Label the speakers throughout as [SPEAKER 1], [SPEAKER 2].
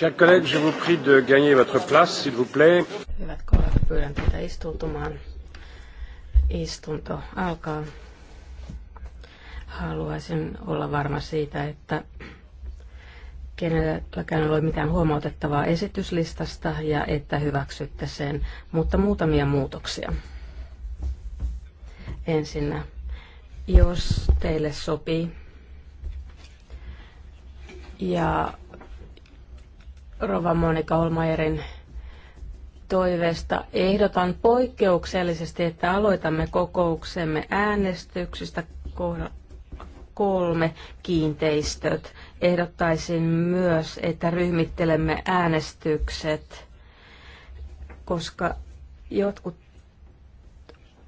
[SPEAKER 1] Chers collègues, je vous prie de gagner votre place, s'il vous plaît.
[SPEAKER 2] Hyvät kollegat, pyydän teitä istuutumaan. Istunto alkaa. Haluaisin olla varma siitä, että kenelläkään ei ole mitään huomautettavaa esityslistasta ja että hyväksytte sen, mutta muutamia muutoksia. Ensinnä, jos teille sopii ja Rova Monika Olmajerin toiveesta ehdotan poikkeuksellisesti, että aloitamme kokouksemme äänestyksistä kolme kiinteistöt. Ehdottaisin myös, että ryhmittelemme äänestykset, koska jotkut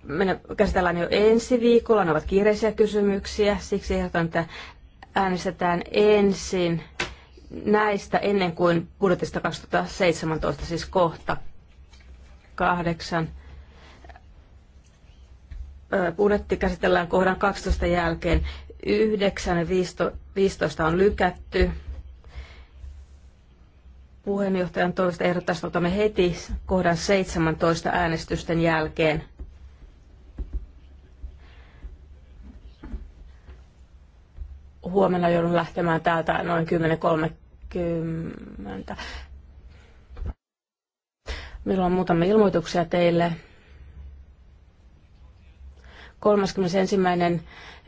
[SPEAKER 2] me käsitellään jo ensi viikolla, ne ovat kiireisiä kysymyksiä, siksi ehdotan, että äänestetään ensin näistä ennen kuin budjetista 2017, siis kohta kahdeksan. Budjetti käsitellään kohdan 12 jälkeen. 9 ja 15 on lykätty. Puheenjohtajan toista ehdottaa, otamme heti kohdan 17 äänestysten jälkeen. huomenna joudun lähtemään täältä noin 10.30. Meillä on muutamia ilmoituksia teille. 31.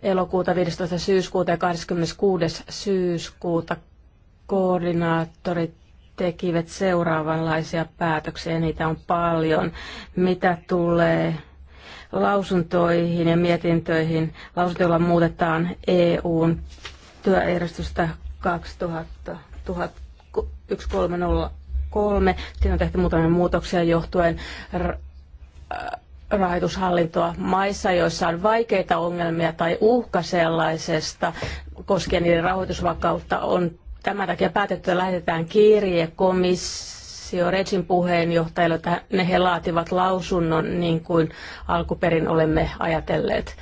[SPEAKER 2] elokuuta, 15. syyskuuta ja 26. syyskuuta koordinaattorit tekivät seuraavanlaisia päätöksiä. Niitä on paljon. Mitä tulee lausuntoihin ja mietintöihin. Lausuntoilla muutetaan EUn työjärjestystä 2000, Siinä on tehty muutamia muutoksia johtuen äh, rahoitushallintoa maissa, joissa on vaikeita ongelmia tai uhka sellaisesta koskien niiden rahoitusvakautta on Tämän takia päätetty, että lähetetään kirje komissioon komissio Regin puheenjohtajille, että ne he laativat lausunnon niin kuin alkuperin olemme ajatelleet.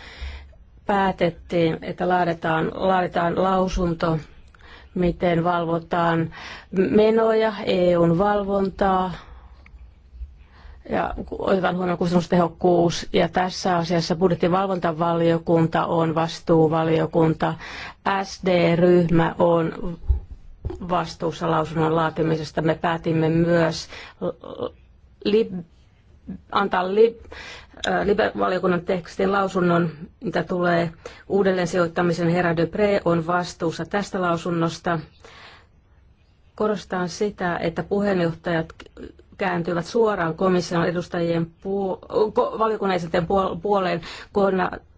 [SPEAKER 2] Päätettiin, että laaditaan, laaditaan lausunto, miten valvotaan menoja, EUn valvontaa, ja otetaan huomioon kustannustehokkuus. Ja tässä asiassa budjettivalvontavaliokunta on vastuuvaliokunta. SD-ryhmä on vastuussa lausunnon laatimisesta. Me päätimme myös li, antaa li, Libe-valiokunnan tekstin lausunnon, mitä tulee uudelleen sijoittamisen. Herra Pre on vastuussa tästä lausunnosta. Korostan sitä, että puheenjohtajat kääntyvät suoraan komission edustajien puol- valiokunnan puoleen. kun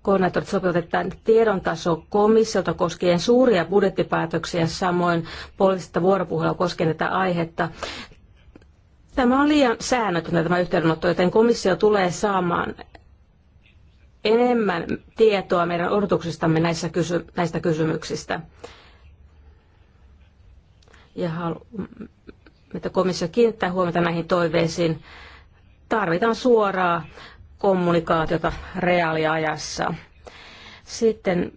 [SPEAKER 2] koordinaattorit sopeutetaan tiedon taso komissiolta koskien suuria budjettipäätöksiä, samoin poliittista vuoropuhelua koskien tätä aihetta. Tämä on liian säännötöntä tämä yhteydenotto, joten komissio tulee saamaan enemmän tietoa meidän odotuksistamme näissä kysy- näistä kysymyksistä. Ja halu- että komissio kiinnittää huomiota näihin toiveisiin. Tarvitaan suoraa kommunikaatiota reaaliajassa. Sitten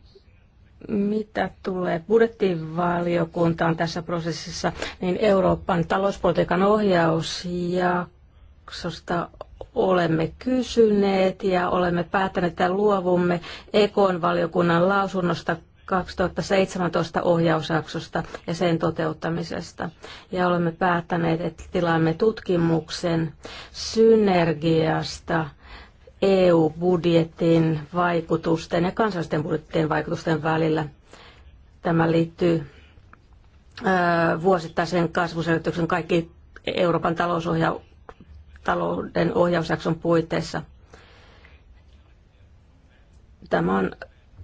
[SPEAKER 2] mitä tulee budjettivaliokuntaan tässä prosessissa, niin Euroopan talouspolitiikan ohjausjaksosta olemme kysyneet ja olemme päättäneet, että luovumme Ekon valiokunnan lausunnosta 2017 ohjausjaksosta ja sen toteuttamisesta. Ja olemme päättäneet, että tilaamme tutkimuksen synergiasta – EU-budjetin vaikutusten ja kansallisten budjettien vaikutusten välillä. Tämä liittyy vuosittaisen kasvuselvityksen kaikki Euroopan talousohja- talouden ohjausjakson puitteissa. Tämä on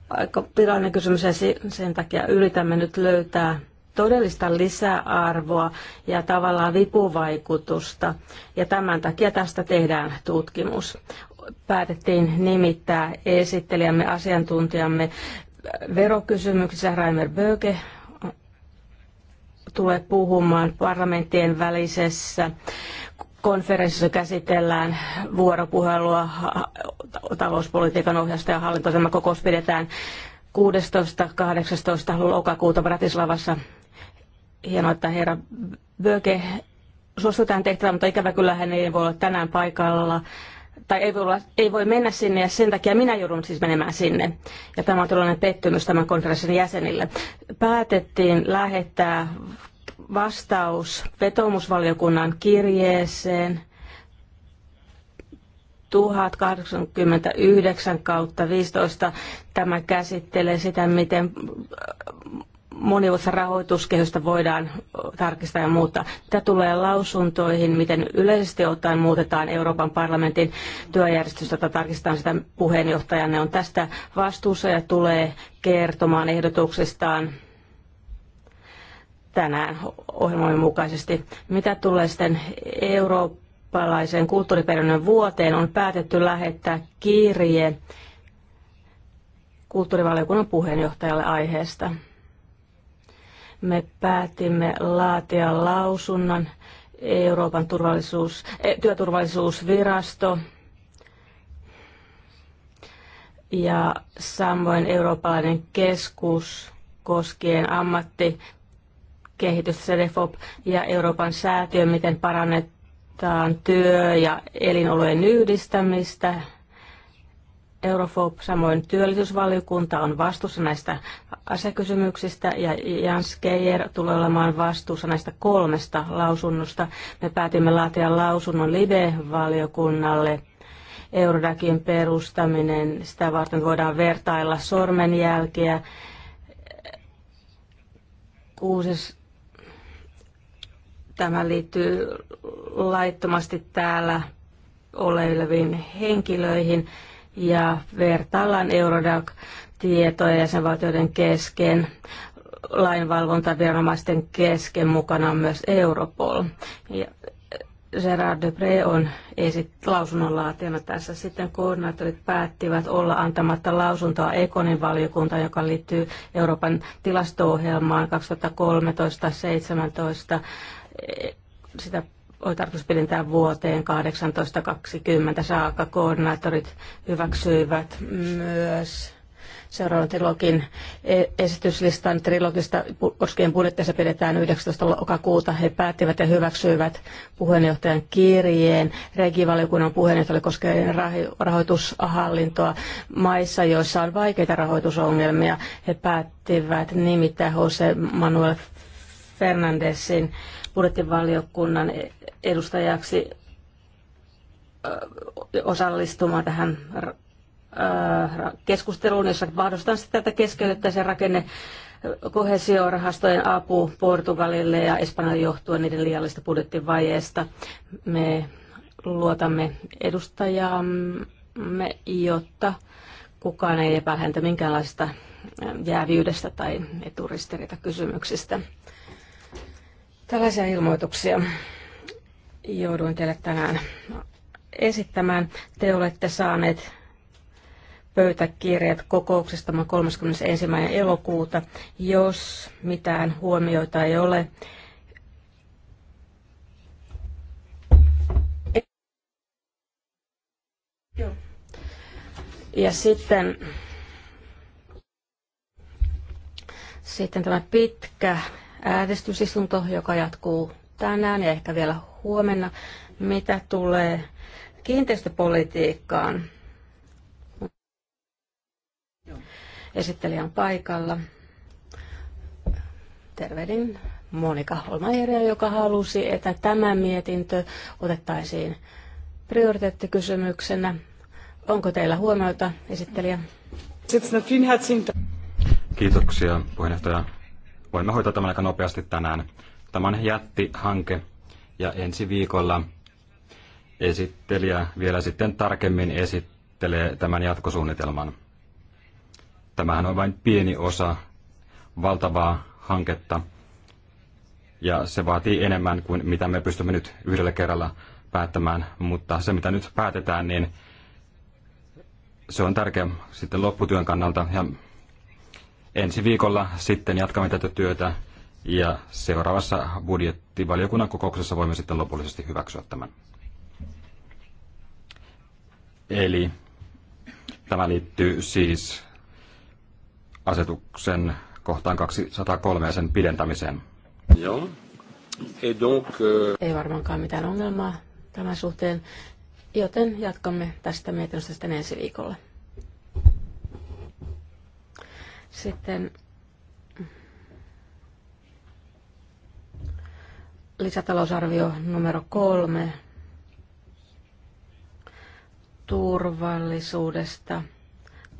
[SPEAKER 2] aika virallinen kysymys ja sen takia yritämme nyt löytää todellista lisäarvoa ja tavallaan vipuvaikutusta. Ja tämän takia tästä tehdään tutkimus päätettiin nimittää esittelijämme, asiantuntijamme verokysymyksissä. Raimer Böke tulee puhumaan parlamenttien välisessä konferenssissa käsitellään vuoropuhelua talouspolitiikan ohjausta ja hallintoa. Tämä kokous pidetään 16.18. lokakuuta Bratislavassa. Hienoa, että herra Böke suostui tähän tehtävään, mutta ikävä kyllä hän ei voi olla tänään paikalla tai ei voi, olla, ei voi mennä sinne ja sen takia minä joudun siis menemään sinne. Ja tämä on tällainen pettymys tämän konferenssin jäsenille. Päätettiin lähettää vastaus vetomusvaliokunnan kirjeeseen 1089 kautta 15. Tämä käsittelee sitä, miten monivuotista rahoituskehystä voidaan tarkistaa ja muuttaa. Mitä tulee lausuntoihin, miten yleisesti ottaen muutetaan Euroopan parlamentin työjärjestystä tai tarkistetaan sitä ne on tästä vastuussa ja tulee kertomaan ehdotuksistaan tänään ohjelmamme mukaisesti. Mitä tulee sitten eurooppalaisen kulttuuriperinnön vuoteen, on päätetty lähettää kirje kulttuurivaliokunnan puheenjohtajalle aiheesta me päätimme laatia lausunnon Euroopan turvallisuus, e, työturvallisuusvirasto ja samoin eurooppalainen keskus koskien kehitys CDFOP ja Euroopan säätiö, miten parannetaan työ- ja elinolojen yhdistämistä Eurofob, samoin työllisyysvaliokunta on vastuussa näistä asiakysymyksistä ja Jans Keijer tulee olemaan vastuussa näistä kolmesta lausunnosta. Me päätimme laatia lausunnon live-valiokunnalle. Eurodakin perustaminen, sitä varten voidaan vertailla sormenjälkiä. Kuusis, tämä liittyy laittomasti täällä oleviin henkilöihin ja vertaillaan Eurodac-tietoja jäsenvaltioiden kesken lainvalvontaviranomaisten kesken mukana on myös Europol. Ja Gerard Depré on esit- lausunnonlaatijana tässä. Sitten koordinaattorit päättivät olla antamatta lausuntoa Ekonin valiokunta, joka liittyy Euroopan tilasto-ohjelmaan 2013-2017. E- sitä tarkoitus pidentää vuoteen 18.20 saakka. Koordinaattorit hyväksyivät myös seuraavan trilogin e- esityslistan trilogista koskien budjettinsa pidetään 19. lokakuuta. He päättivät ja hyväksyivät puheenjohtajan kirjeen regivaliokunnan oli koskien rahoitushallintoa maissa, joissa on vaikeita rahoitusongelmia. He päättivät nimittää Jose Manuel Fernandesin budjettivaliokunnan edustajaksi osallistumaan tähän keskusteluun, jossa mahdollistan sitä, että keskeytettäisiin rakenne kohesiorahastojen apu Portugalille ja Espanjalle johtuen niiden liiallista budjettivajeesta. Me luotamme edustajamme, jotta kukaan ei epäile häntä minkäänlaista jäävyydestä tai eturistiriita kysymyksistä. Tällaisia ilmoituksia jouduin teille tänään esittämään. Te olette saaneet pöytäkirjat kokouksesta 31. elokuuta. Jos mitään huomioita ei ole, Ja sitten, sitten tämä pitkä äänestysistunto, joka jatkuu tänään ja ehkä vielä huomenna, mitä tulee kiinteistöpolitiikkaan. Esittelijä on paikalla. Tervehdin Monika Holmajeria, joka halusi, että tämä mietintö otettaisiin prioriteettikysymyksenä. Onko teillä huomioita, esittelijä?
[SPEAKER 3] Kiitoksia, puheenjohtaja voimme hoitaa tämän aika nopeasti tänään. Tämä on jättihanke ja ensi viikolla esittelijä vielä sitten tarkemmin esittelee tämän jatkosuunnitelman. Tämähän on vain pieni osa valtavaa hanketta ja se vaatii enemmän kuin mitä me pystymme nyt yhdellä kerralla päättämään, mutta se mitä nyt päätetään, niin se on tärkeä sitten lopputyön kannalta ja ensi viikolla sitten jatkamme tätä työtä ja seuraavassa budjettivaliokunnan kokouksessa voimme sitten lopullisesti hyväksyä tämän. Eli tämä liittyy siis asetuksen kohtaan 203 ja sen pidentämiseen. Joo. Et donc, euh...
[SPEAKER 2] Ei varmaankaan mitään ongelmaa tämän suhteen, joten jatkamme tästä mietinnöstä sitten ensi viikolla. Sitten lisätalousarvio numero kolme turvallisuudesta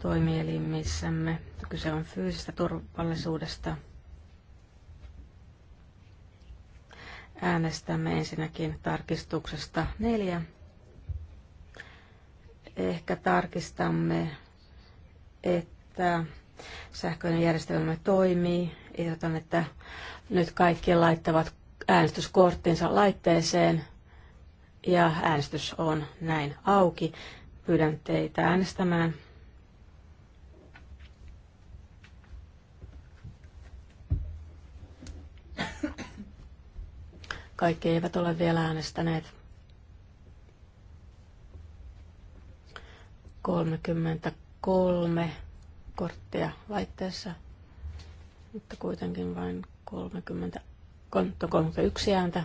[SPEAKER 2] toimielimissämme. Kyse on fyysistä turvallisuudesta. Äänestämme ensinnäkin tarkistuksesta neljä. Ehkä tarkistamme, että sähköinen järjestelmä toimii. Ehdotan, että nyt kaikki laittavat äänestyskorttinsa laitteeseen ja äänestys on näin auki. Pyydän teitä äänestämään. Kaikki eivät ole vielä äänestäneet. 33 korttia laitteessa, mutta kuitenkin vain 30, 31 ääntä.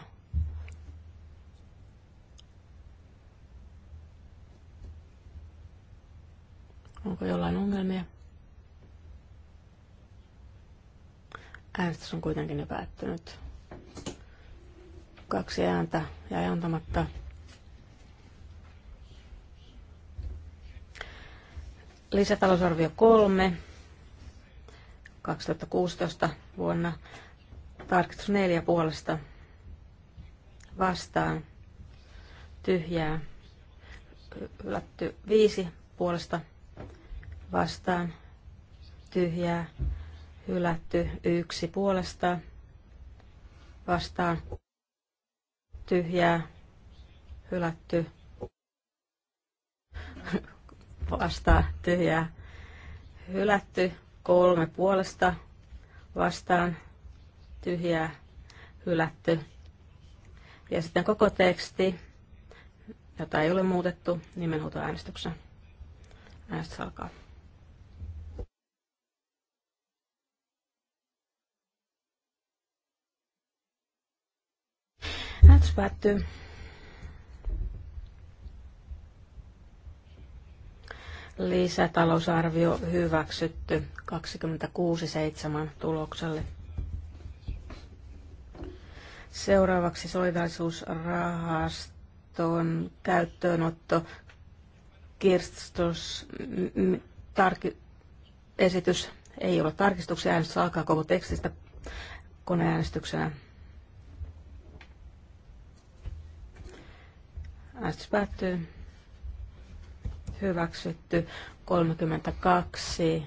[SPEAKER 2] Onko jollain ongelmia? Äänestys on kuitenkin jo päättynyt. Kaksi ääntä jäi antamatta. Lisätalousarvio 3 2016 vuonna. Tarkistus 4 puolesta vastaan. Tyhjää. Hylätty 5 puolesta vastaan. Tyhjää. Hylätty 1 puolesta vastaan. Tyhjää. Hylätty vastaan tyhjää hylätty, kolme puolesta vastaan tyhjää hylätty. Ja sitten koko teksti, jota ei ole muutettu nimenhuutoäänestyksen. Äänestys alkaa. Äänestys päättyy. Lisätalousarvio hyväksytty 26.7. tulokselle. Seuraavaksi solidaisuusrahaston käyttöönotto kirstos tarki, esitys ei ole tarkistuksia, äänestys alkaa koko tekstistä koneäänestyksenä. Äänestys päättyy hyväksytty 32,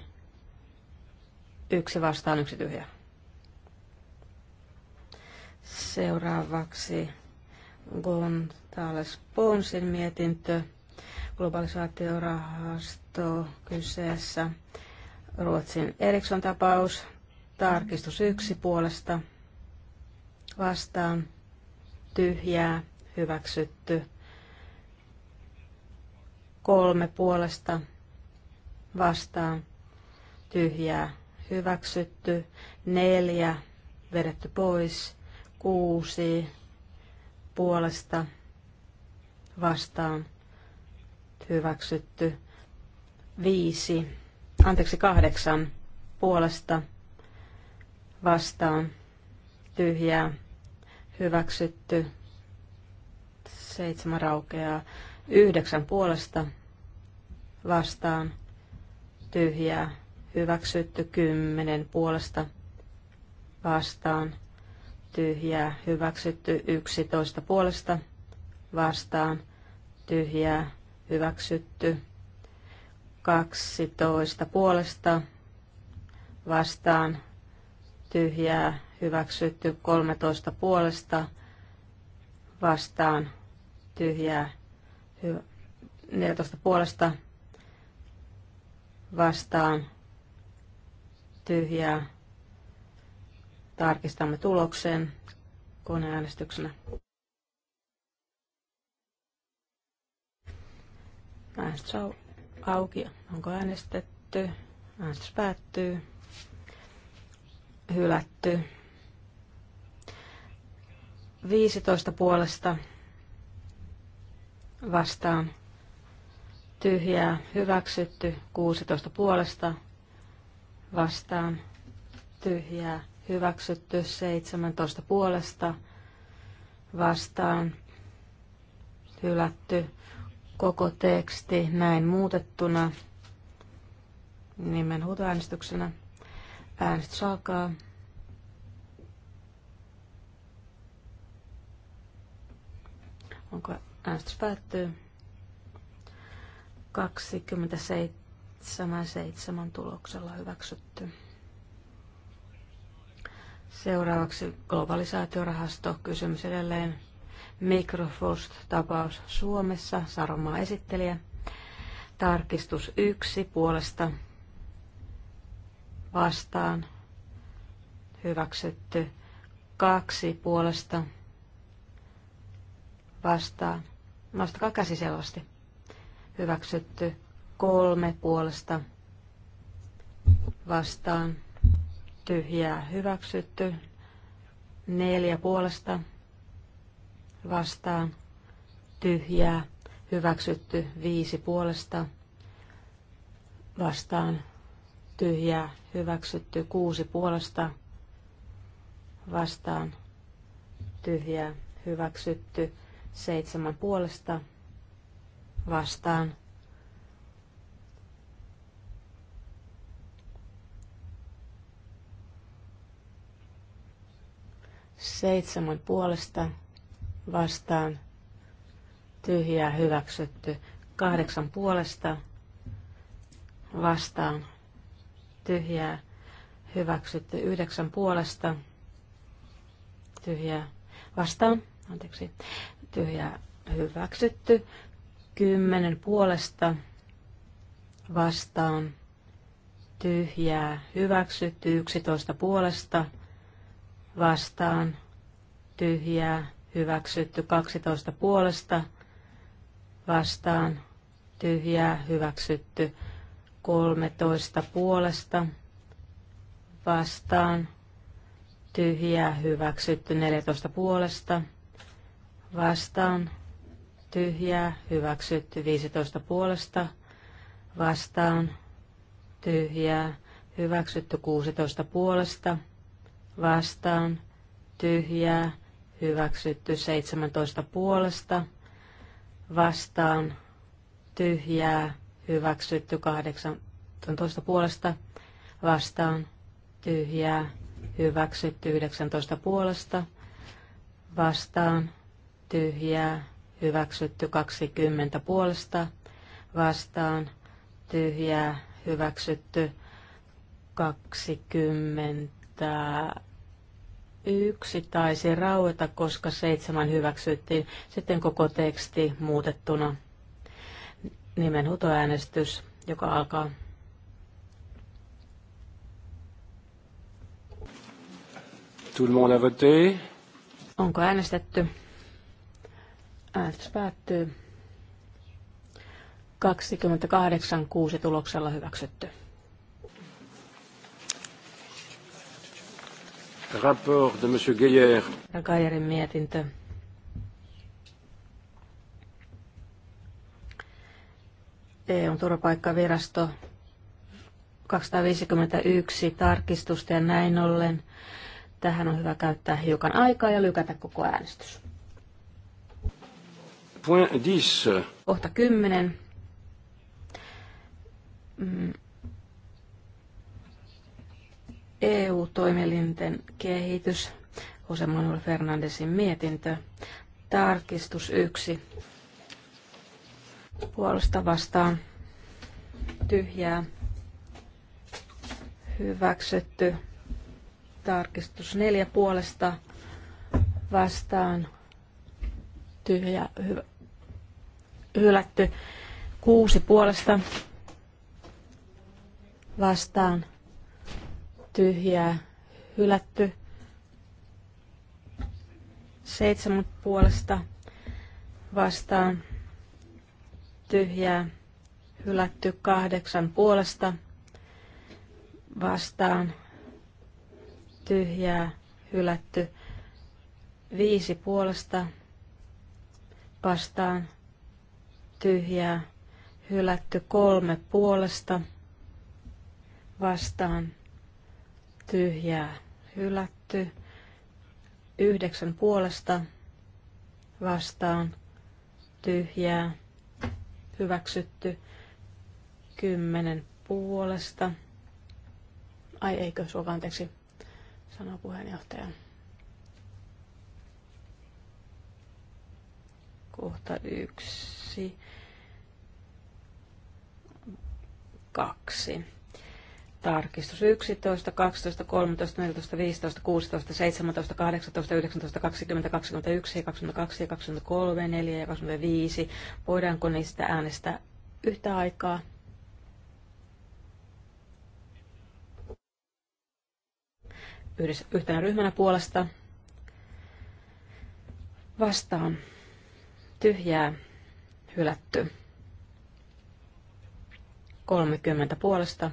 [SPEAKER 2] yksi vastaan, yksi tyhjä. Seuraavaksi Gontales Ponsin mietintö, globalisaatiorahasto kyseessä, Ruotsin Eriksson tapaus, tarkistus yksi puolesta, vastaan, tyhjää, hyväksytty kolme puolesta vastaan tyhjää hyväksytty, neljä vedetty pois, kuusi puolesta vastaan hyväksytty, viisi, anteeksi kahdeksan puolesta vastaan tyhjää hyväksytty, seitsemän raukeaa, Yhdeksän puolesta vastaan tyhjää hyväksytty. Kymmenen puolesta vastaan tyhjää hyväksytty. Yksitoista puolesta vastaan tyhjää hyväksytty. kaksitoista puolesta vastaan tyhjää hyväksytty kolmetoista puolesta vastaan tyhjää 14 puolesta vastaan tyhjää. Tarkistamme tuloksen koneäänestyksenä. Äänestys on auki. Onko äänestetty? Äänestys päättyy. Hylätty. 15 puolesta vastaan tyhjää hyväksytty 16 puolesta vastaan tyhjää hyväksytty 17 puolesta vastaan hylätty koko teksti näin muutettuna nimen huutoäänestyksenä. Äänestys alkaa. Onko Äänestys päättyy. 27 tuloksella hyväksytty. Seuraavaksi globalisaatiorahasto. Kysymys edelleen. Microfrost-tapaus Suomessa. Saromaa esittelijä. Tarkistus yksi puolesta vastaan. Hyväksytty. Kaksi puolesta vastaan Nostakaa käsi selvästi. Hyväksytty. Kolme puolesta vastaan. Tyhjää hyväksytty. Neljä puolesta vastaan. Tyhjää hyväksytty. Viisi puolesta vastaan. Tyhjää hyväksytty. Kuusi puolesta vastaan. Tyhjää hyväksytty Seitsemän puolesta vastaan. Seitsemän puolesta vastaan. Tyhjää hyväksytty. Kahdeksan puolesta vastaan. Tyhjää hyväksytty. Yhdeksän puolesta tyhjää vastaan. Anteeksi tyhjää hyväksytty. Kymmenen puolesta vastaan tyhjää hyväksytty. Yksitoista puolesta vastaan tyhjää hyväksytty. Kaksitoista puolesta vastaan tyhjää hyväksytty. Kolmetoista puolesta vastaan, tyhjää hyväksytty Neljätoista puolesta vastaan, tyhjää, hyväksytty 15 puolesta, vastaan, tyhjää, hyväksytty 16 puolesta, vastaan, tyhjää, hyväksytty 17 puolesta, vastaan, tyhjää, hyväksytty 18 puolesta, vastaan, tyhjää, hyväksytty 19 puolesta, vastaan, tyhjää, hyväksytty 20 puolesta, vastaan, tyhjää, hyväksytty 21 taisi raueta, koska seitsemän hyväksyttiin. Sitten koko teksti muutettuna. Nimenhutoäänestys, joka alkaa.
[SPEAKER 1] Tout le monde a voté.
[SPEAKER 2] Onko äänestetty? Äänestys päättyy. 28.6 tuloksella hyväksytty.
[SPEAKER 1] Rapport de Monsieur Geyer.
[SPEAKER 2] Geyerin mietintö. EUn turvapaikkavirasto 251 tarkistusta ja näin ollen. Tähän on hyvä käyttää hiukan aikaa ja lykätä koko äänestys.
[SPEAKER 1] Point 10.
[SPEAKER 2] Kohta 10. Mm. EU-toimielinten kehitys. Jose Manuel Fernandesin mietintö. Tarkistus 1. Puolesta vastaan. Tyhjää. Hyväksytty. Tarkistus 4. Puolesta vastaan. Tyhjä. Hyvä hylätty. Kuusi puolesta vastaan tyhjää hylätty. Seitsemän puolesta vastaan tyhjää hylätty. Kahdeksan puolesta vastaan tyhjää hylätty. Viisi puolesta vastaan tyhjää, hylätty kolme puolesta, vastaan, tyhjää, hylätty, yhdeksän puolesta, vastaan, tyhjää, hyväksytty, kymmenen puolesta, ai eikö, suoka anteeksi, sanoo puheenjohtaja. Kohta yksi 2. Tarkistus 11, 12, 13, 14, 15, 16, 17, 18, 19, 20, 21, 22 23, 4 ja 25. Voidaanko niistä äänestää yhtä aikaa? Yhdessä, yhtenä ryhmänä puolesta vastaan tyhjää hylätty. 30 puolesta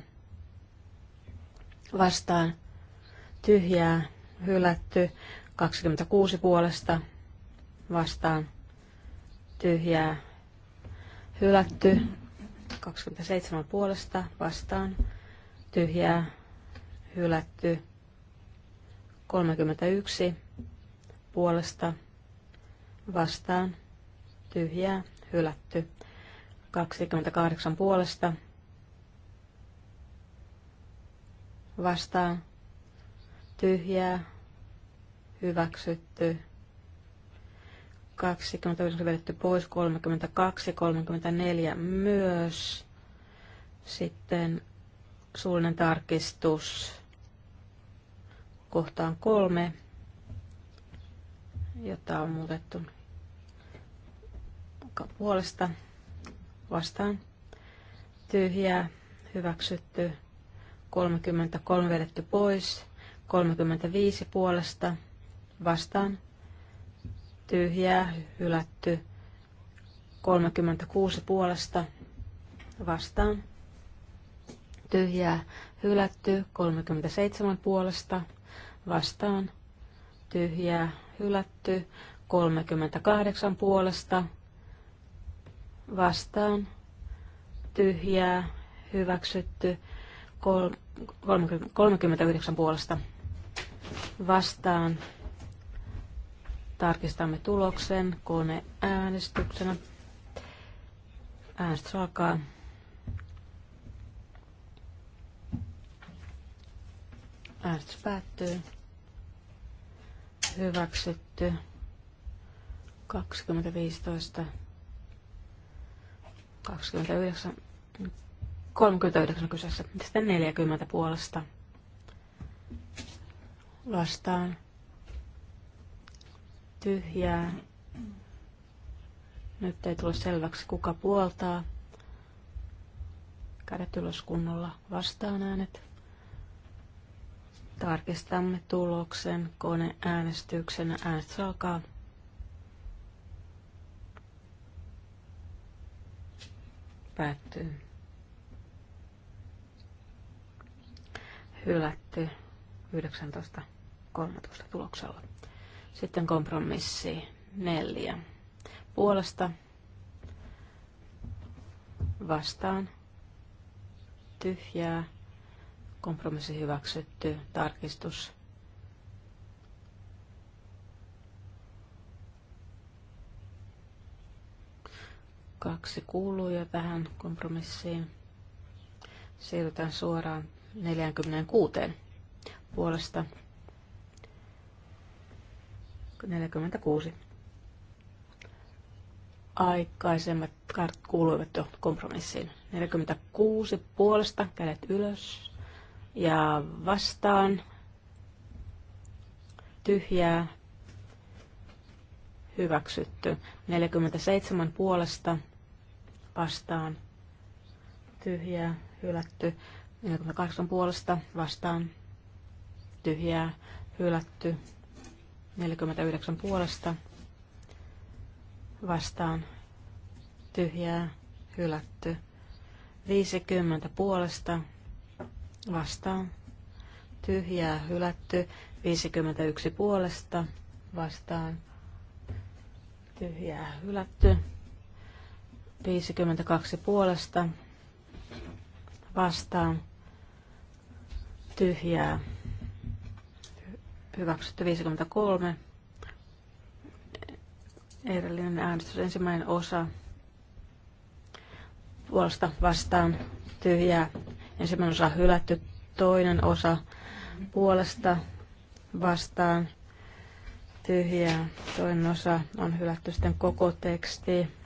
[SPEAKER 2] vastaan tyhjää hylätty 26 puolesta vastaan tyhjää hylätty 27 puolesta vastaan tyhjää hylätty 31 puolesta vastaan tyhjää hylätty 28 puolesta vastaan tyhjää hyväksytty. 29 vedetty pois, 32, 34 myös. Sitten suullinen tarkistus kohtaan kolme, jota on muutettu puolesta vastaan tyhjää, hyväksytty 33 vedetty pois, 35 puolesta vastaan, tyhjää, hylätty, 36 puolesta vastaan, tyhjää, hylätty, 37 puolesta vastaan, tyhjää, hylätty, 38 puolesta vastaan, tyhjää, hyväksytty, kol- 39 puolesta vastaan. Tarkistamme tuloksen koneäänestyksenä. Äänestys alkaa. Äänestys päättyy. Hyväksytty. 2015. 29. 39 kyseessä. Sitten 40 puolesta vastaan. Tyhjää. Nyt ei tule selväksi, kuka puoltaa. Kädet ylös kunnolla vastaan äänet. Tarkistamme tuloksen koneäänestyksenä. Äänet alkaa. Päättyy. hylätty 19.13 tuloksella. Sitten kompromissi 4. Puolesta vastaan tyhjää. Kompromissi hyväksytty. Tarkistus kaksi kuuluu jo tähän kompromissiin. Siirrytään suoraan 46 puolesta. 46. Aikaisemmat kuuluivat jo kompromissiin. 46 puolesta, kädet ylös ja vastaan. Tyhjää, hyväksytty. 47 puolesta vastaan tyhjää, hylätty. 48 puolesta vastaan tyhjää hylätty. 49 puolesta vastaan tyhjää hylätty. 50 puolesta vastaan tyhjää hylätty. 51 puolesta vastaan tyhjää hylätty. 52 puolesta vastaan tyhjää hyväksytty 53. Edellinen äänestys, ensimmäinen osa puolesta vastaan tyhjää. Ensimmäinen osa hylätty, toinen osa puolesta vastaan tyhjää. Toinen osa on hylätty sitten koko teksti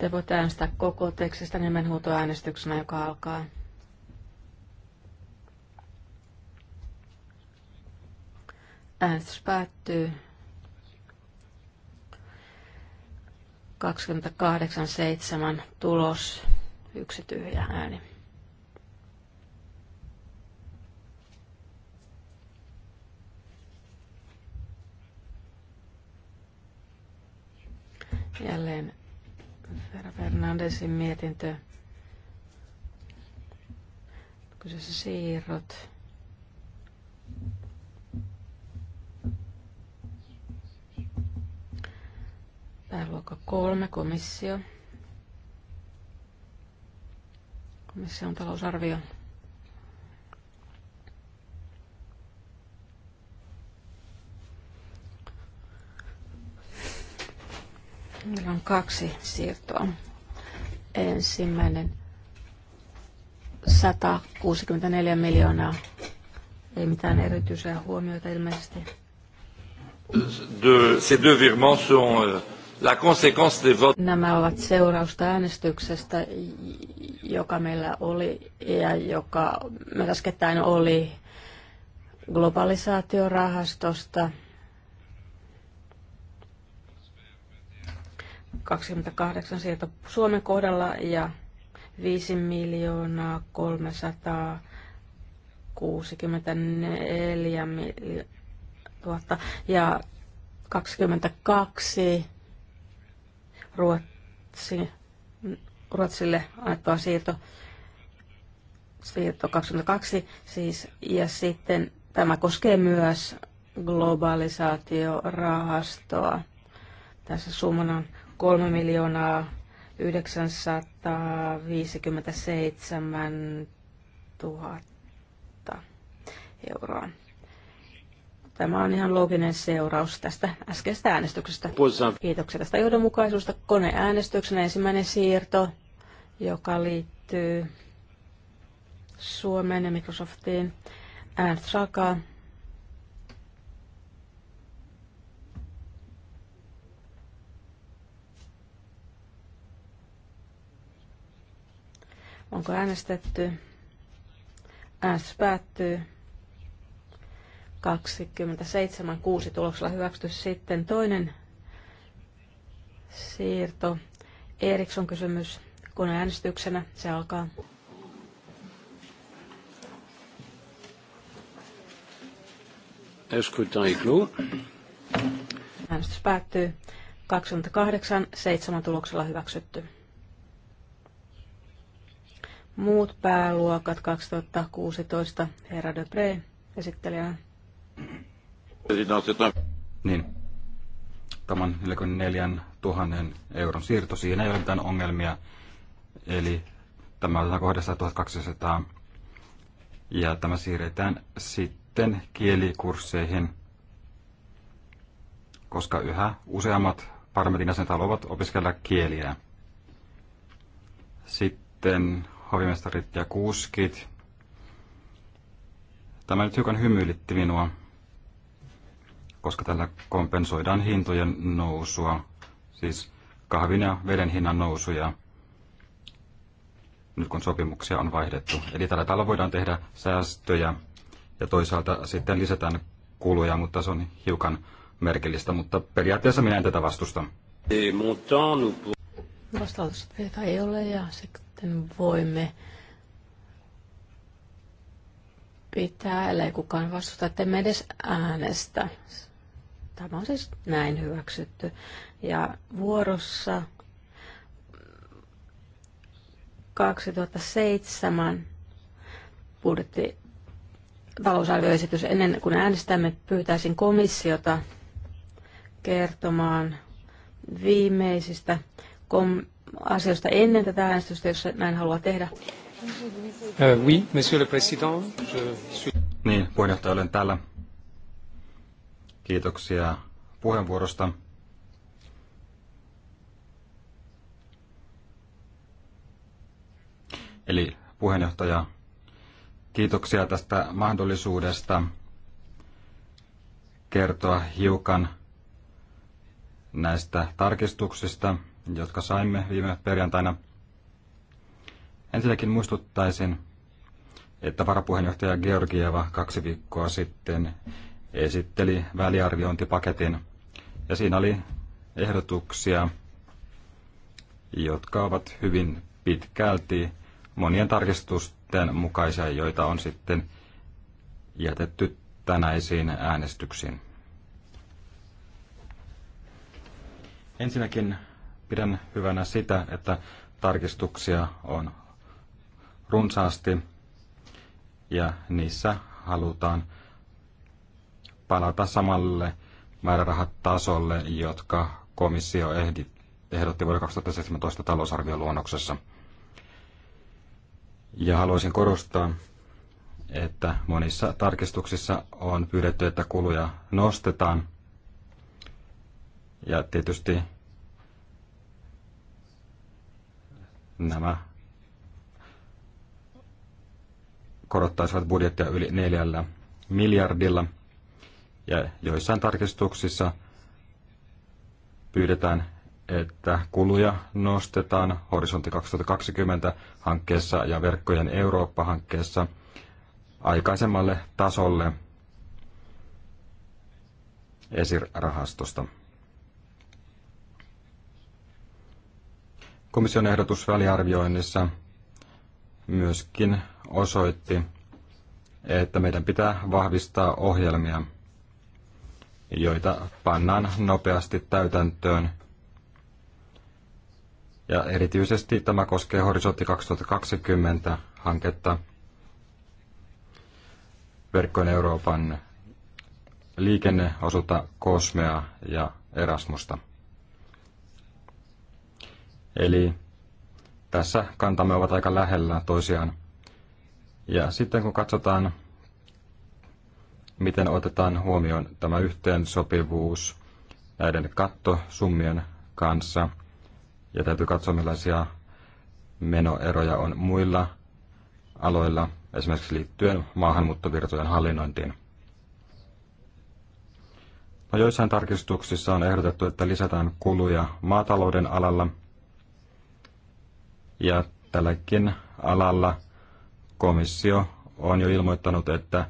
[SPEAKER 2] Te voitte äänestää koko tekstistä nimenhuutoäänestyksenä, joka alkaa. Äänestys päättyy. 28.7. Tulos. Yksi tyhjä ääni. Jälleen Vera Fernandesin mietintö. Kyseessä siirrot. Pääluokka kolme, komissio. Komission talousarvio. Meillä on kaksi siirtoa. Ensimmäinen 164 miljoonaa. Ei mitään erityisiä huomioita ilmeisesti.
[SPEAKER 1] De, ces deux virements sont euh, la conséquence des votes.
[SPEAKER 2] Nämä ovat seurausta äänestyksestä, joka meillä oli ja joka me äskettäin oli globalisaatiorahastosta – 28 sieltä Suomen kohdalla ja 5 miljoonaa 364 000 ja 22 Ruotsi, Ruotsille annettua siirto, siirto 22 siis, ja sitten tämä koskee myös globalisaatiorahastoa. Tässä summana on 3 miljoonaa 957 000 euroa. Tämä on ihan looginen seuraus tästä äskeisestä äänestyksestä. Kiitoksia tästä johdonmukaisuudesta. Koneäänestyksen ensimmäinen siirto, joka liittyy Suomeen ja Microsoftiin. Äänestys alkaa. Onko äänestetty? Äänestys päättyy. 27.6 tuloksella hyväksytty. Sitten toinen siirto. Eriksson kysymys kun äänestyksenä Se alkaa. Äänestys päättyy. 28, 7 tuloksella hyväksytty. Muut pääluokat 2016, herra de Pre, esittelijä.
[SPEAKER 3] Niin. Tämän 44 000 euron siirto, siinä ei ole mitään ongelmia. Eli tämä otetaan kohdassa 1200 ja tämä siirretään sitten kielikursseihin, koska yhä useammat parlamentin jäsenet haluavat opiskella kieliä. Sitten hovimestarit ja kuskit. Tämä nyt hiukan hymyilitti minua, koska tällä kompensoidaan hintojen nousua, siis kahvin ja veden hinnan nousuja, nyt kun sopimuksia on vaihdettu. Eli tällä tavalla voidaan tehdä säästöjä ja toisaalta sitten lisätään kuluja, mutta se on hiukan merkillistä, mutta periaatteessa minä en tätä vastusta.
[SPEAKER 2] Vastaus ei ole ja se sitten voimme pitää, ellei kukaan vastusta, että emme edes äänestä. Tämä on siis näin hyväksytty. Ja vuorossa 2007 budjetti talousarvioesitys. Ennen kuin äänestämme, pyytäisin komissiota kertomaan viimeisistä kom- asioista ennen tätä äänestystä, jos näin haluaa tehdä. Uh,
[SPEAKER 3] oui, monsieur le président. Je suis... Niin, puheenjohtaja, olen täällä. Kiitoksia puheenvuorosta. Eli puheenjohtaja, kiitoksia tästä mahdollisuudesta kertoa hiukan näistä tarkistuksista – jotka saimme viime perjantaina. Ensinnäkin muistuttaisin, että varapuheenjohtaja Georgieva kaksi viikkoa sitten esitteli väliarviointipaketin, ja siinä oli ehdotuksia, jotka ovat hyvin pitkälti monien tarkistusten mukaisia, joita on sitten jätetty tänäisiin äänestyksiin. Ensinnäkin pidän hyvänä sitä, että tarkistuksia on runsaasti ja niissä halutaan palata samalle määrärahatasolle, jotka komissio ehdotti vuoden 2017 talousarvioluonnoksessa. Ja haluaisin korostaa, että monissa tarkistuksissa on pyydetty, että kuluja nostetaan. Ja tietysti nämä korottaisivat budjettia yli neljällä miljardilla. Ja joissain tarkistuksissa pyydetään, että kuluja nostetaan Horisontti 2020 hankkeessa ja Verkkojen Eurooppa-hankkeessa aikaisemmalle tasolle esirahastosta. Komission ehdotus väliarvioinnissa myöskin osoitti, että meidän pitää vahvistaa ohjelmia, joita pannaan nopeasti täytäntöön. Ja erityisesti tämä koskee Horisontti 2020 hanketta verkkojen Euroopan liikenneosuutta Kosmea ja Erasmusta. Eli tässä kantamme ovat aika lähellä toisiaan. Ja sitten kun katsotaan, miten otetaan huomioon tämä yhteensopivuus näiden kattosummien kanssa, ja täytyy katsoa millaisia menoeroja on muilla aloilla, esimerkiksi liittyen maahanmuuttovirtojen hallinnointiin. No, joissain tarkistuksissa on ehdotettu, että lisätään kuluja maatalouden alalla – ja tälläkin alalla komissio on jo ilmoittanut, että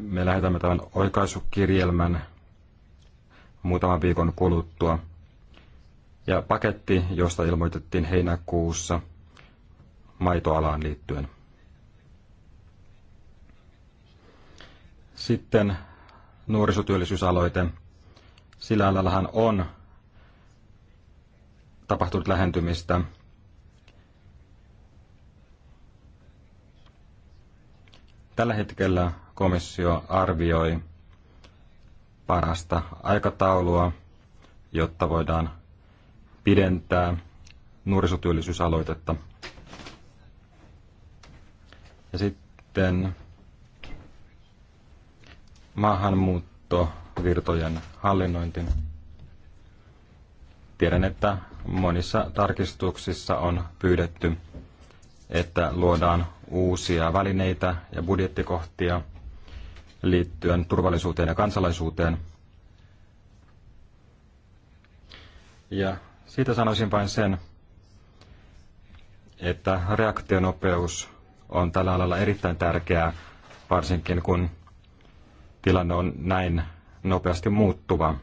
[SPEAKER 3] me lähetämme tämän oikaisukirjelmän muutaman viikon kuluttua. Ja paketti, josta ilmoitettiin heinäkuussa maitoalaan liittyen. Sitten nuorisotyöllisyysaloite. Sillä alallahan on tapahtunut lähentymistä. Tällä hetkellä komissio arvioi parasta aikataulua, jotta voidaan pidentää nuorisotyöllisyysaloitetta. Ja sitten maahanmuuttovirtojen hallinnointi. Tiedän, että monissa tarkistuksissa on pyydetty, että luodaan uusia välineitä ja budjettikohtia liittyen turvallisuuteen ja kansalaisuuteen. Ja siitä sanoisin vain sen, että reaktionopeus on tällä alalla erittäin tärkeää, varsinkin kun tilanne on näin nopeasti muuttuva.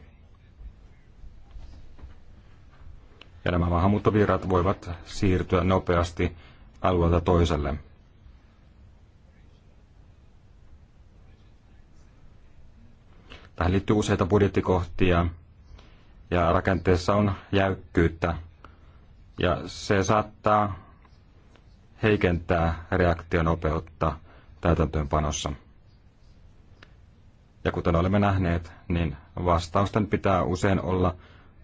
[SPEAKER 3] ja nämä maahanmuuttovirrat voivat siirtyä nopeasti alueelta toiselle. Tähän liittyy useita budjettikohtia ja rakenteessa on jäykkyyttä ja se saattaa heikentää reaktionopeutta täytäntöönpanossa. Ja kuten olemme nähneet, niin vastausten pitää usein olla –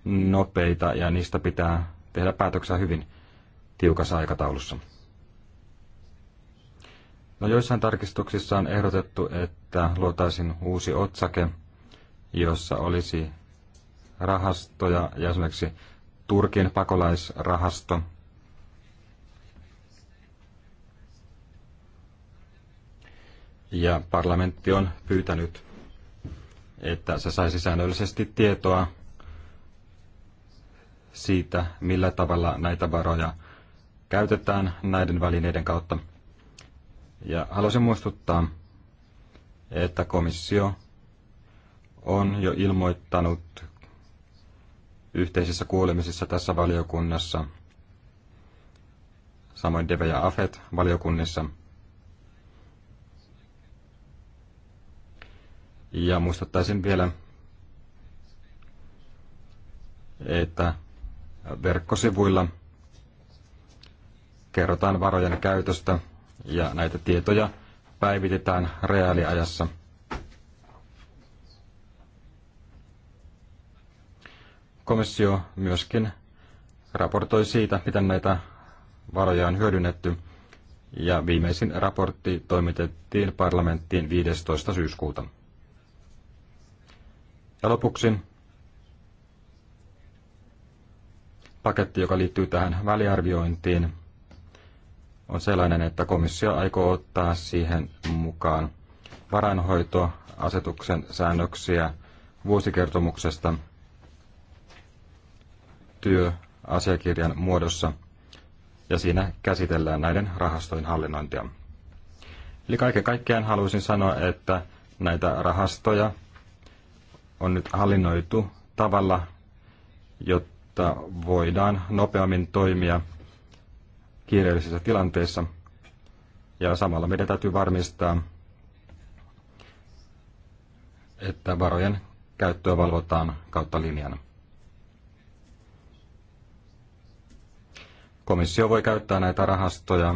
[SPEAKER 3] nopeita ja niistä pitää tehdä päätöksiä hyvin tiukassa aikataulussa. No, joissain tarkistuksissa on ehdotettu, että luotaisin uusi otsake, jossa olisi rahastoja ja esimerkiksi Turkin pakolaisrahasto. Ja parlamentti on pyytänyt, että se saisi säännöllisesti tietoa siitä, millä tavalla näitä varoja käytetään näiden välineiden kautta. Ja haluaisin muistuttaa, että komissio on jo ilmoittanut yhteisissä kuulemisissa tässä valiokunnassa, samoin Deve ja Afet valiokunnissa. Ja muistuttaisin vielä, että verkkosivuilla. Kerrotaan varojen käytöstä ja näitä tietoja päivitetään reaaliajassa. Komissio myöskin raportoi siitä, miten näitä varoja on hyödynnetty, ja viimeisin raportti toimitettiin parlamenttiin 15. syyskuuta. Ja lopuksi paketti, joka liittyy tähän väliarviointiin, on sellainen, että komissio aikoo ottaa siihen mukaan varainhoitoasetuksen säännöksiä vuosikertomuksesta työasiakirjan muodossa, ja siinä käsitellään näiden rahastojen hallinnointia. Eli kaiken kaikkiaan haluaisin sanoa, että näitä rahastoja on nyt hallinnoitu tavalla, jotta jotta voidaan nopeammin toimia kiireellisissä tilanteissa. Ja samalla meidän täytyy varmistaa, että varojen käyttöä valvotaan kautta linjan. Komissio voi käyttää näitä rahastoja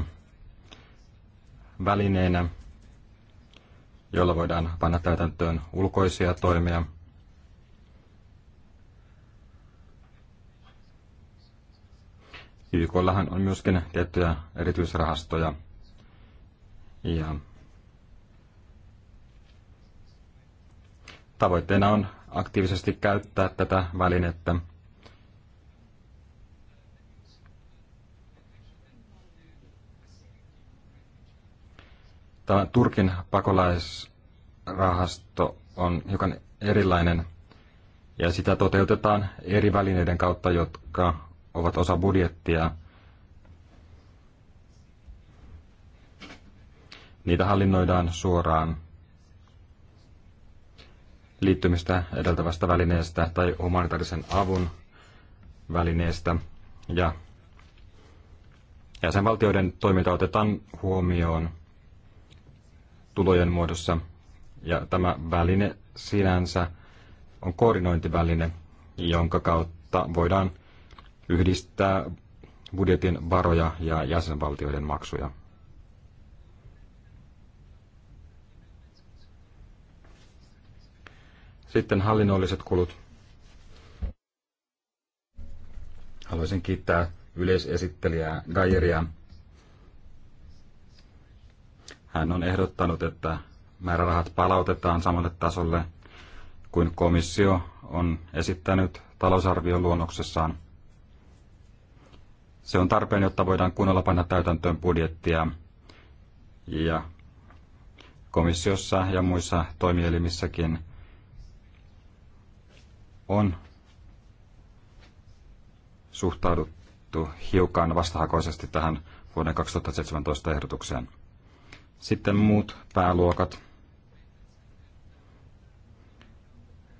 [SPEAKER 3] välineinä, joilla voidaan panna täytäntöön ulkoisia toimia – YKllahan on myöskin tiettyjä erityisrahastoja. Ja tavoitteena on aktiivisesti käyttää tätä välinettä. Tämä Turkin pakolaisrahasto on hiukan erilainen ja sitä toteutetaan eri välineiden kautta, jotka ovat osa budjettia. Niitä hallinnoidaan suoraan liittymistä edeltävästä välineestä tai humanitaarisen avun välineestä. Ja jäsenvaltioiden toiminta otetaan huomioon tulojen muodossa. Ja tämä väline sinänsä on koordinointiväline, jonka kautta voidaan yhdistää budjetin varoja ja jäsenvaltioiden maksuja. Sitten hallinnolliset kulut. Haluaisin kiittää yleisesittelijää Gajeria. Hän on ehdottanut, että määrärahat palautetaan samalle tasolle kuin komissio on esittänyt talousarvion luonnoksessaan – se on tarpeen, jotta voidaan kunnolla panna täytäntöön budjettia ja komissiossa ja muissa toimielimissäkin on suhtauduttu hiukan vastahakoisesti tähän vuoden 2017 ehdotukseen. Sitten muut pääluokat.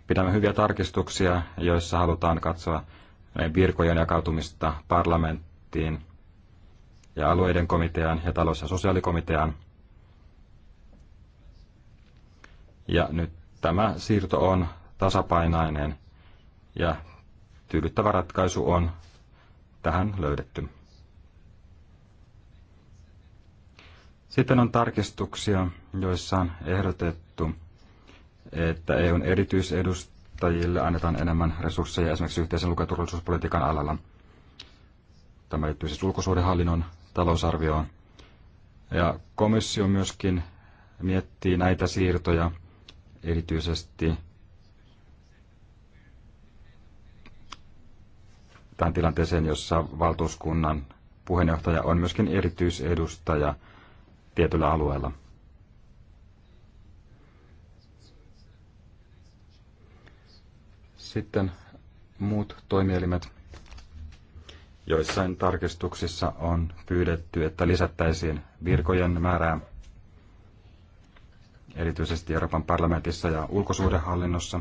[SPEAKER 3] Pidämme hyviä tarkistuksia, joissa halutaan katsoa virkojen jakautumista parlament, parlamenttiin ja alueiden komitean ja talous- ja sosiaalikomiteaan. Ja nyt tämä siirto on tasapainainen ja tyydyttävä ratkaisu on tähän löydetty. Sitten on tarkistuksia, joissa on ehdotettu, että EUn erityisedustajille annetaan enemmän resursseja esimerkiksi yhteisen luku- alalla. Tämä liittyy siis ulkosuhdehallinnon talousarvioon. Ja komissio myöskin miettii näitä siirtoja erityisesti tämän tilanteeseen, jossa valtuuskunnan puheenjohtaja on myöskin erityisedustaja tietyllä alueella. Sitten muut toimielimet. Joissain tarkistuksissa on pyydetty, että lisättäisiin virkojen määrää erityisesti Euroopan parlamentissa ja ulkosuhdehallinnossa.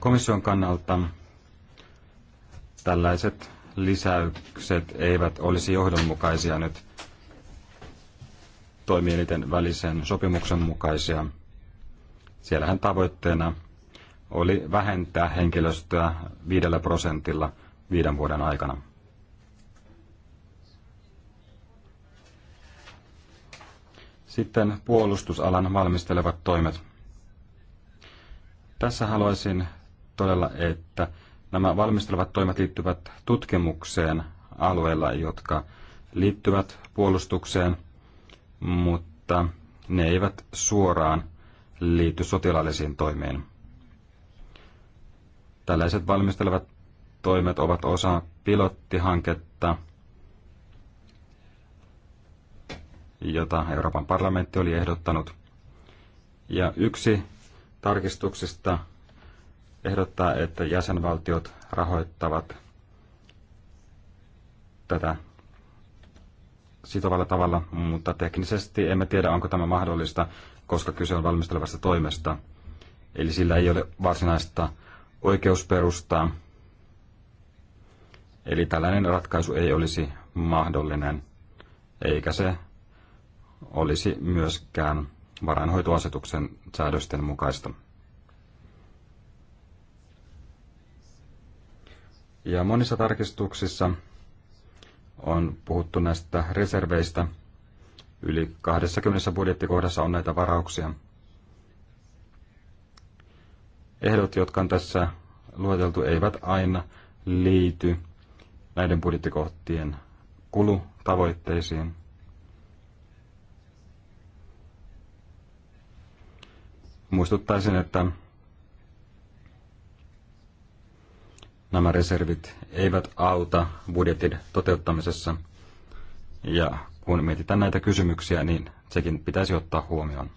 [SPEAKER 3] Komission kannalta tällaiset lisäykset eivät olisi johdonmukaisia nyt toimielinten välisen sopimuksen mukaisia. Siellähän tavoitteena oli vähentää henkilöstöä viidellä prosentilla viiden vuoden aikana. Sitten puolustusalan valmistelevat toimet. Tässä haluaisin todella, että nämä valmistelevat toimet liittyvät tutkimukseen alueilla, jotka liittyvät puolustukseen, mutta ne eivät suoraan liity sotilaallisiin toimiin. Tällaiset valmistelevat toimet ovat osa pilottihanketta, jota Euroopan parlamentti oli ehdottanut. Ja yksi tarkistuksista ehdottaa, että jäsenvaltiot rahoittavat tätä sitovalla tavalla, mutta teknisesti emme tiedä, onko tämä mahdollista, koska kyse on valmistelevasta toimesta. Eli sillä ei ole varsinaista oikeusperustaa. Eli tällainen ratkaisu ei olisi mahdollinen, eikä se olisi myöskään varainhoitoasetuksen säädösten mukaista. Ja monissa tarkistuksissa on puhuttu näistä reserveistä. Yli 20 budjettikohdassa on näitä varauksia – ehdot, jotka on tässä lueteltu, eivät aina liity näiden budjettikohtien kulutavoitteisiin. Muistuttaisin, että nämä reservit eivät auta budjetin toteuttamisessa. Ja kun mietitään näitä kysymyksiä, niin sekin pitäisi ottaa huomioon.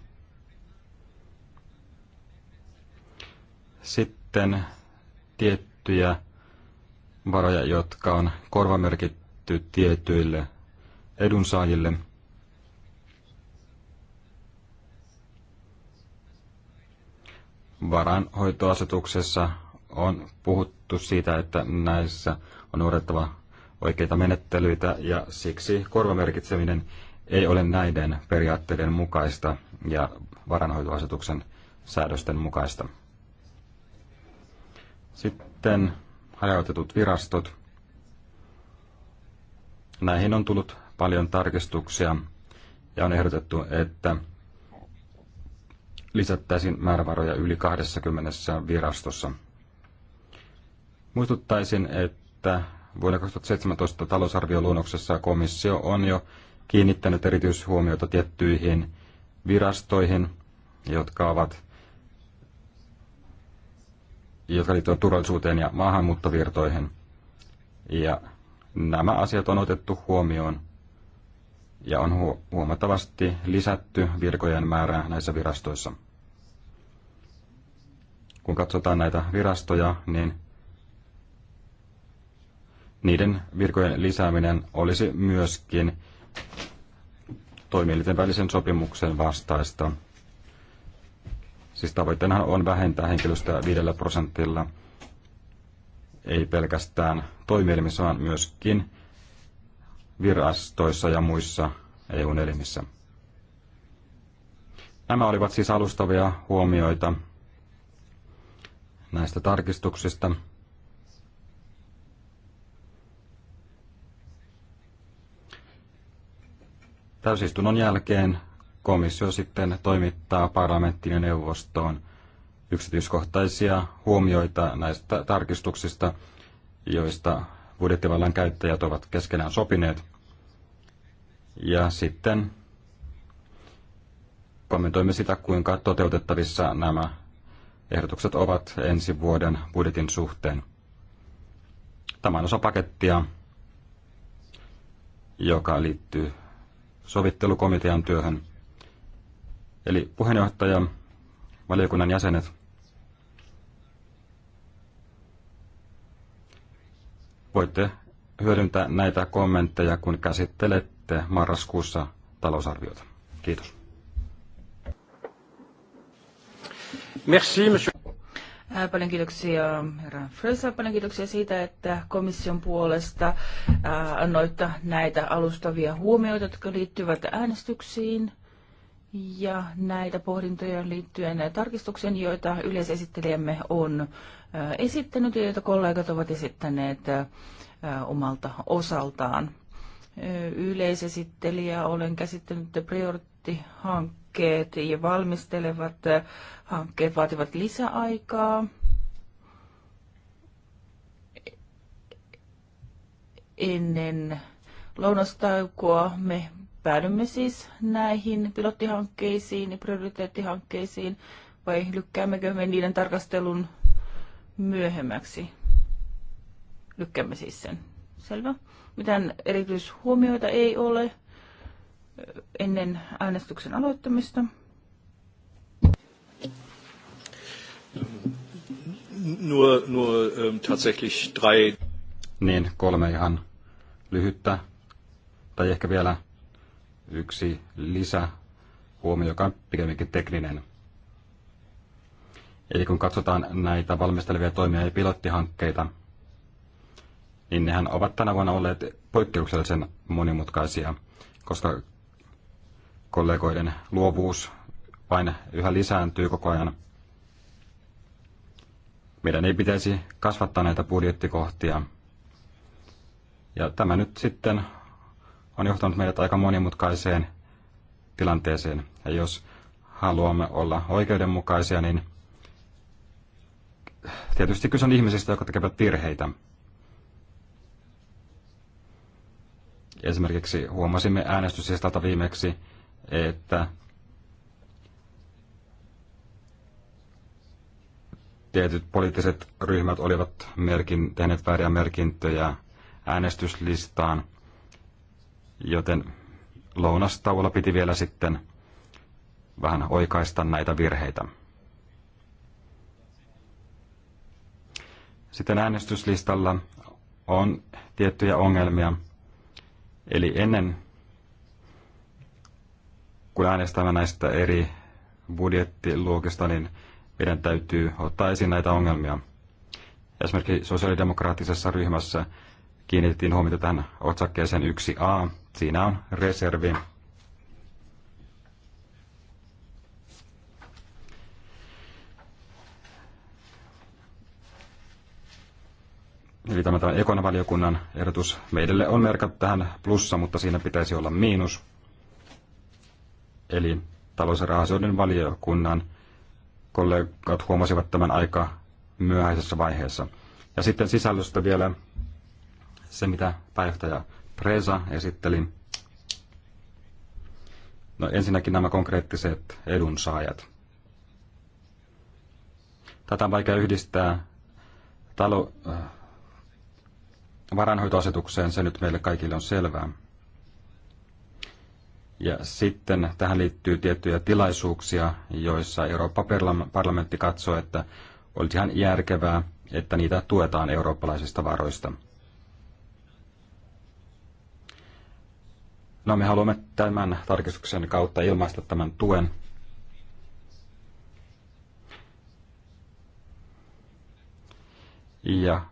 [SPEAKER 3] sitten tiettyjä varoja, jotka on korvamerkitty tietyille edunsaajille. Varanhoitoasetuksessa on puhuttu siitä, että näissä on noudattava oikeita menettelyitä ja siksi korvamerkitseminen ei ole näiden periaatteiden mukaista ja varanhoitoasetuksen säädösten mukaista. Sitten hajautetut virastot. Näihin on tullut paljon tarkistuksia ja on ehdotettu, että lisättäisiin määrävaroja yli 20 virastossa. Muistuttaisin, että vuonna 2017 talousarvioluonnoksessa komissio on jo kiinnittänyt erityishuomiota tiettyihin virastoihin, jotka ovat jotka liittyvät turvallisuuteen ja maahanmuuttovirtoihin. Ja nämä asiat on otettu huomioon ja on huomattavasti lisätty virkojen määrää näissä virastoissa. Kun katsotaan näitä virastoja, niin niiden virkojen lisääminen olisi myöskin toimielinten välisen sopimuksen vastaista Siis tavoitteena on vähentää henkilöstöä 5 prosentilla, ei pelkästään toimielimissä, vaan myöskin virastoissa ja muissa eu elimissä. Nämä olivat siis alustavia huomioita näistä tarkistuksista. Täysistunnon jälkeen komissio sitten toimittaa parlamenttiin ja neuvostoon yksityiskohtaisia huomioita näistä tarkistuksista, joista budjettivallan käyttäjät ovat keskenään sopineet. Ja sitten kommentoimme sitä, kuinka toteutettavissa nämä ehdotukset ovat ensi vuoden budjetin suhteen. Tämä on osa pakettia, joka liittyy sovittelukomitean työhön. Eli puheenjohtaja, valiokunnan jäsenet, voitte hyödyntää näitä kommentteja, kun käsittelette marraskuussa talousarviota. Kiitos.
[SPEAKER 1] Merci, monsieur.
[SPEAKER 4] Paljon kiitoksia herra Frösa, paljon kiitoksia siitä, että komission puolesta annoitte näitä alustavia huomioita, jotka liittyvät äänestyksiin ja näitä pohdintoja liittyen tarkistuksen, joita yleisesittelijämme on esittänyt ja joita kollegat ovat esittäneet omalta osaltaan. Yleisesittelijä olen käsittänyt priorittihankkeet ja valmistelevat hankkeet vaativat lisäaikaa. Ennen lounastaukoa me päädymme siis näihin pilottihankkeisiin ja prioriteettihankkeisiin vai lykkäämmekö me niiden tarkastelun myöhemmäksi? Lykkäämme siis sen. Selvä. Mitään erityishuomioita ei ole ennen äänestyksen aloittamista.
[SPEAKER 1] Nur, nur ähm, tatsächlich drei.
[SPEAKER 3] Niin, kolme ihan lyhyttä, tai ehkä vielä yksi lisä huomio, joka on pikemminkin tekninen. Eli kun katsotaan näitä valmistelevia toimia ja pilottihankkeita, niin nehän ovat tänä vuonna olleet poikkeuksellisen monimutkaisia, koska kollegoiden luovuus vain yhä lisääntyy koko ajan. Meidän ei pitäisi kasvattaa näitä budjettikohtia. Ja tämä nyt sitten on johtanut meidät aika monimutkaiseen tilanteeseen. Ja jos haluamme olla oikeudenmukaisia, niin tietysti kyse on ihmisistä, jotka tekevät virheitä. Esimerkiksi huomasimme äänestyslistalta viimeksi, että tietyt poliittiset ryhmät olivat merkin, tehneet vääriä merkintöjä äänestyslistaan – Joten lounastauolla piti vielä sitten vähän oikaista näitä virheitä. Sitten äänestyslistalla on tiettyjä ongelmia. Eli ennen kun äänestämme näistä eri budjettiluokista, niin meidän täytyy ottaa esiin näitä ongelmia. Esimerkiksi sosiaalidemokraattisessa ryhmässä kiinnitettiin huomiota tähän otsakkeeseen 1a. Siinä on reservi. Eli tämä, tämä ekonavaliokunnan ehdotus meidelle on merkattu tähän plussa, mutta siinä pitäisi olla miinus. Eli talous- ja valiokunnan kollegat huomasivat tämän aika myöhäisessä vaiheessa. Ja sitten sisällöstä vielä se, mitä pääjohtaja Preza esitteli. No ensinnäkin nämä konkreettiset edunsaajat. Tätä on vaikea yhdistää talo, äh, varanhoitoasetukseen, se nyt meille kaikille on selvää. Ja sitten tähän liittyy tiettyjä tilaisuuksia, joissa Euroopan parlamentti katsoo, että olisi ihan järkevää, että niitä tuetaan eurooppalaisista varoista – No me haluamme tämän tarkistuksen kautta ilmaista tämän tuen. Ja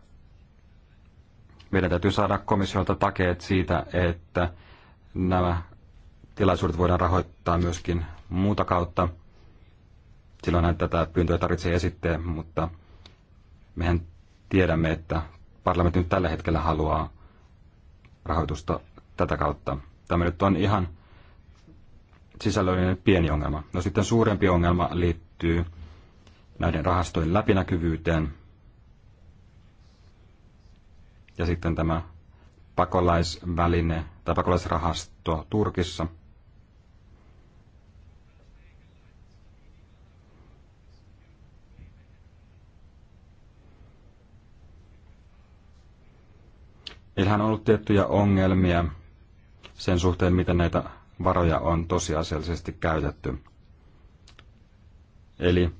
[SPEAKER 3] meidän täytyy saada komissiolta takeet siitä, että nämä tilaisuudet voidaan rahoittaa myöskin muuta kautta. Silloin tätä pyyntöä tarvitsee esittää, mutta mehän tiedämme, että parlamentti nyt tällä hetkellä haluaa rahoitusta tätä kautta. Tämä nyt on ihan sisällöllinen pieni ongelma. No sitten suurempi ongelma liittyy näiden rahastojen läpinäkyvyyteen. Ja sitten tämä pakolaisväline tai pakolaisrahasto Turkissa. Meillähän on ollut tiettyjä ongelmia sen suhteen, miten näitä varoja on tosiasiallisesti käytetty. Eli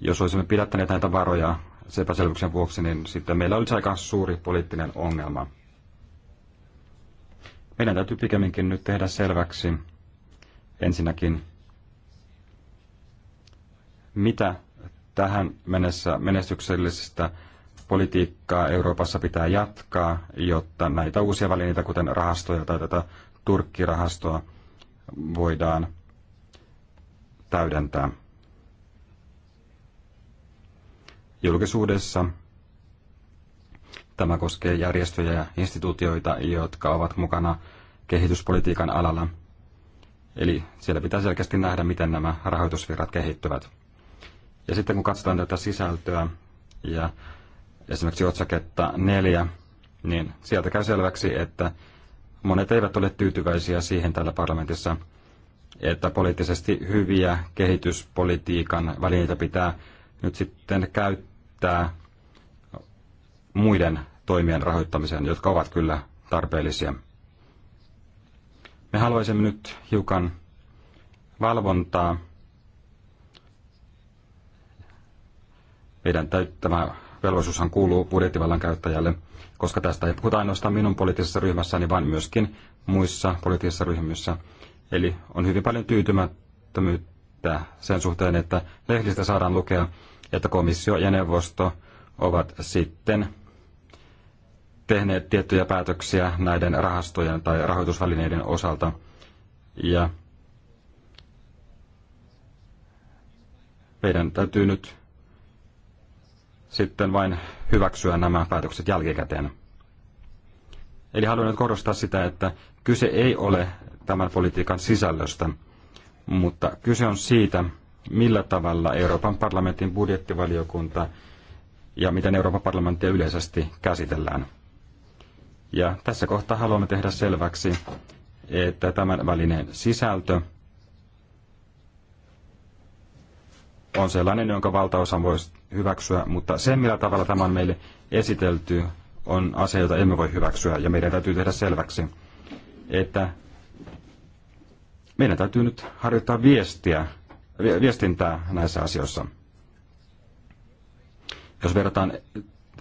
[SPEAKER 3] jos olisimme pidättäneet näitä varoja sepäselvyksen vuoksi, niin sitten meillä olisi aika suuri poliittinen ongelma. Meidän täytyy pikemminkin nyt tehdä selväksi ensinnäkin, mitä tähän mennessä menestyksellisistä politiikkaa Euroopassa pitää jatkaa, jotta näitä uusia välineitä, kuten rahastoja tai tätä Turkkirahastoa, voidaan täydentää. Julkisuudessa tämä koskee järjestöjä ja instituutioita, jotka ovat mukana kehityspolitiikan alalla. Eli siellä pitää selkeästi nähdä, miten nämä rahoitusvirrat kehittyvät. Ja sitten kun katsotaan tätä sisältöä ja esimerkiksi otsaketta neljä, niin sieltä käy selväksi, että monet eivät ole tyytyväisiä siihen täällä parlamentissa, että poliittisesti hyviä kehityspolitiikan välineitä pitää nyt sitten käyttää muiden toimien rahoittamiseen, jotka ovat kyllä tarpeellisia. Me haluaisimme nyt hiukan valvontaa. Meidän tämä velvollisuushan kuuluu budjettivallan käyttäjälle, koska tästä ei puhuta ainoastaan minun poliittisessa ryhmässäni, vaan myöskin muissa poliittisissa ryhmissä. Eli on hyvin paljon tyytymättömyyttä sen suhteen, että lehdistä saadaan lukea, että komissio ja neuvosto ovat sitten tehneet tiettyjä päätöksiä näiden rahastojen tai rahoitusvälineiden osalta. Ja meidän täytyy nyt sitten vain hyväksyä nämä päätökset jälkikäteen. Eli haluan nyt korostaa sitä, että kyse ei ole tämän politiikan sisällöstä, mutta kyse on siitä, millä tavalla Euroopan parlamentin budjettivaliokunta ja miten Euroopan parlamenttia yleisesti käsitellään. Ja tässä kohtaa haluamme tehdä selväksi, että tämän välineen sisältö on sellainen, jonka valtaosa voisi hyväksyä, mutta se millä tavalla tämä on meille esitelty on asia, jota emme voi hyväksyä ja meidän täytyy tehdä selväksi, että meidän täytyy nyt harjoittaa viestiä, viestintää näissä asioissa. Jos verrataan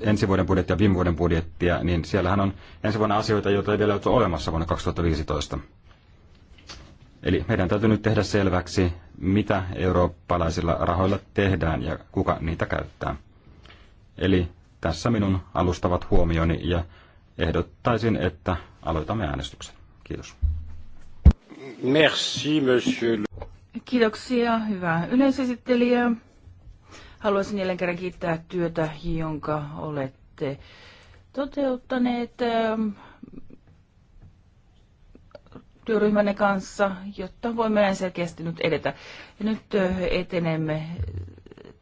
[SPEAKER 3] ensi vuoden budjettia ja viime vuoden budjettia, niin siellähän on ensi vuonna asioita, joita ei vielä ole olemassa vuonna 2015. Eli meidän täytyy nyt tehdä selväksi, mitä eurooppalaisilla rahoilla tehdään ja kuka niitä käyttää. Eli tässä minun alustavat huomioni ja ehdottaisin, että aloitamme äänestyksen. Kiitos. Merci, monsieur.
[SPEAKER 4] Kiitoksia, hyvä yleisesittelijä. Haluaisin jälleen kerran kiittää työtä, jonka olette toteuttaneet työryhmänne kanssa, jotta voimme näin selkeästi nyt edetä. Ja nyt etenemme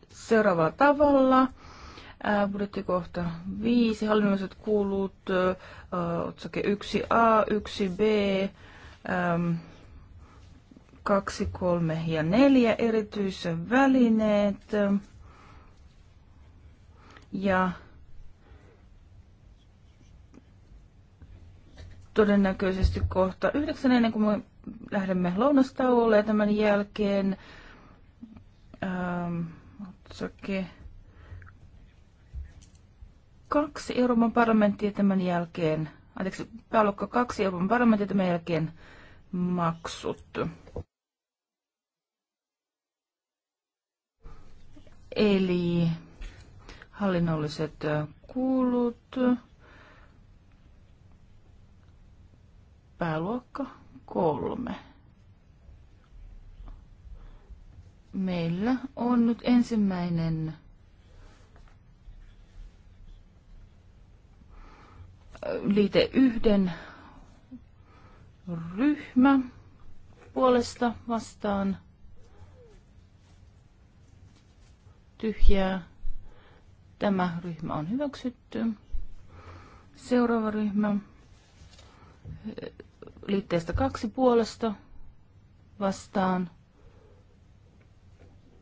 [SPEAKER 4] seuraavalla tavalla. Budjettikohta 5, hallinnolliset kulut, otsake 1a, 1b, 2, 3 ja 4 erityisen välineet ja todennäköisesti kohta yhdeksän ennen kuin me lähdemme lounastauolle ja tämän jälkeen ähm, otsake kaksi Euroopan parlamenttia tämän jälkeen, anteeksi, pääluokka kaksi Euroopan parlamenttia tämän jälkeen maksut. Eli hallinnolliset äh, kulut. pääluokka kolme. Meillä on nyt ensimmäinen liite yhden ryhmä puolesta vastaan tyhjää. Tämä ryhmä on hyväksytty. Seuraava ryhmä liitteestä kaksi puolesta vastaan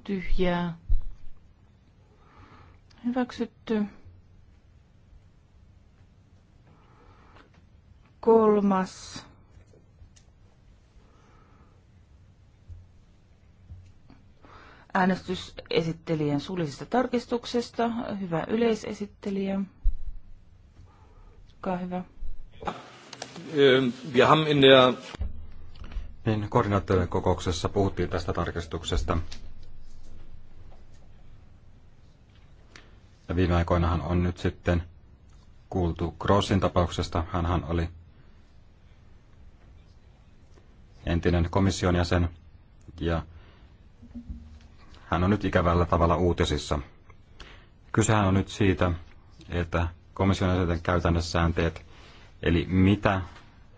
[SPEAKER 4] tyhjää hyväksytty. Kolmas äänestys esittelijän suullisesta tarkistuksesta. Hyvä yleisesittelijä. Olkaa hyvä.
[SPEAKER 1] Ähm, wir haben in der
[SPEAKER 3] niin, koordinaattorien kokouksessa puhuttiin tästä tarkistuksesta. Ja viime aikoinahan on nyt sitten kuultu Grossin tapauksesta. Hänhän oli entinen komission jäsen ja hän on nyt ikävällä tavalla uutisissa. Kysehän on nyt siitä, että komission jäsenten käytännössäänteet, eli mitä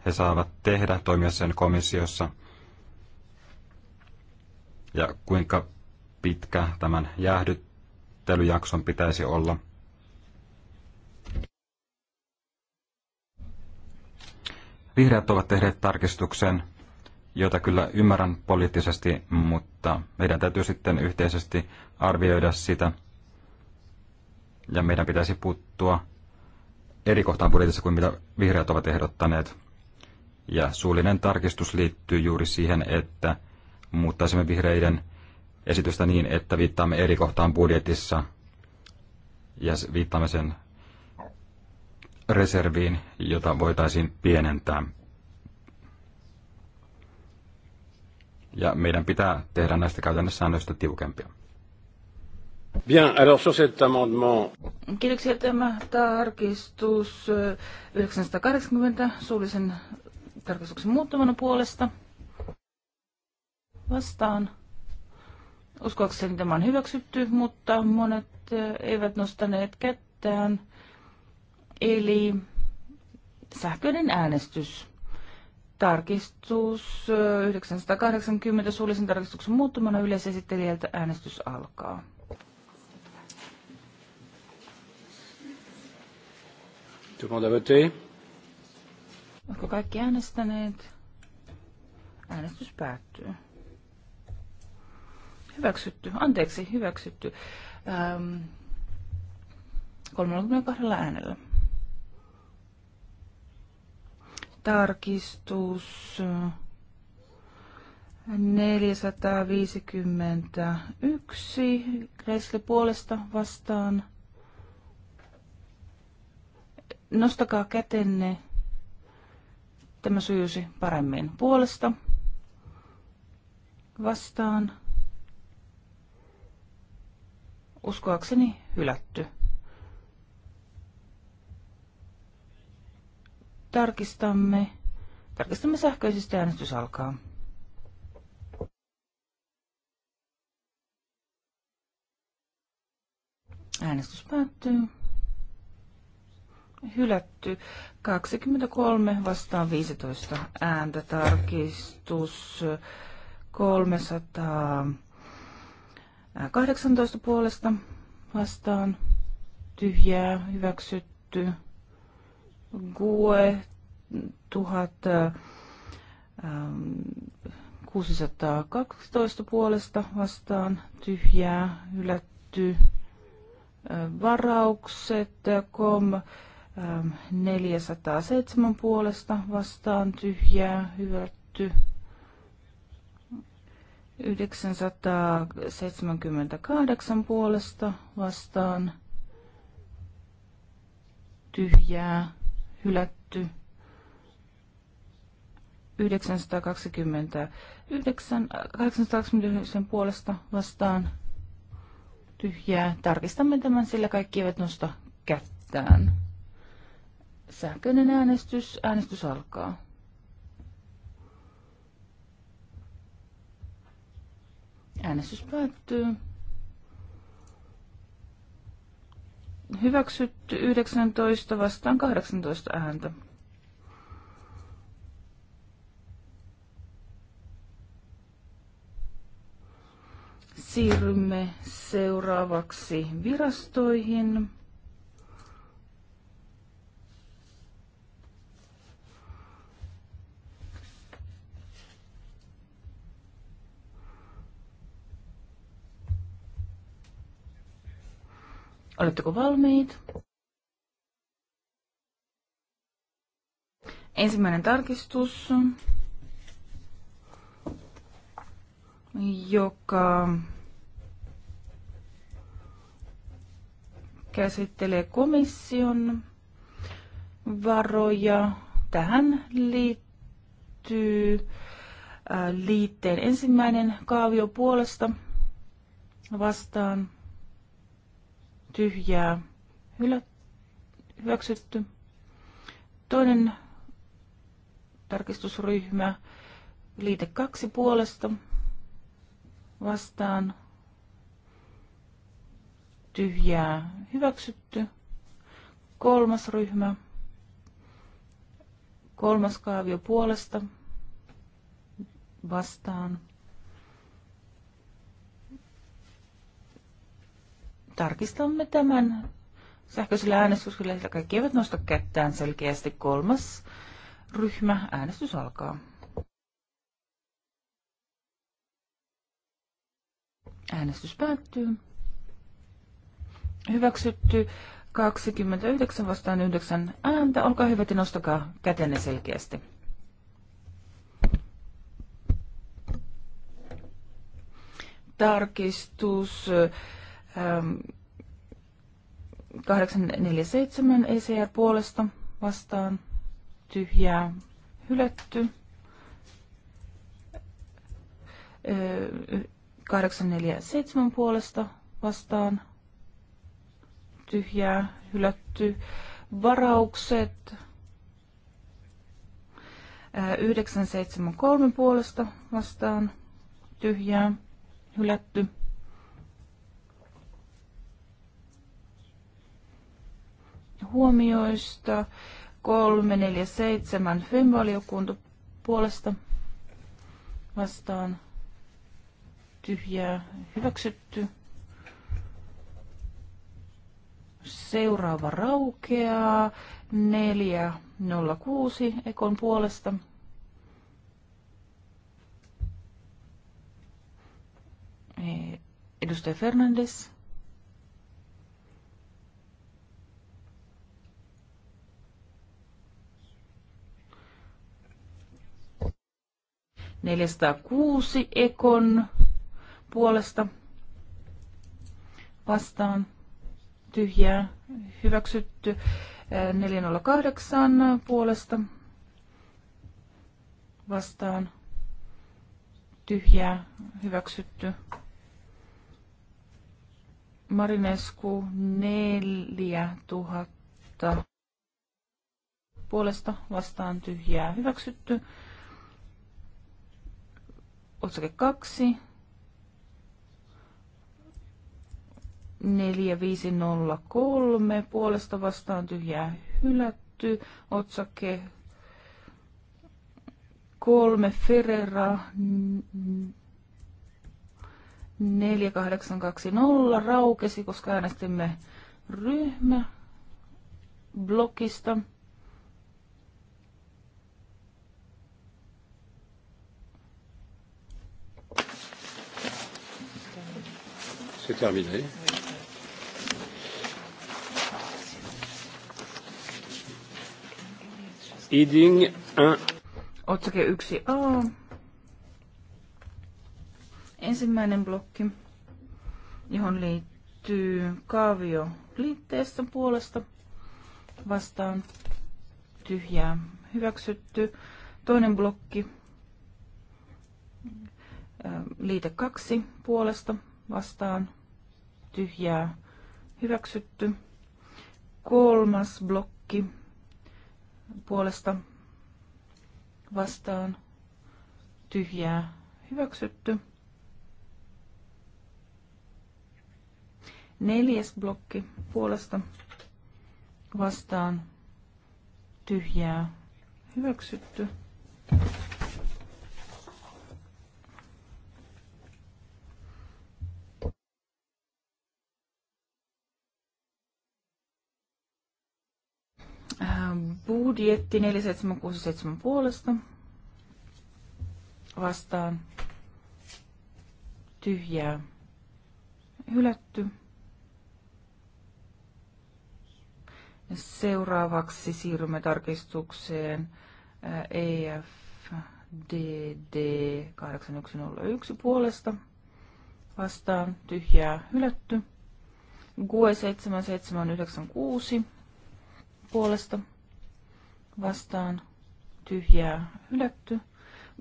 [SPEAKER 3] he saavat tehdä, toimia sen komissiossa, ja kuinka pitkä tämän jäähdyttelyjakson pitäisi olla. Vihreät ovat tehneet tarkistuksen, jota kyllä ymmärrän poliittisesti, mutta meidän täytyy sitten yhteisesti arvioida sitä. Ja meidän pitäisi puuttua eri kohtaan budjetissa kuin mitä vihreät ovat ehdottaneet. Ja suullinen tarkistus liittyy juuri siihen, että muuttaisimme vihreiden esitystä niin, että viittaamme eri kohtaan budjetissa ja viittaamme sen reserviin, jota voitaisiin pienentää. Ja meidän pitää tehdä näistä käytännössä säännöistä tiukempia. Bien, alors sur cet amendement.
[SPEAKER 4] Kiitoksia tämä tarkistus 980 eh, suullisen tarkastuksen muuttamana puolesta vastaan. Uskoakseni tämä on hyväksytty, mutta monet eh, eivät nostaneet kättään. Eli sähköinen äänestys. Tarkistus 980 eh, suullisen tarkistuksen muuttumana yleisesittelijältä äänestys alkaa.
[SPEAKER 1] Tout le monde a voté?
[SPEAKER 4] Onko kaikki äänestäneet? Äänestys päättyy. Hyväksytty. Anteeksi, hyväksytty. Ähm, 32 äänellä. Tarkistus 451. Gressle puolesta vastaan. Nostakaa kätenne Tämä syysi paremmin puolesta vastaan. Uskoakseni hylätty. Tarkistamme. Tarkistamme sähköisesti äänestys alkaa. Äänestys päättyy hylätty. 23 vastaan 15 ääntä tarkistus 318 puolesta vastaan tyhjää hyväksytty. GUE 1612 puolesta vastaan tyhjää hylätty. Varaukset kom 407 puolesta vastaan tyhjää hyvätty 978 puolesta vastaan tyhjää hylätty. 929 829 äh, puolesta vastaan tyhjää. Tarkistamme tämän, sillä kaikki eivät nosta kättään. Sähköinen äänestys. Äänestys alkaa. Äänestys päättyy. Hyväksytty 19 vastaan 18 ääntä. Siirrymme seuraavaksi virastoihin. Oletteko valmiit? Ensimmäinen tarkistus, joka käsittelee komission varoja. Tähän liittyy äh, liitteen ensimmäinen kaavio puolesta vastaan tyhjää hylä, hyväksytty. Toinen tarkistusryhmä, liite kaksi puolesta vastaan tyhjää hyväksytty. Kolmas ryhmä, kolmas kaavio puolesta vastaan tarkistamme tämän sähköisellä äänestyksellä, sillä kaikki eivät nosta kättään selkeästi. Kolmas ryhmä, äänestys alkaa. Äänestys päättyy. Hyväksytty 29 vastaan 9 ääntä. Olkaa hyvät ja nostakaa kätenne selkeästi. Tarkistus 847 ähm, ECR puolesta vastaan tyhjää hylätty. 847 puolesta vastaan tyhjää hylätty. Varaukset 973 puolesta vastaan tyhjää hylätty. huomioista. 347 FEM-valiokunta puolesta vastaan tyhjää hyväksytty. Seuraava raukeaa 406 Ekon puolesta. Edustaja Fernandes. 406 Ekon puolesta vastaan tyhjää hyväksytty 408 puolesta vastaan tyhjää hyväksytty Marinesku 4000 puolesta vastaan tyhjää hyväksytty otsake 2, 4503, puolesta vastaan tyhjää hylätty, otsake 3, Ferrera 4820 raukesi, koska äänestimme ryhmä blokista.
[SPEAKER 1] C'est terminé. Eating
[SPEAKER 4] 1. Otsake 1a. Ensimmäinen blokki, johon liittyy kaavio liitteestä puolesta vastaan tyhjää hyväksytty. Toinen blokki, liite kaksi puolesta vastaan tyhjää hyväksytty. Kolmas blokki puolesta vastaan tyhjää hyväksytty. Neljäs blokki puolesta vastaan tyhjää hyväksytty. budjetti 4767 puolesta vastaan tyhjää hylätty. Seuraavaksi siirrymme tarkistukseen EFDD 8101 puolesta vastaan tyhjää hylätty. GUE 7796 puolesta vastaan tyhjää hylätty.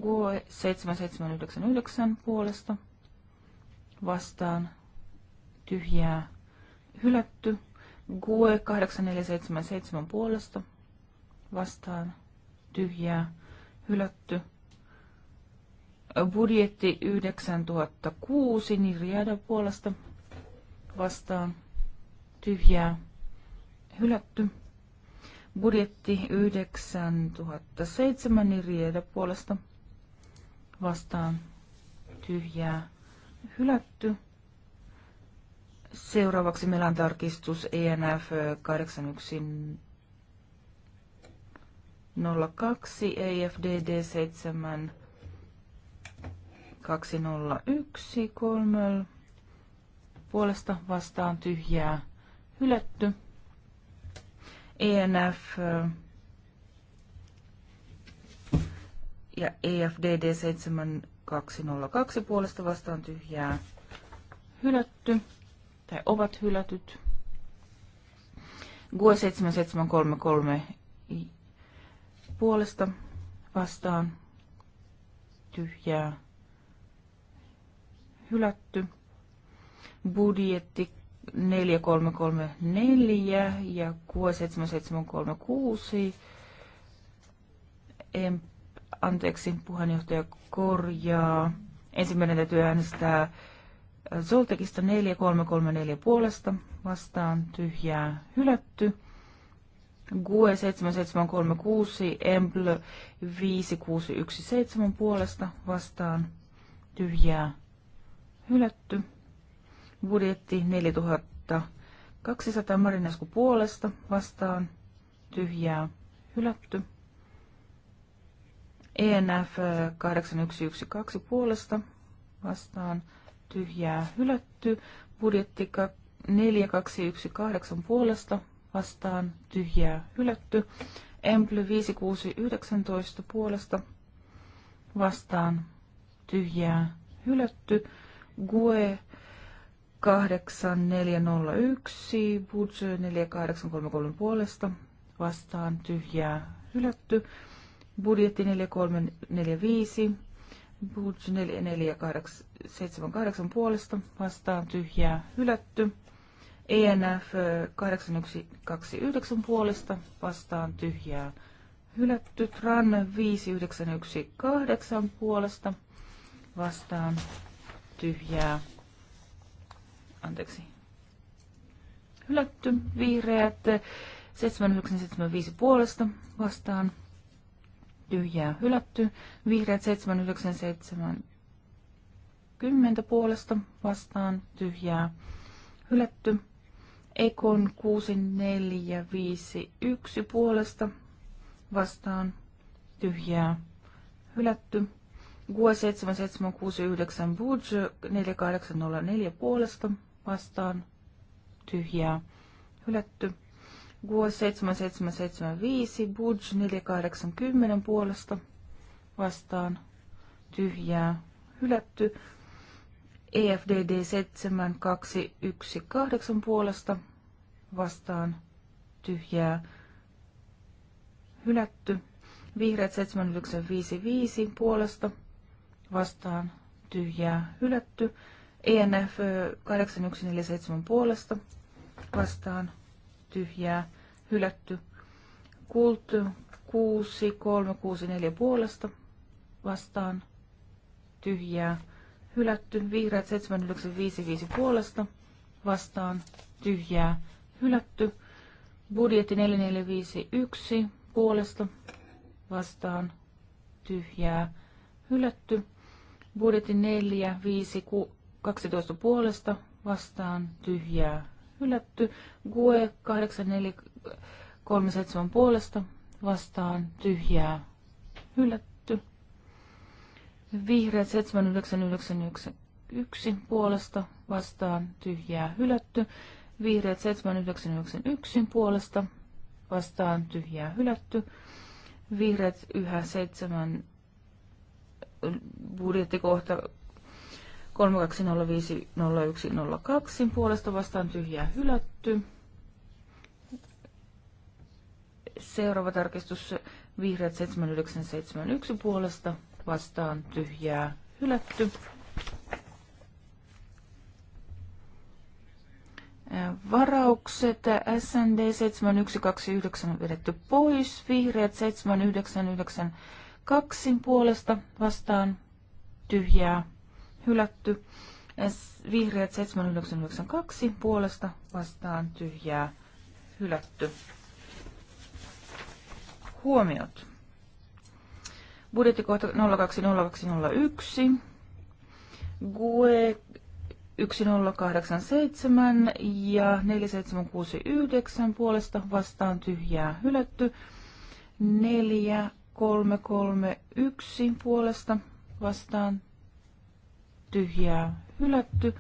[SPEAKER 4] Guo 7799 puolesta vastaan tyhjää hylätty. Guo 8477 puolesta vastaan tyhjää hylätty. Budjetti 9006 Nirjada puolesta vastaan tyhjää hylätty. Budjetti 9007, niin riedä puolesta vastaan tyhjää hylätty. Seuraavaksi meillä on tarkistus ENF 8102 EFDD 7 puolesta vastaan tyhjää hylätty. ENF ja EFDD 7202 puolesta vastaan tyhjää hylätty tai ovat hylätyt. GUE 7733 puolesta vastaan tyhjää hylätty. Budjetti 4334 ja 67736. En, anteeksi, puheenjohtaja korjaa. Ensimmäinen täytyy äänestää Zoltekista 4334 puolesta vastaan tyhjää hylätty. GUE 7736, EMPL 5617 puolesta vastaan tyhjää hylätty. Budjetti 4200 Marinesku puolesta vastaan tyhjää hylätty. ENF 8112 puolesta vastaan tyhjää hylätty. Budjetti 4218 puolesta vastaan tyhjää hylätty. Emply 5619 puolesta vastaan tyhjää hylätty. GUE 8401, Budge 4833 puolesta, vastaan tyhjää hylätty. Budjetti 4345, Budge 4478 puolesta, vastaan tyhjää hylätty. ENF 8129 puolesta, vastaan tyhjää hylätty. TRAN 5918 puolesta, vastaan tyhjää hylätty anteeksi, hylätty, vihreät, 7975 puolesta vastaan, tyhjää hylätty, vihreät 7970 puolesta vastaan, tyhjää hylätty, Ekon 6451 puolesta vastaan, tyhjää hylätty, GUE 7769 Budge 4804 puolesta vastaan tyhjää hylätty. GUO 7775, Budge 480 puolesta vastaan tyhjää hylätty. EFDD 7218 puolesta vastaan tyhjää hylätty. Vihreät 7955 puolesta vastaan tyhjää hylätty. ENF 8147 puolesta vastaan tyhjää hylätty. Kult 6364 puolesta vastaan tyhjää hylätty. Vihreät 7955 puolesta vastaan tyhjää hylätty. Budjetti 4451 puolesta vastaan tyhjää hylätty. Budjetti 456 12 puolesta vastaan tyhjää hylätty. GUE 8437 puolesta vastaan tyhjää hylätty. Vihreät 7991 puolesta vastaan tyhjää hylätty. Vihreät 7991 puolesta vastaan tyhjää hylätty. Vihreät yhä 7 budjettikohta 32050102 puolesta vastaan tyhjää hylätty. Seuraava tarkistus vihreät 7971 puolesta vastaan tyhjää hylätty. Varaukset SND 7129 on vedetty pois, vihreät 7992 puolesta vastaan tyhjää hylätty. Vihreät 7992 puolesta vastaan tyhjää hylätty. Huomiot. Budjettikohta 020201. GUE 1087 ja 4769 puolesta vastaan tyhjää hylätty. 4331 puolesta vastaan tyhjää hylätty.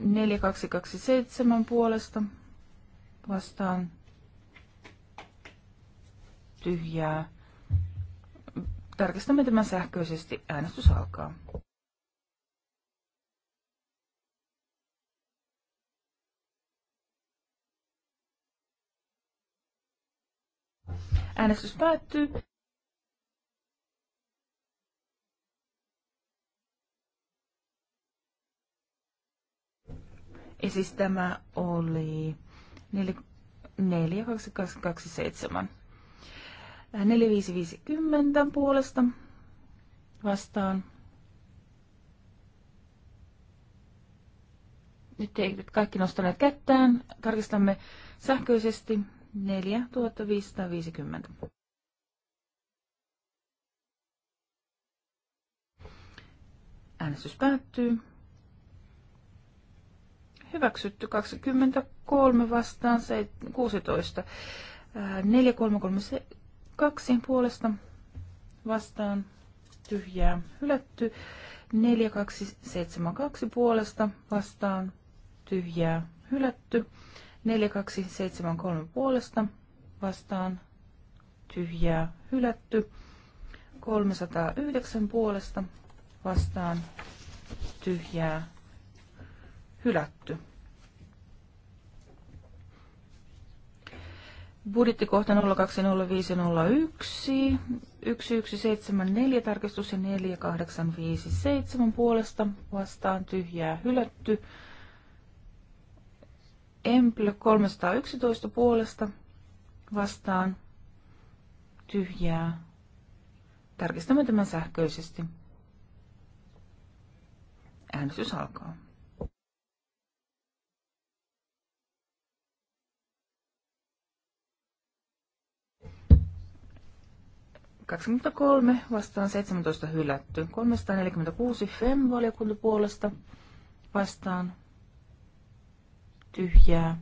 [SPEAKER 4] 4227 puolesta vastaan tyhjää. Tarkistamme tämän sähköisesti. Äänestys alkaa.
[SPEAKER 5] Äänestys päättyy.
[SPEAKER 4] Ja siis tämä oli 4227. 4550 äh, puolesta vastaan. Nyt ei kaikki nostaneet kättään. Tarkistamme sähköisesti 4550. Äänestys päättyy hyväksytty 23 vastaan 16. 4332 puolesta vastaan tyhjää hylätty. 4272 puolesta vastaan tyhjää hylätty. 4273 puolesta vastaan tyhjää hylätty. 309 puolesta vastaan tyhjää hylätty. Budjettikohta 020501, 1174, tarkistus ja 4857 puolesta vastaan tyhjää hylätty. Emple 311 puolesta vastaan tyhjää. Tarkistamme tämän sähköisesti. Äänestys alkaa. 23 vastaan 17 hylätty. 346 FEM-valiokunta puolesta vastaan tyhjää.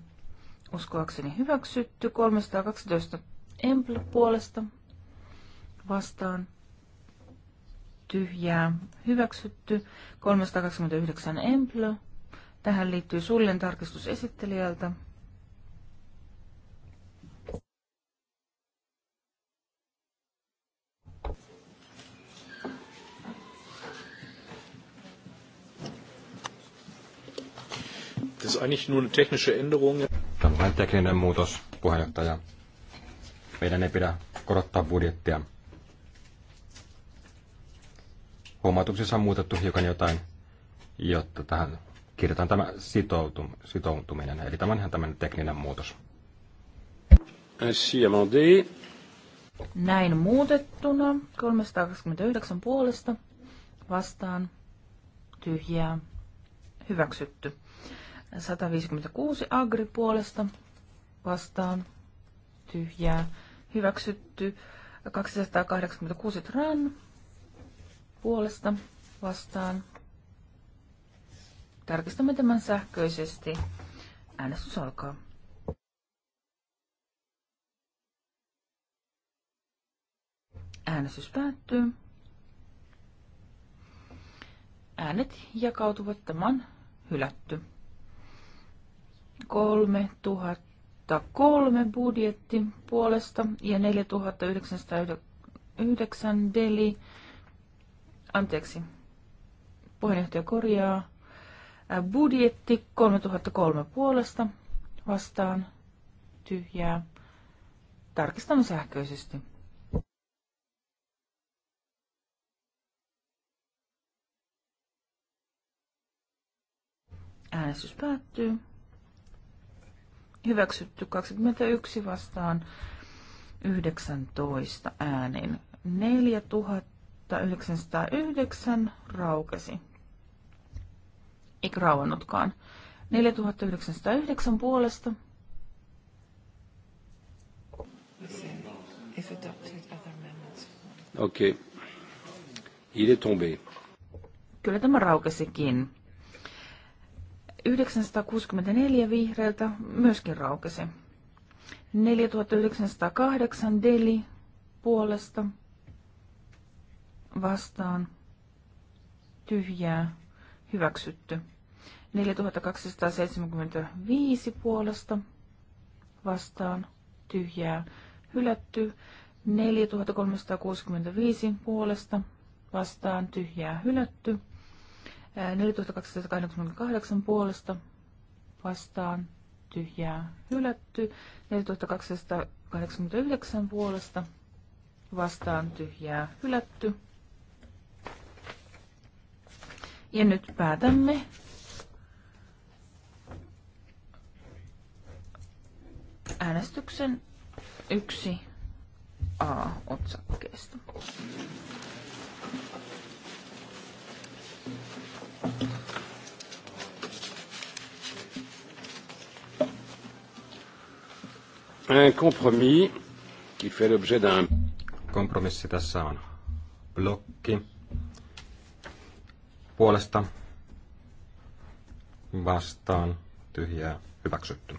[SPEAKER 4] Uskoakseni hyväksytty. 312 empl puolesta vastaan tyhjää. Hyväksytty. 329 empl. Tähän liittyy sullen tarkistus esittelijältä.
[SPEAKER 1] Das ist eigentlich nur eine technische Änderung.
[SPEAKER 3] Tämä on vain tekninen muutos, puheenjohtaja. Meidän ei pidä korottaa budjettia. Huomautuksessa on muutettu hiukan jotain, jotta tähän kirjataan tämä sitoutum, sitoutuminen. Eli tämä on ihan tämmöinen tekninen muutos. Ainsi amendé.
[SPEAKER 4] Näin muutettuna 329 puolesta vastaan tyhjää hyväksytty. 156 agri puolesta vastaan tyhjää. Hyväksytty 286 tran puolesta vastaan. Tarkistamme tämän sähköisesti. Äänestys alkaa. Äänestys päättyy. Äänet jakautuvat tämän hylätty. 3003 budjetti puolesta ja 4909 deli. Anteeksi, puheenjohtaja korjaa. Budjetti 3003 puolesta vastaan tyhjää. tarkistan sähköisesti. Äänestys päättyy hyväksytty 21 vastaan 19 äänin. 4909 raukesi. Eikä rauennutkaan. 4909 puolesta.
[SPEAKER 1] Okei. Okay. Il est tombé.
[SPEAKER 4] Kyllä tämä raukesikin. 964 vihreiltä myöskin raukesi. 4908 deli puolesta vastaan tyhjää hyväksytty. 4275 puolesta vastaan tyhjää hylätty. 4365 puolesta vastaan tyhjää hylätty. 4288 puolesta vastaan tyhjää hylätty. 4289 puolesta vastaan tyhjää hylätty. Ja nyt päätämme äänestyksen 1a-otsakkeesta.
[SPEAKER 3] un compromis qui fait l'objet d'un... Kompromissi tässä on blokki puolesta vastaan tyhjää hyväksytty.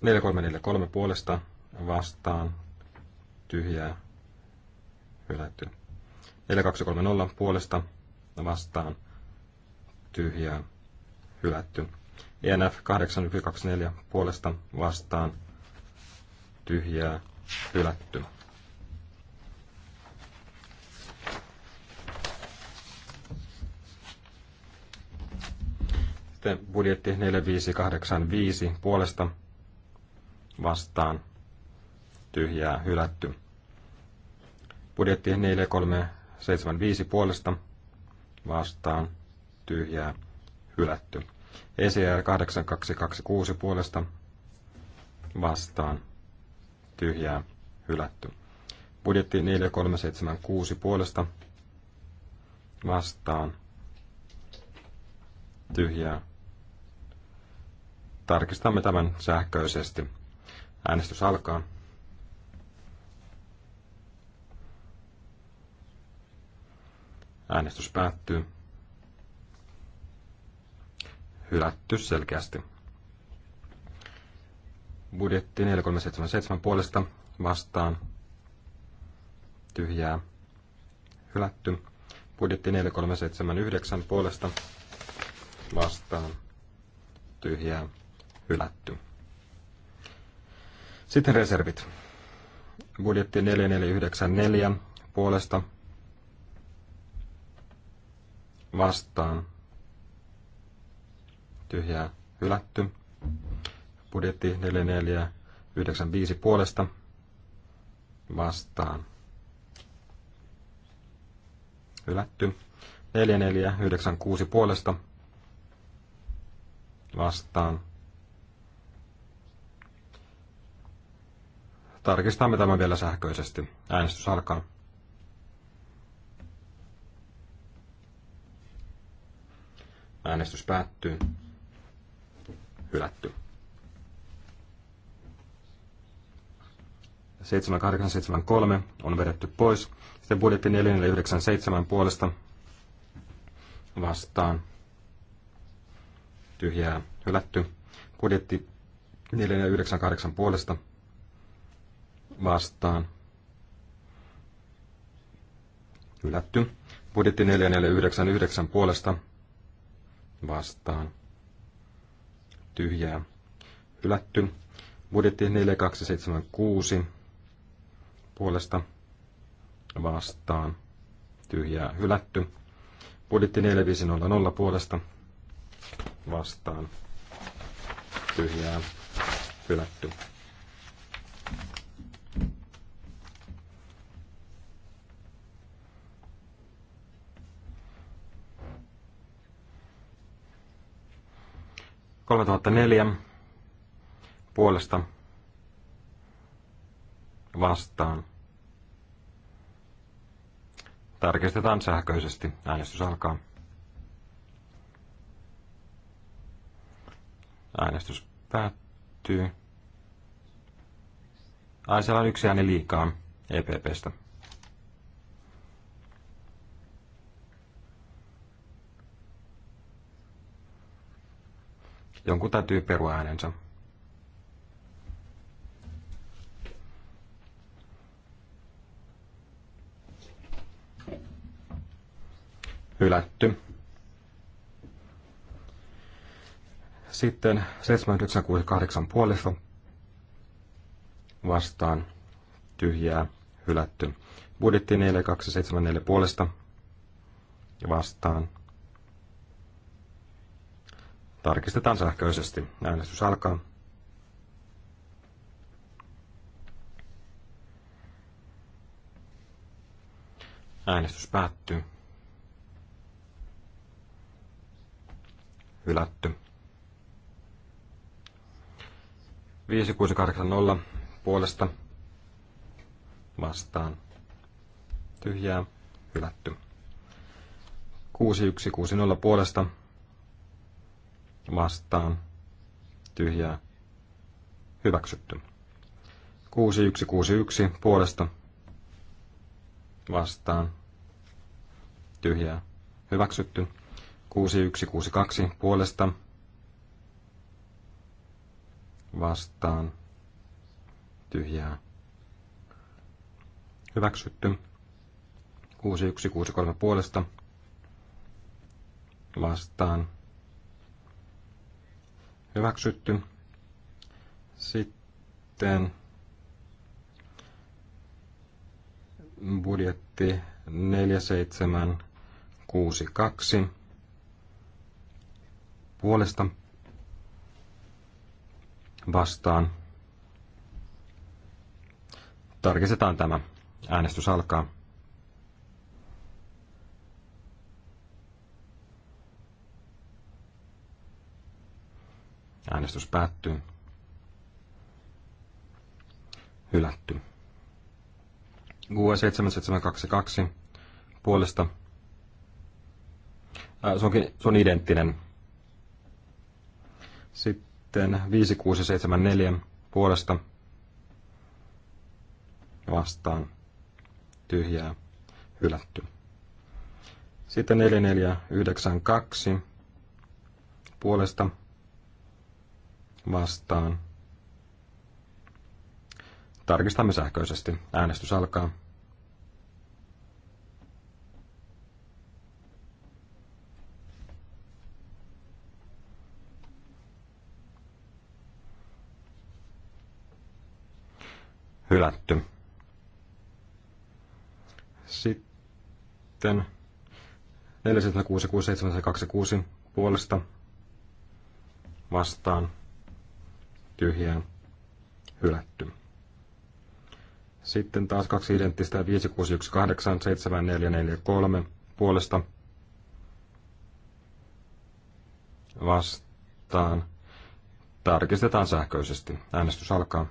[SPEAKER 3] Neljä kolme neljä kolme puolesta vastaan tyhjää hylätty. Neljä kaksi kolme nolla puolesta vastaan tyhjää hylätty. ENF 8.24 puolesta vastaan tyhjää hylätty. Sitten budjetti 4585 puolesta vastaan tyhjää hylätty. Budjetti 4375 puolesta vastaan tyhjää hylätty. ECR 8226 puolesta vastaan tyhjää hylätty. Budjetti 4376 puolesta vastaan tyhjää. Tarkistamme tämän sähköisesti. Äänestys alkaa. Äänestys päättyy hylätty selkeästi. Budjetti 4377 puolesta vastaan tyhjää hylätty. Budjetti 4379 puolesta vastaan tyhjää hylätty. Sitten reservit. Budjetti 4494 puolesta vastaan tyhjää hylätty. Budjetti 4495 puolesta vastaan hylätty. 4496 puolesta vastaan. Tarkistamme tämän vielä sähköisesti. Äänestys alkaa. Äänestys päättyy hylätty. 7873 on vedetty pois. Sitten budjetti 4497 puolesta vastaan tyhjää hylätty. Budjetti 4498 puolesta vastaan hylätty. Budjetti 4499 puolesta vastaan tyhjää hylätty. Budjetti 4276 puolesta vastaan tyhjää hylätty. Budjetti 4500 puolesta vastaan tyhjää hylätty. 3004 puolesta vastaan. Tarkistetaan sähköisesti. Äänestys alkaa. Äänestys päättyy. Ai siellä on yksi ääni liikaa EPPstä. Jonkun täytyy perua äänensä. Hylätty. Sitten 7968 puolesta vastaan tyhjää hylätty. Budjetti 4274 puolesta vastaan Tarkistetaan sähköisesti. Äänestys alkaa. Äänestys päättyy. Hylätty. 5680 puolesta vastaan. Tyhjää. Hylätty. 6160 puolesta vastaan tyhjää hyväksytty. 6161 puolesta vastaan tyhjää hyväksytty. 6162 puolesta vastaan tyhjää hyväksytty. 6163 puolesta vastaan hyväksytty. Sitten budjetti 4762 puolesta vastaan. Tarkistetaan tämä. Äänestys alkaa. Äänestys päättyy. Hylätty. GUE 7722 puolesta. Ää, se, onkin, se on identtinen. Sitten 5674 puolesta vastaan tyhjää hylätty. Sitten 4492 puolesta vastaan. Tarkistamme sähköisesti. Äänestys alkaa. Hylätty. Sitten 476 puolesta vastaan tyhjää hylätty. Sitten taas kaksi identtistä 5618 7443 puolesta vastaan. Tarkistetaan sähköisesti. Äänestys alkaa.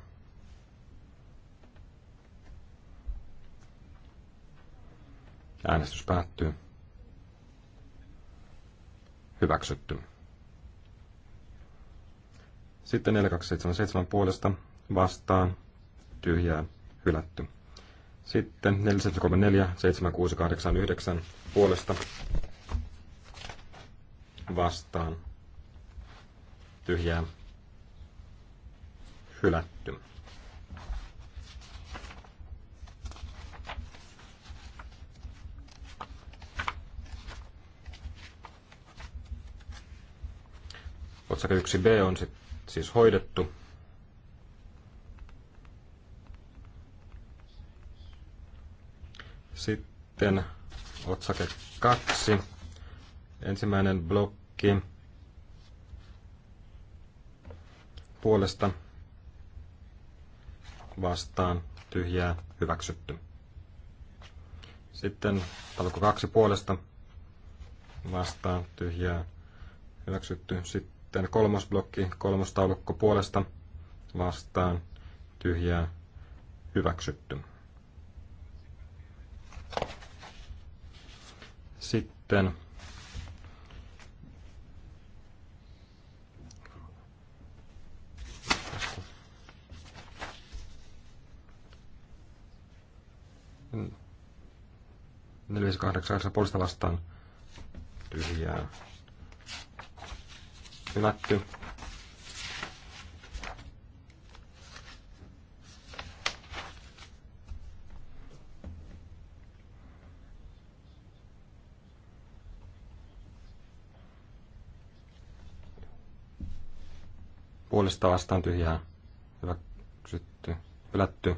[SPEAKER 3] Äänestys päättyy. Hyväksytty. Sitten 4277 puolesta vastaan tyhjää hylätty. Sitten 4734 7689 puolesta vastaan tyhjää hylätty. Otsake 1b on sitten siis hoidettu. Sitten otsake kaksi. Ensimmäinen blokki puolesta vastaan tyhjää hyväksytty. Sitten talko kaksi puolesta vastaan tyhjää hyväksytty. Sitten sitten kolmas blokki, kolmas taulukko puolesta vastaan tyhjää hyväksytty. Sitten puolesta vastaan tyhjää Hylätty. puolesta vastaan tyhjää. sytty. Pelätty.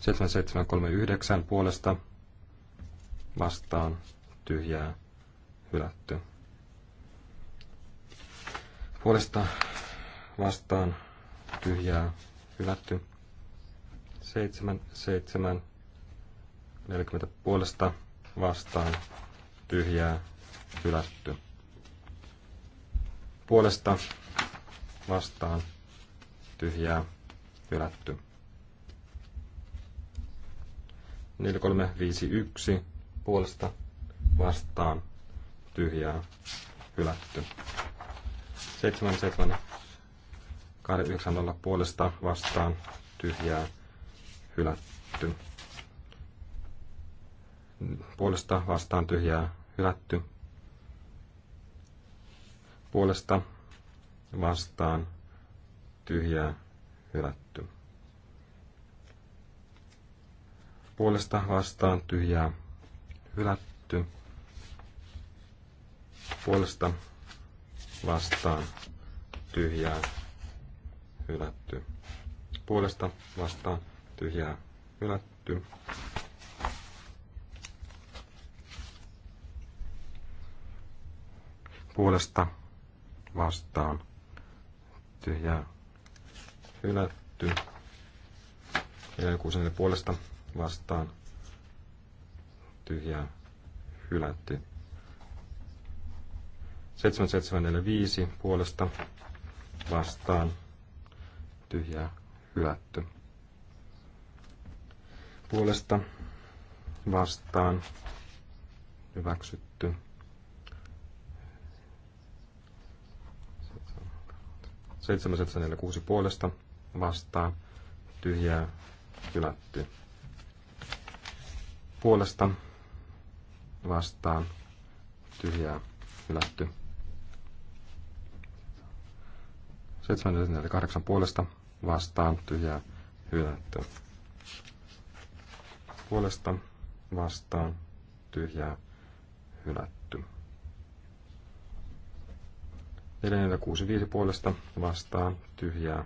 [SPEAKER 3] 7739 puolesta vastaan tyhjää. Hylätty. Puolesta vastaan tyhjää hylätty. 7, 7, 40 puolesta vastaan tyhjää hylätty. Puolesta vastaan tyhjää hylätty. 4351 puolesta vastaan tyhjää hylätty. 77 890 puolesta vastaan tyhjää hylätty. Puolesta vastaan tyhjää hylätty. Puolesta vastaan tyhjää hylätty. Puolesta vastaan tyhjää hylätty. Puolesta vastaan tyhjää hylätty. Puolesta vastaan tyhjää hylätty. Puolesta vastaan tyhjää hylätty. Ja kuusen puolesta vastaan tyhjää hylätty. 7745 puolesta vastaan tyhjä hylätty. Puolesta vastaan hyväksytty. Seitsemän, kuusi puolesta vastaan tyhjää hylätty. Puolesta vastaan tyhjää hylätty. 748 puolesta vastaan tyhjää hylätty. Puolesta vastaan tyhjää hylätty. 4465 puolesta vastaan tyhjää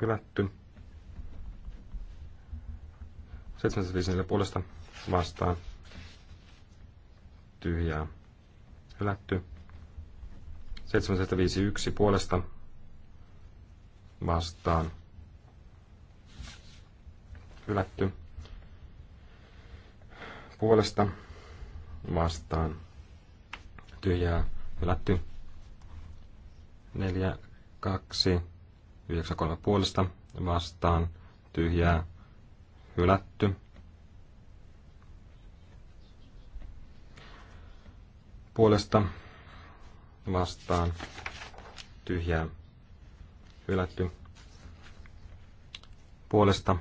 [SPEAKER 3] hylätty. 754 puolesta vastaan tyhjää hylätty. 751 puolesta vastaan hylätty puolesta vastaan tyhjää hylätty 4 2 93 puolesta vastaan tyhjää hylätty puolesta vastaan tyhjää hylätty. Puolesta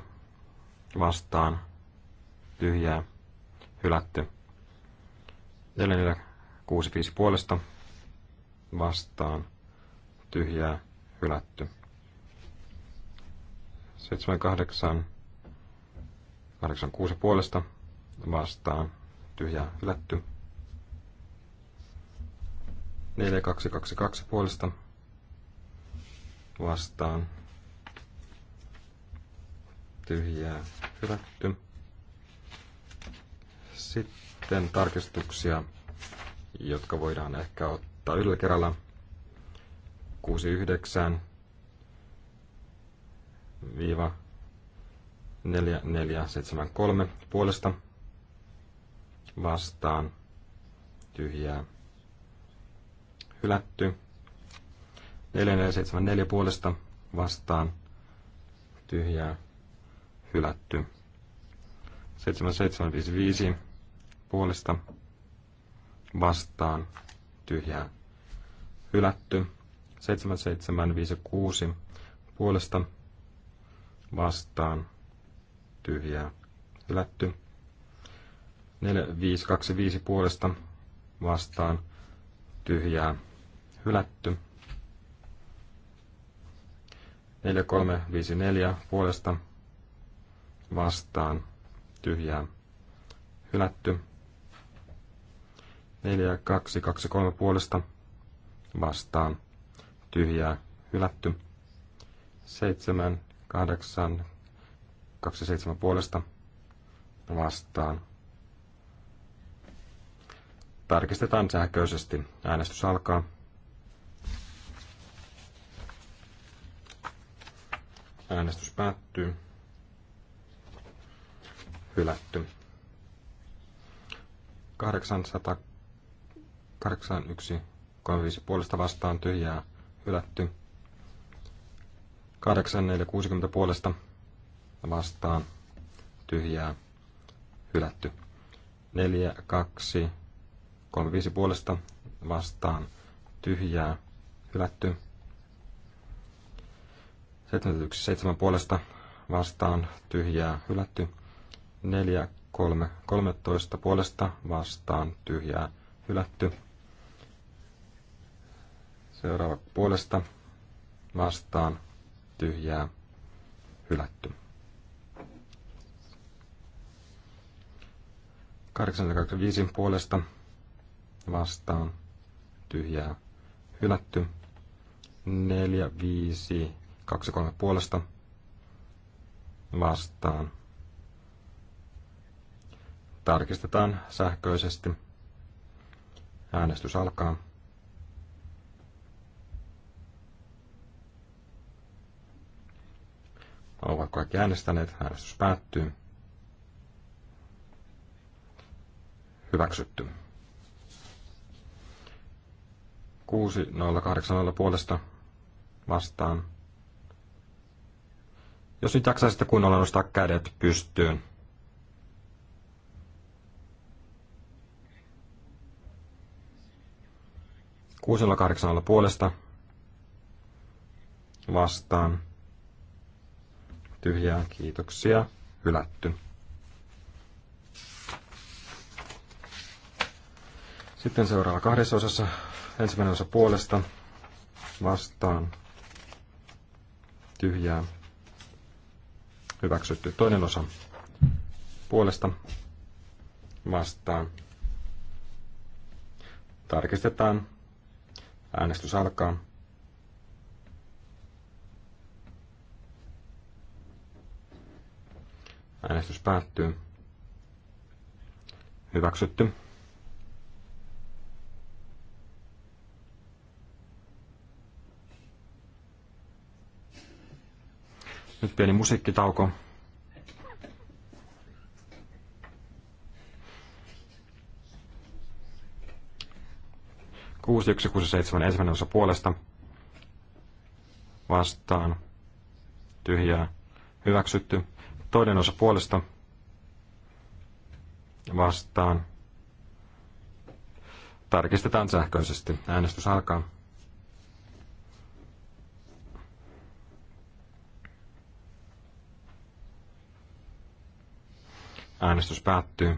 [SPEAKER 3] vastaan tyhjää hylätty. 465 puolesta vastaan tyhjää hylätty. 78 86 puolesta vastaan tyhjää hylätty. 4222 puolesta vastaan. Tyhjää hylätty. Sitten tarkistuksia, jotka voidaan ehkä ottaa yhdellä kerralla. 69 viiva 4473 puolesta vastaan tyhjää hylätty. 4474 puolesta vastaan tyhjää hylätty. 7755 puolesta vastaan tyhjää hylätty. 7756 puolesta vastaan tyhjää hylätty. 4525 puolesta vastaan tyhjää hylätty. 4354 puolesta vastaan tyhjää hylätty. 4223 puolesta vastaan tyhjää hylätty. 7827 puolesta vastaan. Tarkistetaan sähköisesti. Äänestys alkaa. Äänestys päättyy. Hylätty. 881,35 puolesta vastaan tyhjää hylätty. 8460 puolesta vastaan tyhjää hylätty. 4235 puolesta vastaan tyhjää hylätty. 717 puolesta vastaan tyhjää hylätty. 4, 3, 13 puolesta vastaan tyhjää hylätty. Seuraava puolesta vastaan tyhjää hylätty. 825 puolesta vastaan tyhjää hylätty. 4, 5, Kaksi kolme puolesta vastaan. Tarkistetaan sähköisesti. Äänestys alkaa. Ovat kaikki äänestäneet. Äänestys päättyy. Hyväksytty. 6080 puolesta vastaan jos nyt jaksaisitte kunnolla nostaa kädet pystyyn. Kuusella kahdeksalla puolesta vastaan. Tyhjää, kiitoksia. Hylätty. Sitten seuraava kahdessa osassa. Ensimmäinen osa puolesta vastaan. Tyhjää, Hyväksytty. Toinen osa puolesta vastaan. Tarkistetaan. Äänestys alkaa. Äänestys päättyy. Hyväksytty. Nyt pieni musiikkitauko. Kuusi, yksi, kuusi, seitsemän, ensimmäinen osa puolesta. Vastaan. Tyhjää. Hyväksytty. Toinen osa puolesta. Vastaan. Tarkistetaan sähköisesti. Äänestys alkaa. Äänestys päättyy.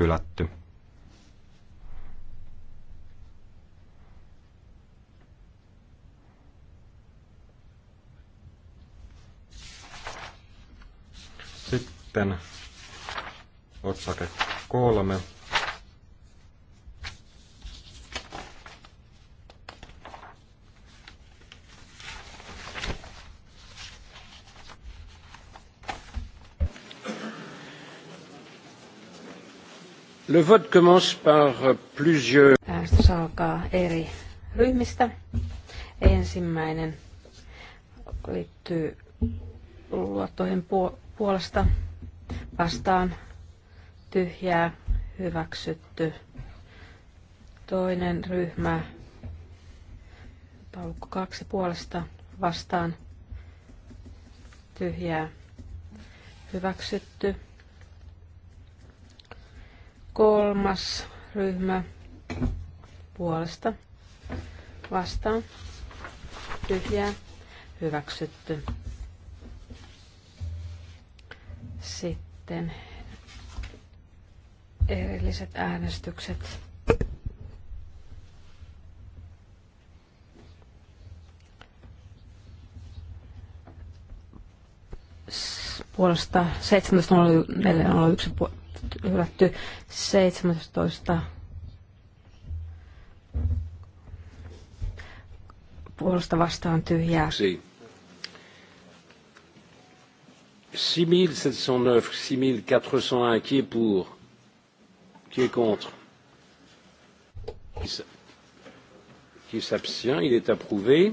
[SPEAKER 3] Hylätty. Sitten otsake kolme.
[SPEAKER 1] Le vote commence par plusieurs...
[SPEAKER 2] Äänestys alkaa eri ryhmistä. Ensimmäinen liittyy luottoihin puolesta vastaan tyhjää hyväksytty. Toinen ryhmä taulukko kaksi puolesta vastaan tyhjää hyväksytty. Kolmas ryhmä puolesta vastaan. Tyhjää. Hyväksytty. Sitten erilliset äänestykset. puolesta 17.04.01 hylätty 17 puolesta vastaan tyhjää.
[SPEAKER 1] 6709, 6401, qui est pour, qui est contre, qui s'abstient, il est approuvé.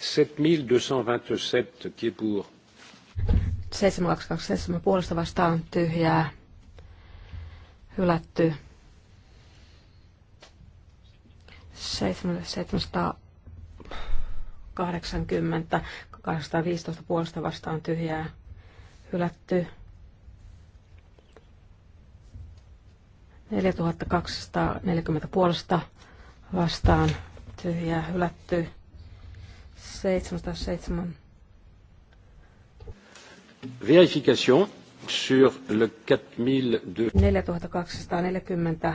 [SPEAKER 1] 7227, qui est pour.
[SPEAKER 2] 7227 puolesta vastaan tyhjää. Hylätty. 780, 215 puolesta vastaan tyhjää. Hylätty. 4240 puolesta vastaan tyhjää hylätty. 707.
[SPEAKER 1] Verification sur le
[SPEAKER 2] 4240.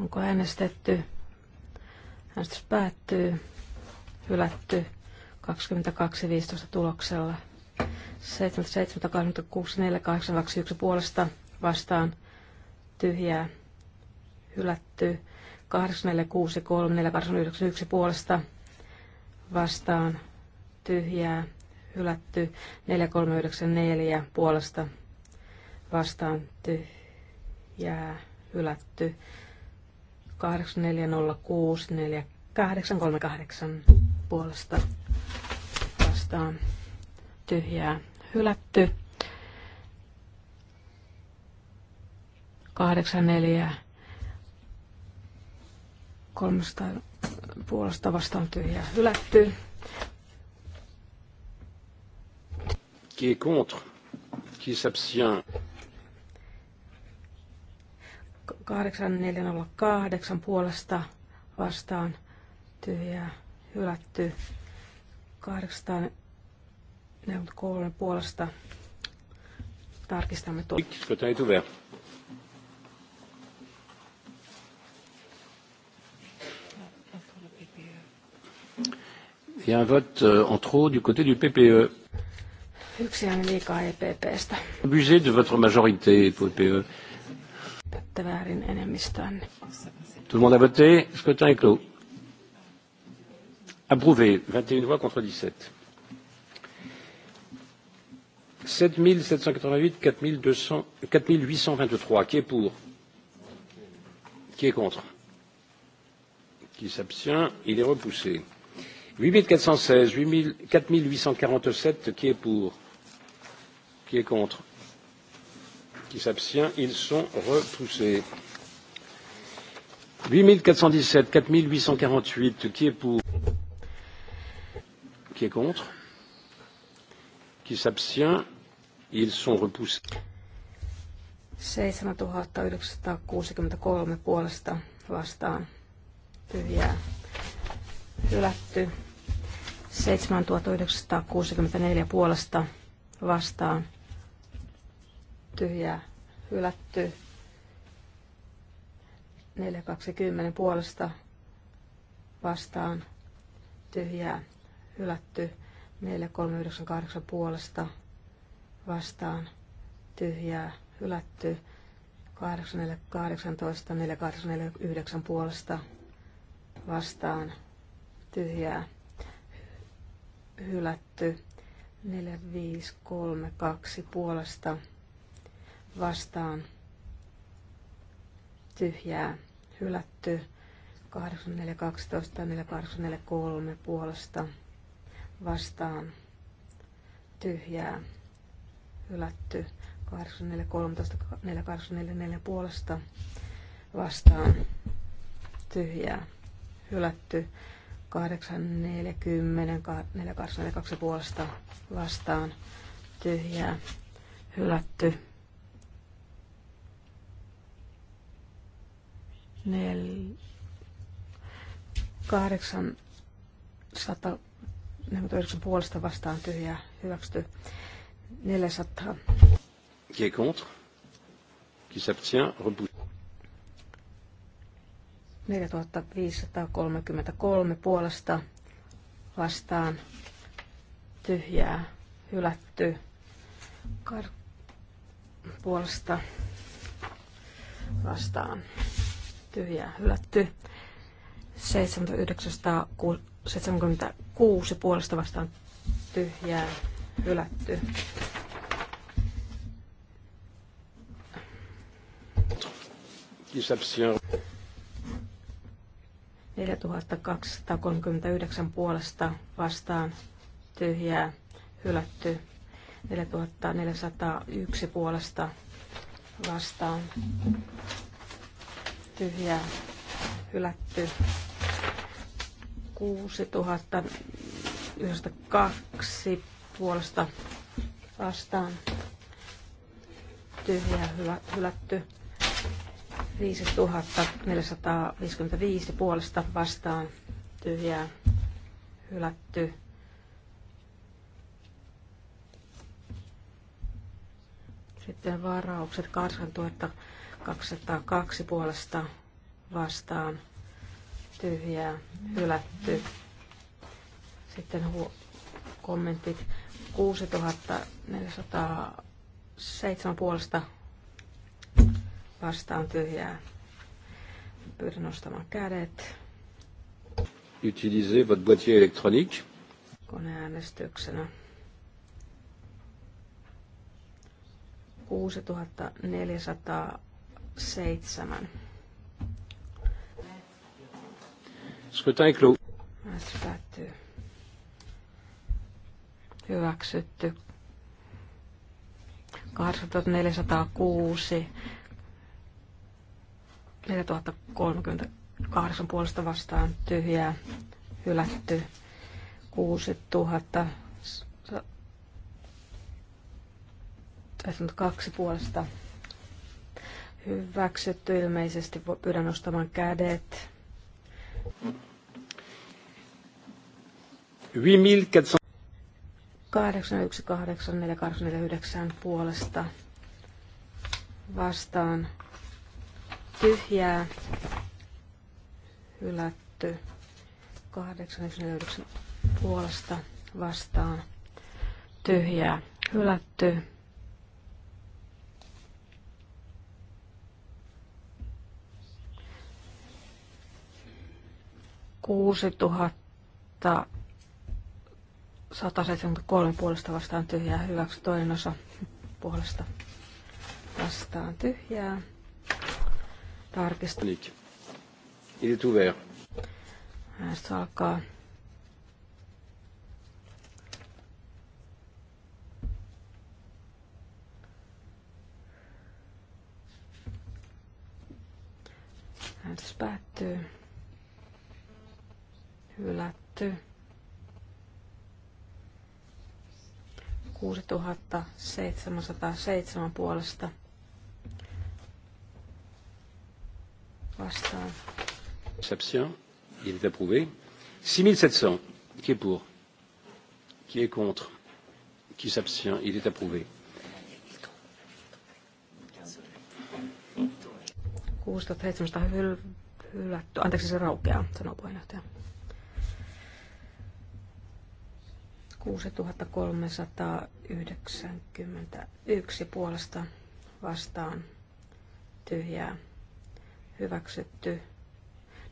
[SPEAKER 2] Onko äänestetty? Äänestys päättyy. Hylätty 22.15 tuloksella. 77861 puolesta vastaan tyhjää hylätty. 8463481 puolesta vastaan tyhjää hylätty. 4394 puolesta vastaan tyhjää hylätty. 84064 838 puolesta vastaan tyhjää hylätty. 84 kolmesta puolesta vastaan tyhjää hylätty.
[SPEAKER 1] Qui est contre? Qui s'abstient?
[SPEAKER 2] 8408 puolesta vastaan tyhjää hylätty. 800 43 puolesta tarkistamme
[SPEAKER 1] tuon. Il y a un vote euh, en trop du côté du PPE.
[SPEAKER 2] Yksi ääni liikaa EPPstä.
[SPEAKER 1] Abusez de votre majorité, PPE.
[SPEAKER 2] Tätä väärin enemmistönne.
[SPEAKER 1] Tout le monde a voté, scrutin est clos. Approuvé, 21 voix contre 17 sept sept cent quatre vingt huit quatre huit cent vingt trois qui est pour qui est contre qui s'abstient il est repoussé huit quatre cent seize quatre huit cent quarante sept qui est pour qui est contre qui s'abstient ils sont repoussés huit quatre cent dix sept quatre huit cent quarante huit qui est pour qui est contre qui s'abstient Ils sont repoussés.
[SPEAKER 2] 7963 puolesta vastaan tyhjää hylätty. 7964 puolesta vastaan tyhjää hylätty. 420 puolesta vastaan tyhjää hylätty. 4398 puolesta vastaan tyhjää hylätty 8418 4849 puolesta vastaan tyhjää hylätty 4532 puolesta vastaan tyhjää hylätty 8412 4843 puolesta vastaan tyhjää hylätty 8413 puolesta vastaan tyhjää hylätty 840 puolesta vastaan tyhjää hylätty 4 800 puolesta vastaan tyhjää hyväksytty 400.
[SPEAKER 1] Qui est contre Qui s'abstient Repoussé.
[SPEAKER 2] 4533 puolesta vastaan tyhjää hylätty kar- puolesta vastaan tyhjää hylätty 7976 puolesta vastaan tyhjää hylätty.
[SPEAKER 1] Qui s'abstient?
[SPEAKER 2] 4239 puolesta vastaan tyhjää hylätty. 4401 puolesta vastaan tyhjää hylätty. 6092 puolesta vastaan tyhjää hylä, hylätty 5455 puolesta vastaan tyhjää hylätty Sitten varaukset 8202 puolesta vastaan tyhjää hylätty. Sitten kommentit 6407 puolesta vastaan tyhjää. Pyydän nostamaan kädet.
[SPEAKER 1] Utilisez votre boîtier électronique.
[SPEAKER 2] Koneäänestyksenä. 6407.
[SPEAKER 1] Scrutin clos.
[SPEAKER 2] Äänestys päättyy hyväksytty. 8406, 4038 puolesta vastaan tyhjää, hylätty, 6002 puolesta hyväksytty ilmeisesti, pyydän nostamaan kädet.
[SPEAKER 1] 8400
[SPEAKER 2] 818449 puolesta vastaan tyhjää hylätty 8149 puolesta vastaan tyhjää hylätty tuhatta 173 puolesta vastaan tyhjää, hyväksy toinen osa puolesta vastaan tyhjää. Tarkista.
[SPEAKER 1] Nyt. Il est ouvert. Äänestys
[SPEAKER 2] alkaa. Äänestys päättyy. Hylätty. 6707 puolesta vastaan.
[SPEAKER 1] S'abstient. Il est approuvé. 6700. Qui est pour Qui est contre Qui s'abstient Il est approuvé.
[SPEAKER 2] 6700 hylätty. Anteeksi, se raukeaa, sanoo puheenjohtaja. 6391 puolesta vastaan tyhjää hyväksytty.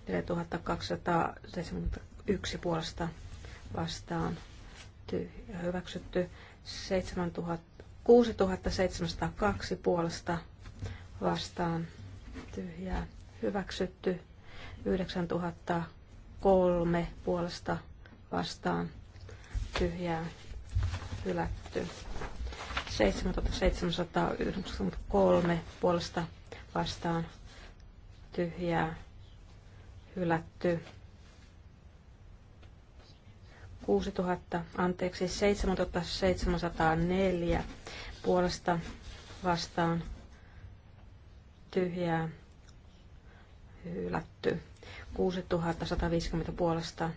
[SPEAKER 2] 4271 puolesta vastaan tyhjää hyväksytty. 6702 puolesta vastaan tyhjää hyväksytty. 9003 puolesta vastaan tyhjää hylätty. 7793 puolesta vastaan tyhjää hylätty. 6000, anteeksi, 7704 puolesta vastaan tyhjää hylätty. 6150 puolesta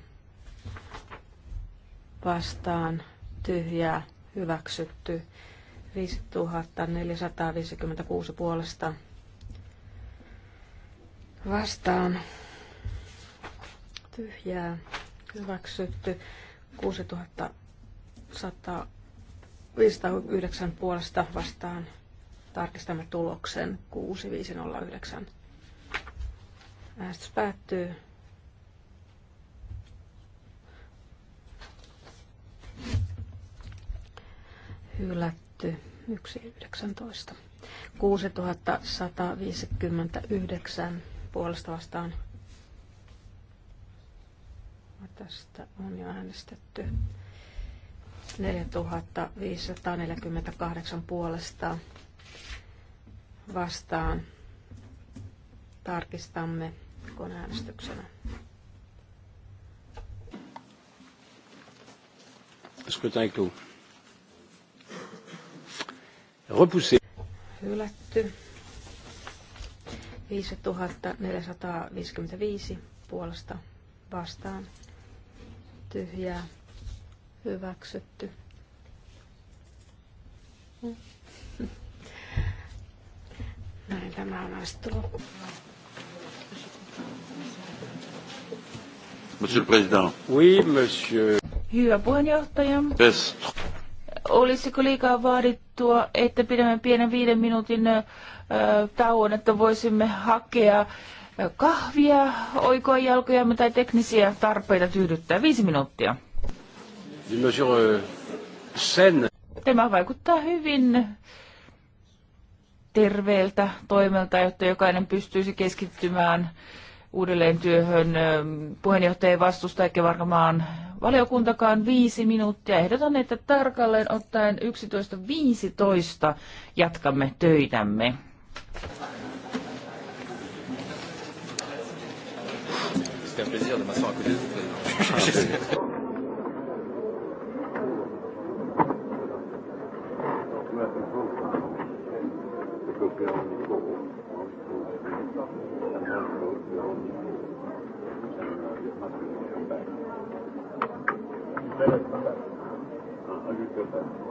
[SPEAKER 2] vastaan tyhjää hyväksytty 5456 puolesta vastaan tyhjää hyväksytty 6509 puolesta vastaan tarkistamme tuloksen 6509. Äänestys päättyy. hylätty 119. 6159 puolesta vastaan. Tästä on jo äänestetty. 4548 puolesta vastaan tarkistamme koneäänestyksenä.
[SPEAKER 1] Scrutin clos repoussé.
[SPEAKER 2] Hylätty. 5455 puolesta vastaan. Tyhjää. Hyväksytty. Näin tämä on astunut.
[SPEAKER 1] Monsieur le Président. Oui, monsieur.
[SPEAKER 4] Hyvä puheenjohtaja. Yes. Olisiko liikaa vaadittua, että pidämme pienen viiden minuutin tauon, että voisimme hakea kahvia, oikoa jalkoja tai teknisiä tarpeita tyydyttää? Viisi minuuttia. Tämä vaikuttaa hyvin terveeltä toimelta, jotta jokainen pystyisi keskittymään uudelleen työhön. Puheenjohtaja ei vastusta eikä varmaan valiokuntakaan viisi minuuttia. Ehdotan, että tarkalleen ottaen 11.15 jatkamme töitämme.
[SPEAKER 5] Thank you. Kyllä.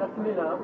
[SPEAKER 5] تكملة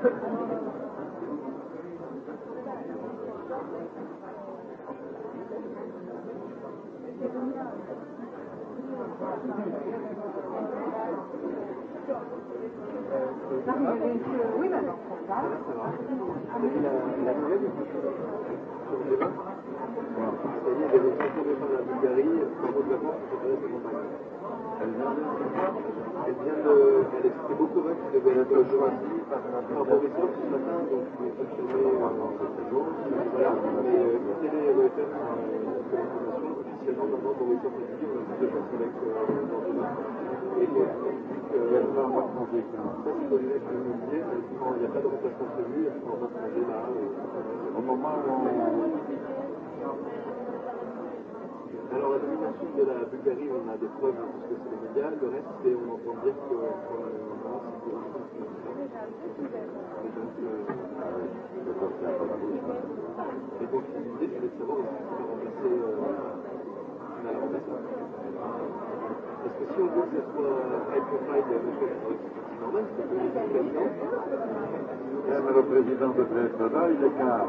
[SPEAKER 5] Oui, mais la durée du sur le débat, c'est-à-dire il y avait 500 de la Bulgarie, 100 euros de vacances, c'est pas la seconde. Elle vient de. Elle expliquait beaucoup de qui devait être le jour assis par un professeur ce matin, donc je vais confirmer dans quelques jours. Voilà, mais tel est le thème de l'information officiellement maintenant pour les sorties, on a plus euh, de chance euh, euh, avec Et elle va en congé. Ça, c'est une il n'y a pas de remplacement là. Au moment où. Alors, est-ce ensuite de la Bulgarie, on a des preuves parce que c'est légal. Le reste, c'est on entend dire que pour le moment, c'est pour un coup. Et donc, euh, et donc l'idée, c'est de savoir aussi qui va remplacer, euh, qui va la remplacer. Parce que si on veut que ce soit high profile, il y a des choses normal, c'est que le président. Même le président de Brest-Rada, il est carré.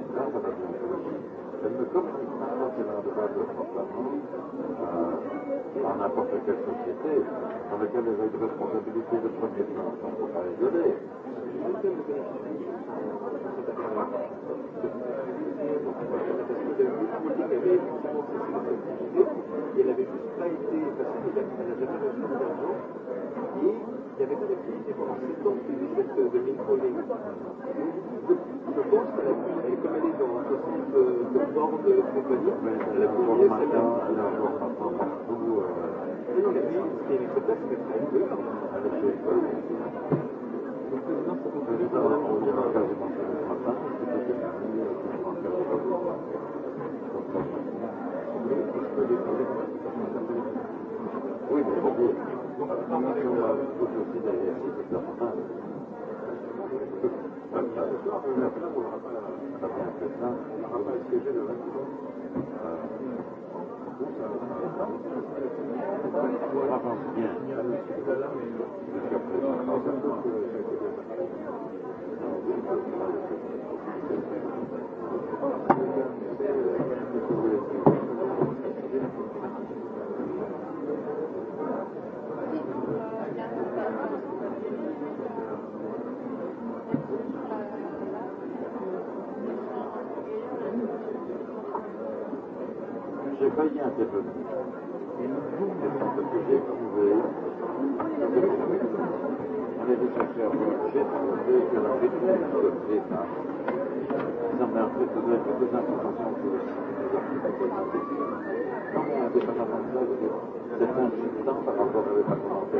[SPEAKER 5] elle ne peut finalement qu'elle est indépendante de son famille euh, dans n'importe quelle société dans laquelle elle a une responsabilité de premier plan. On ne peut pas isoler. Elle avait juste pas été, parce qu'elle n'a jamais reçu d'argent, et il n'y avait pas d'activité pendant 7 ans qui faisait cette micro-ligne. Je pense qu'elle a pu, comme elle est dans un système de, de bord de compagnie, mais elle a pu tourner celle-là. Elle a encore maintenant partout. Euh... Non, mais lui, ce qui est métropolis, c'est qu'elle a une deux, pardon. Avec l'école. Le président, c'est qu'on peut dire. On dira quasiment ça ce matin, plutôt que la nuit, on dira quasiment ça ce matin. Je peux déposer. Oui, mais bon, donc, on a aussi d'aller à la Bien. sbagliate per me. Il fatto che c'è come avete cercato una ricetta che la ricetta è una ricetta sembra un pezzo dove c'è questa informazione che non è una questa avanzata che se consultata qualcosa aveva commentato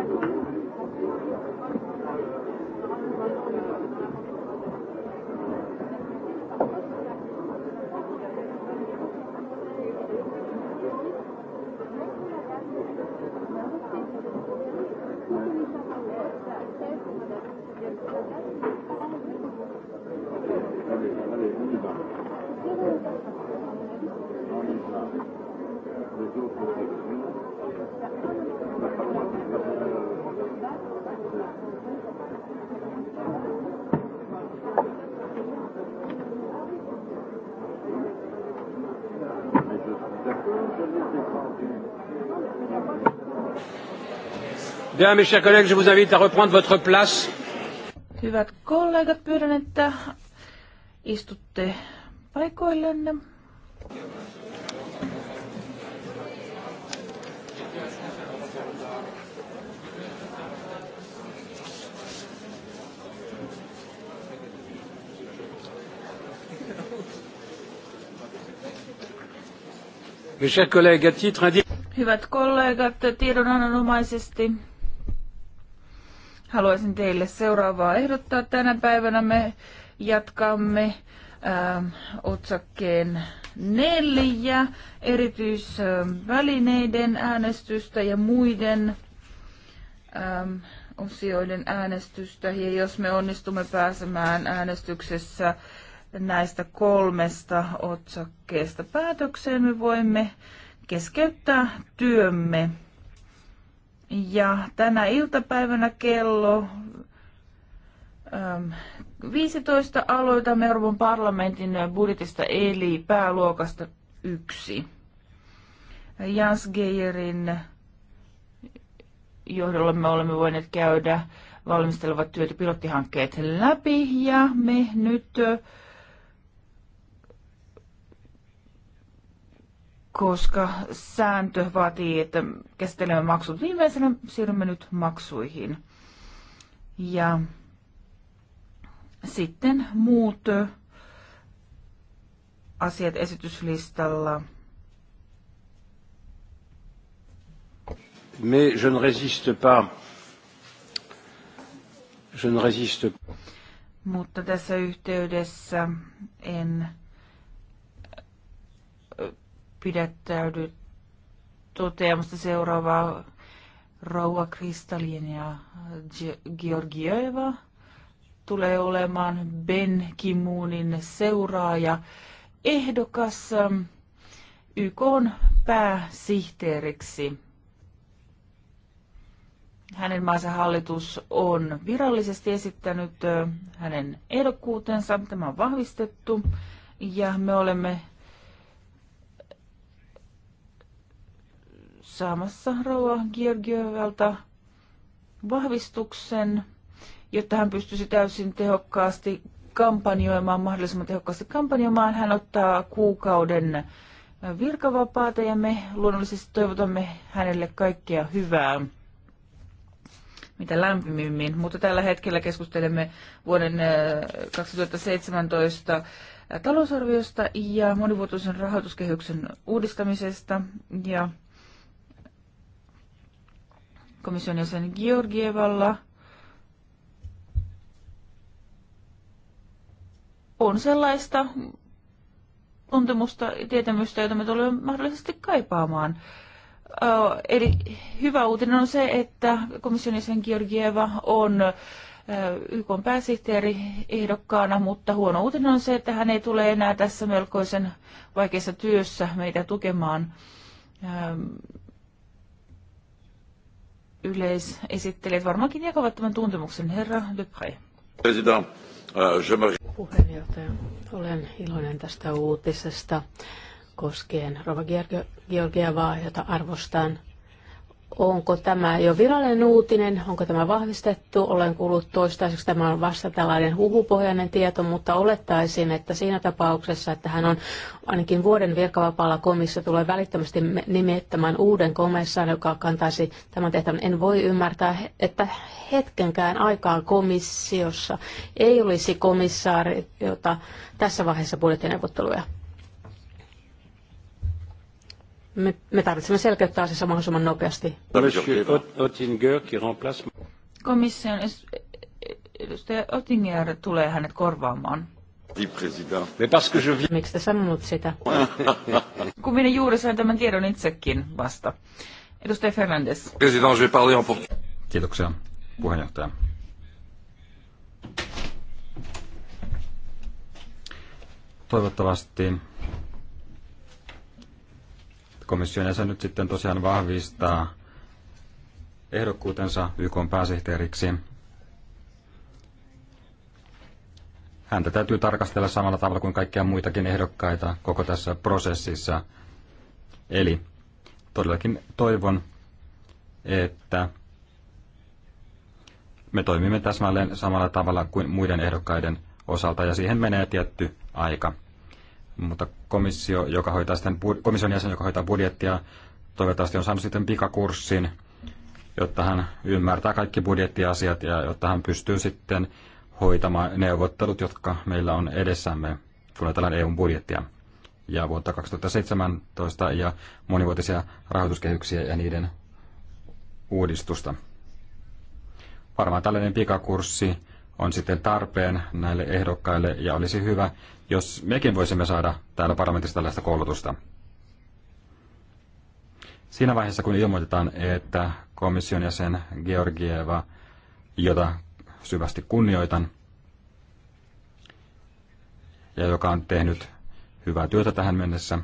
[SPEAKER 1] Bien, mes chers collègues, je vous invite à reprendre votre place.
[SPEAKER 4] Hyvät kollegat, pyydän, että istutte paikoillenne.
[SPEAKER 1] Hyvät
[SPEAKER 4] kollegat, tiedonannonomaisesti Haluaisin teille seuraavaa ehdottaa. Tänä päivänä me jatkamme äh, otsakkeen neljä erityisvälineiden äänestystä ja muiden ähm, osioiden äänestystä. Ja jos me onnistumme pääsemään äänestyksessä näistä kolmesta otsakkeesta päätökseen, me voimme keskeyttää työmme ja tänä iltapäivänä kello 15 ähm, aloitamme Euroopan parlamentin budjetista eli pääluokasta yksi. Jans Geijerin johdolla me olemme voineet käydä valmistelevat työt ja pilottihankkeet läpi ja me nyt äh, koska sääntö vaatii, että käsittelemme maksut viimeisenä, niin siirrymme nyt maksuihin. Ja sitten muut asiat esityslistalla.
[SPEAKER 1] Mais je ne résiste pas. Je ne résiste.
[SPEAKER 4] Mutta tässä yhteydessä en pidättäydy toteamasta seuraavaa rouva Kristalin ja Georgieva tulee olemaan Ben Kimunin seuraaja ehdokas ähm, YK pääsihteeriksi. Hänen maansa hallitus on virallisesti esittänyt äh, hänen ehdokkuutensa, tämä on vahvistettu, ja me olemme saamassa Rauha Georgievalta vahvistuksen, jotta hän pystyisi täysin tehokkaasti kampanjoimaan, mahdollisimman tehokkaasti kampanjoimaan. Hän ottaa kuukauden virkavapaata ja me luonnollisesti toivotamme hänelle kaikkea hyvää, mitä lämpimimmin. Mutta tällä hetkellä keskustelemme vuoden 2017 äh, äh, talousarviosta ja monivuotoisen rahoituskehyksen uudistamisesta ja komission jäsen Georgievalla on sellaista tuntemusta ja tietämystä, jota me tulemme mahdollisesti kaipaamaan. Eli hyvä uutinen on se, että komission jäsen Georgieva on YK pääsihteeri ehdokkaana, mutta huono uutinen on se, että hän ei tule enää tässä melkoisen vaikeassa työssä meitä tukemaan yleisesittelijät varmaankin
[SPEAKER 2] jakavat tämän tuntemuksen. Herra Dupré.
[SPEAKER 1] President, euh,
[SPEAKER 2] Puheenjohtaja, olen iloinen tästä uutisesta koskien Rova Georgiavaa, jota arvostan Onko tämä jo virallinen uutinen? Onko tämä vahvistettu? Olen kuullut toistaiseksi, tämä on vasta tällainen huhupohjainen tieto, mutta olettaisin, että siinä tapauksessa, että hän on ainakin vuoden virkavapaalla komissa, tulee välittömästi nimettämään uuden komissaan, joka kantaisi tämän tehtävän. En voi ymmärtää, että hetkenkään aikaa komissiossa ei olisi komissaari, jota tässä vaiheessa budjettineuvotteluja me, me tarvitsemme selkeyttä asiassa mahdollisimman nopeasti.
[SPEAKER 4] Komission edustaja Oettinger tulee hänet korvaamaan. Miksi te sanonut sitä? Kun minä juuri sain tämän tiedon itsekin vasta. Edustaja Fernandes.
[SPEAKER 3] Kiitoksia, puheenjohtaja. Toivottavasti komission jäsen nyt sitten tosiaan vahvistaa ehdokkuutensa YK pääsihteeriksi. Häntä täytyy tarkastella samalla tavalla kuin kaikkia muitakin ehdokkaita koko tässä prosessissa. Eli todellakin toivon, että me toimimme täsmälleen samalla tavalla kuin muiden ehdokkaiden osalta ja siihen menee tietty aika mutta komissio, joka hoitaa sitten, komission jäsen, joka hoitaa budjettia, toivottavasti on saanut sitten pikakurssin, jotta hän ymmärtää kaikki budjettiasiat ja jotta hän pystyy sitten hoitamaan neuvottelut, jotka meillä on edessämme, kun ajatellaan EUn budjettia ja vuotta 2017 ja monivuotisia rahoituskehyksiä ja niiden uudistusta. Varmaan tällainen pikakurssi on sitten tarpeen näille ehdokkaille ja olisi hyvä, jos mekin voisimme saada täällä parlamentissa tällaista koulutusta. Siinä vaiheessa, kun ilmoitetaan, että komission jäsen Georgieva, jota syvästi kunnioitan, ja joka on tehnyt hyvää työtä tähän mennessä,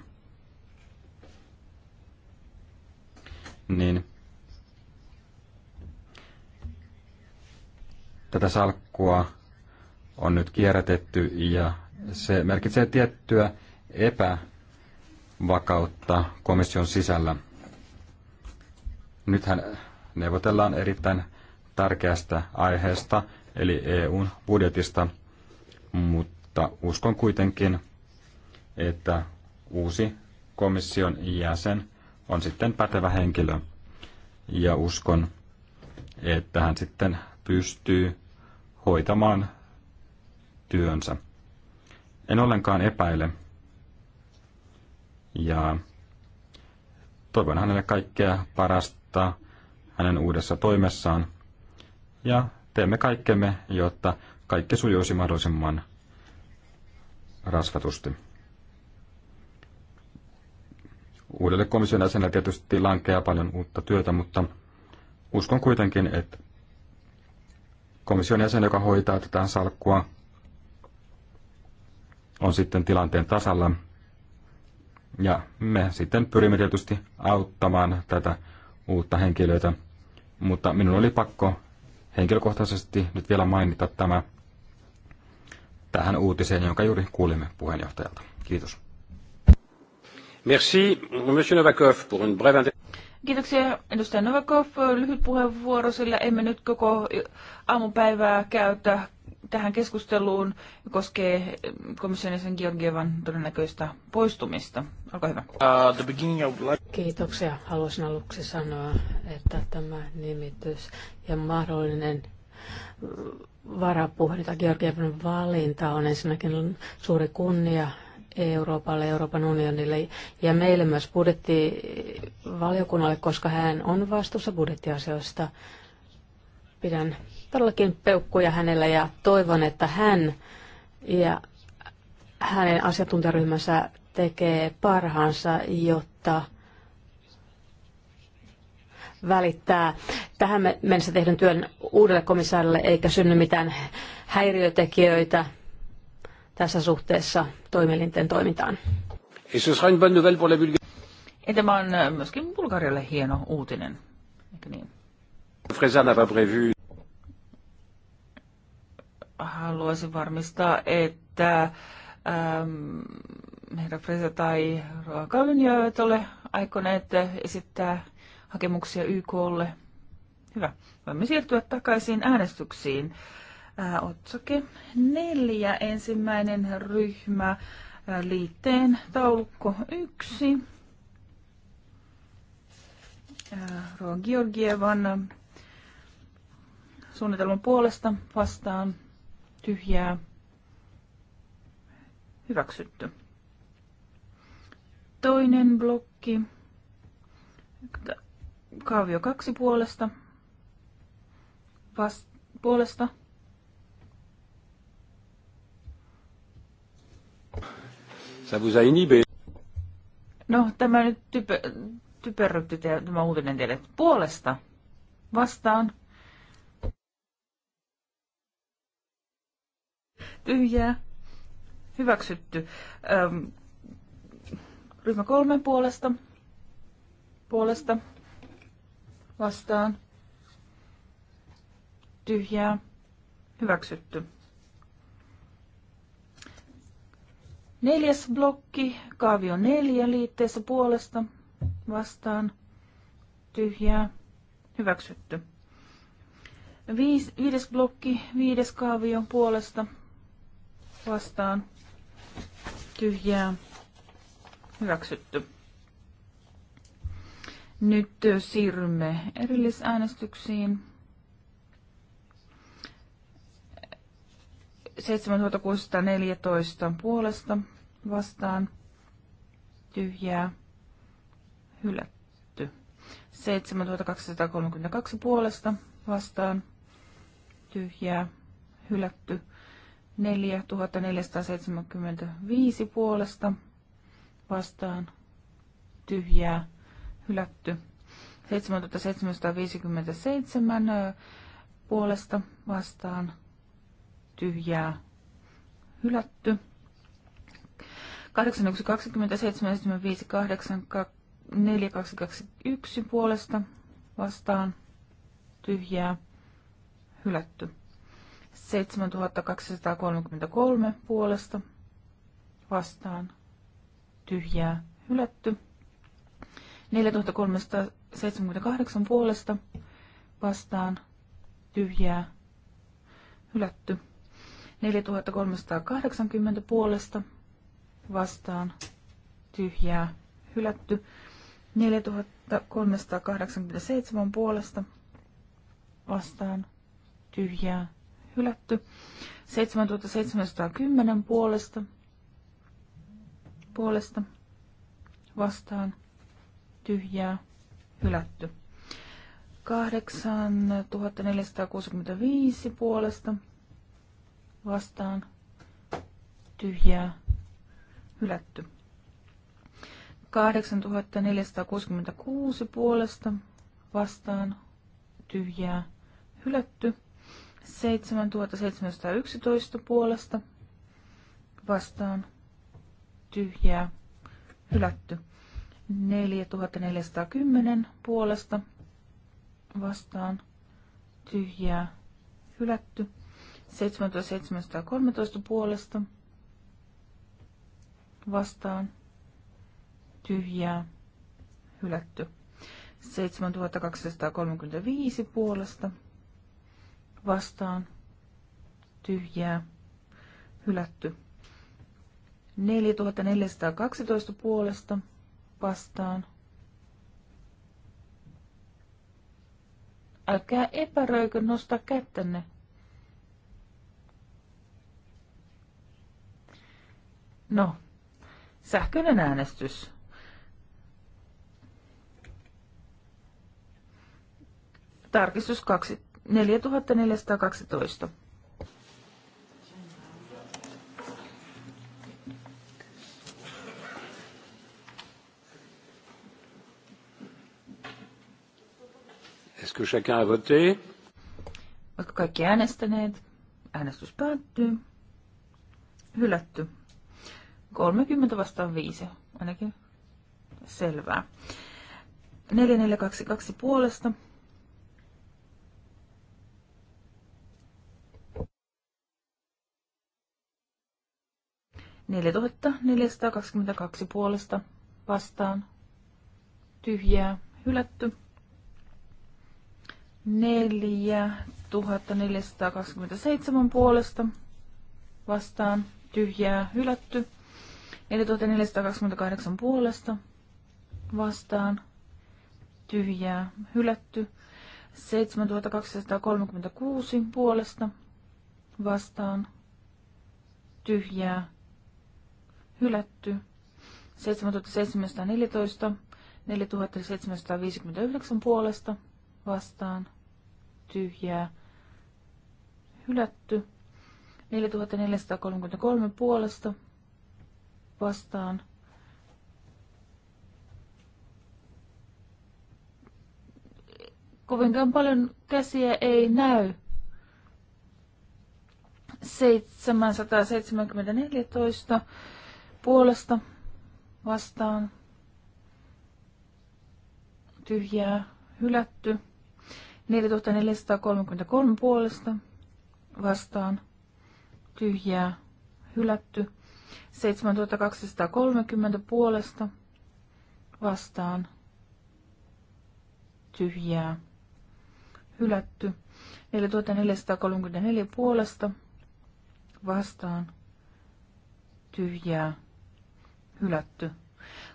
[SPEAKER 3] niin tätä salkkaa akkua on nyt kierrätetty ja se merkitsee tiettyä epävakautta komission sisällä. Nythän neuvotellaan erittäin tärkeästä aiheesta, eli EUn budjetista, mutta uskon kuitenkin, että uusi komission jäsen on sitten pätevä henkilö. Ja uskon, että hän sitten pystyy hoitamaan työnsä. En ollenkaan epäile. Ja toivon hänelle kaikkea parasta hänen uudessa toimessaan. Ja teemme kaikkemme, jotta kaikki sujuisi mahdollisimman rasvatusti. Uudelle komission jäsenelle tietysti lankeaa paljon uutta työtä, mutta uskon kuitenkin, että komission jäsen, joka hoitaa tätä salkkua, on sitten tilanteen tasalla. Ja me sitten pyrimme tietysti auttamaan tätä uutta henkilöitä, mutta minun oli pakko henkilökohtaisesti nyt vielä mainita tämä tähän uutiseen, jonka juuri kuulimme puheenjohtajalta. Kiitos.
[SPEAKER 1] Merci, Monsieur Novakov, pour une brève
[SPEAKER 4] Kiitoksia edustaja Novakov. Lyhyt puheenvuoro, sillä emme nyt koko aamupäivää käytä tähän keskusteluun koskee komission
[SPEAKER 2] jäsen Georgievan todennäköistä
[SPEAKER 4] poistumista. Olkaa hyvä. Uh,
[SPEAKER 2] Kiitoksia. Haluaisin aluksi sanoa, että tämä nimitys ja mahdollinen varapuhdinta Georgievan valinta on ensinnäkin suuri kunnia Euroopalle, Euroopan unionille ja meille myös budjettivaliokunnalle, koska hän on vastuussa budjettiasioista. Pidän todellakin peukkuja hänellä ja toivon, että hän ja hänen asiantuntijaryhmänsä tekee parhaansa, jotta välittää tähän mennessä tehdyn työn uudelle komissaarille eikä synny mitään häiriötekijöitä tässä suhteessa toimielinten toimintaan.
[SPEAKER 1] Ja tämä on äh,
[SPEAKER 4] myöskin Bulgarialle hieno uutinen, eikö niin? Haluaisin varmistaa, että ähm, herra Freza tai Roa eivät ole aikoneet esittää hakemuksia YKlle. Hyvä. Voimme siirtyä takaisin äänestyksiin otsake neljä, ensimmäinen ryhmä, liitteen taulukko yksi. Roa Georgievan suunnitelman puolesta vastaan tyhjää hyväksytty. Toinen blokki, kaavio kaksi puolesta, vast, puolesta No, tämä nyt typ- typerrytti te, tämä uutinen teille puolesta vastaan. Tyhjää. Hyväksytty. Öm, ryhmä kolmen puolesta. Puolesta. Vastaan. Tyhjää. Hyväksytty. Neljäs blokki, kaavio neljä liitteessä puolesta vastaan tyhjää hyväksytty. Viis, viides blokki, viides kaavio puolesta vastaan tyhjää hyväksytty. Nyt siirrymme erillisäänestyksiin. 7614 puolesta vastaan tyhjää hylätty. 7232 puolesta vastaan tyhjää hylätty. 4475 puolesta vastaan tyhjää hylätty. 7757 puolesta vastaan tyhjää hylätty. 8120 puolesta vastaan tyhjää hylätty. 7233 puolesta vastaan tyhjää hylätty. 4378 puolesta vastaan tyhjää hylätty. 4380 puolesta vastaan tyhjää hylätty. 4387 puolesta vastaan tyhjää hylätty. 7710 puolesta puolesta vastaan tyhjää hylätty. 8465 puolesta vastaan tyhjää hylätty. 8466 puolesta vastaan tyhjää hylätty. 7711 puolesta vastaan tyhjää hylätty. 4410 puolesta vastaan tyhjää hylätty. 7713 puolesta vastaan tyhjää hylätty. 7235 puolesta vastaan tyhjää hylätty. 4412 puolesta vastaan. Älkää epäröikö nosta kättänne. No, Sähköinen äänestys. Tarkistus 4412.
[SPEAKER 1] Est-ce que chacun a voté?
[SPEAKER 4] kaikki äänestäneet? Äänestys päättyy. Hylätty. 30 vastaan 5, ainakin selvää. 4422 puolesta. Neljä neljäsataakaksikymmentäkaksi puolesta vastaan. Tyhjää, hylätty. 4427 puolesta vastaan tyhjää hylätty. 4428 tuota puolesta vastaan tyhjää hylätty. 7236 puolesta vastaan tyhjää hylätty. 7714 4759 puolesta vastaan tyhjää hylätty. 4433 puolesta vastaan kovinkaan paljon käsiä ei näy. 774 puolesta vastaan tyhjää hylätty. 4433 puolesta vastaan tyhjää hylätty. 7230 puolesta vastaan tyhjää hylätty. 4434 puolesta vastaan tyhjää hylätty.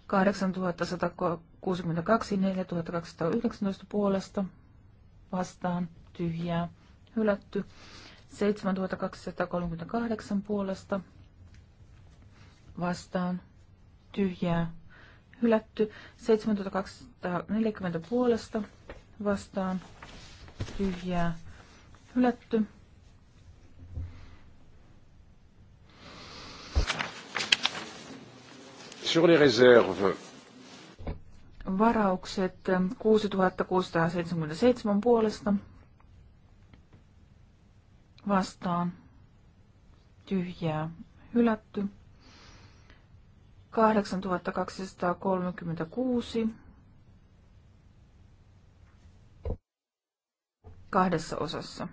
[SPEAKER 4] 8162 4219 puolesta vastaan tyhjää hylätty. 7238 puolesta vastaan tyhjää hylätty. 7240 puolesta vastaan tyhjää hylätty.
[SPEAKER 1] Sur les réserves.
[SPEAKER 4] Varaukset 6677 ähm, puolesta vastaan tyhjää hylätty. 8236 kahdessa osassa.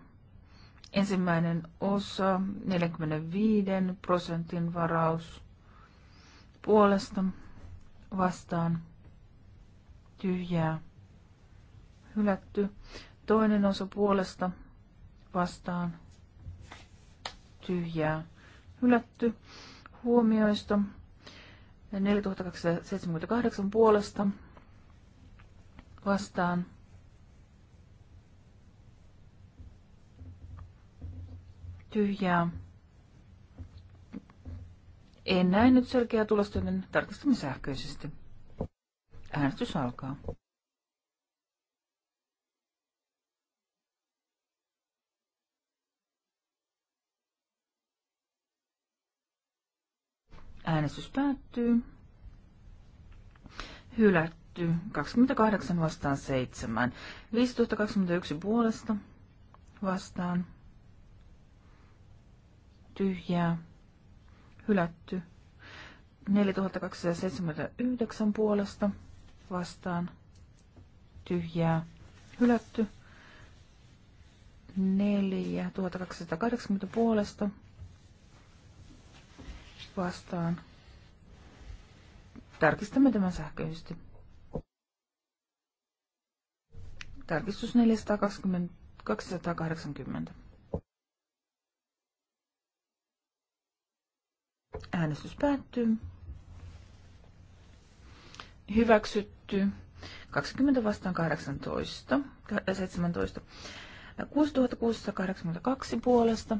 [SPEAKER 4] Ensimmäinen osa 45 prosentin varaus puolesta vastaan tyhjää hylätty. Toinen osa puolesta vastaan tyhjää hylätty. Huomioista 4278 puolesta vastaan. Tyhjää. En näe nyt selkeää tulosta, joten tarkistamme sähköisesti. Äänestys alkaa. Äänestys päättyy. Hylätty. 28 vastaan 7. 1521 puolesta vastaan. Tyhjää. Hylätty. 4279 puolesta vastaan. Tyhjää. Hylätty. 4280 puolesta vastaan. Tarkistamme tämän sähköisesti. Tarkistus 420, 280. Äänestys päättyy. Hyväksytty. 20 vastaan 18, 17. 6682 puolesta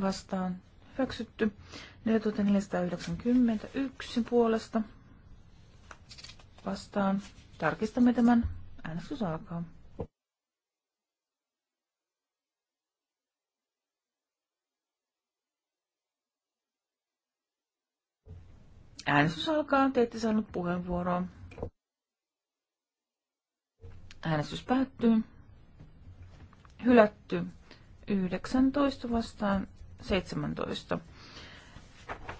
[SPEAKER 4] vastaan hyväksytty. 4491 puolesta vastaan. Tarkistamme tämän. Äänestys alkaa. Äänestys alkaa. Te ette saanut puheenvuoroa. Äänestys päättyy. Hylätty. 19 vastaan 17.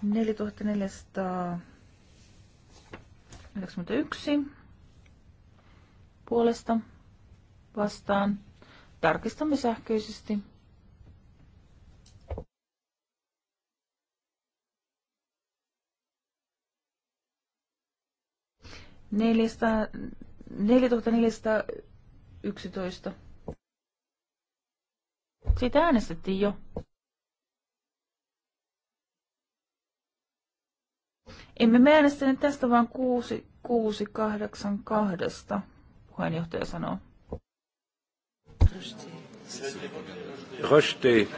[SPEAKER 4] 4491 puolesta vastaan. Tarkistamme sähköisesti. Neljästä, 4411. Siitä äänestettiin jo. Emme me äänestäneet tästä vaan 6682, puheenjohtaja sanoo.
[SPEAKER 1] Rejeté.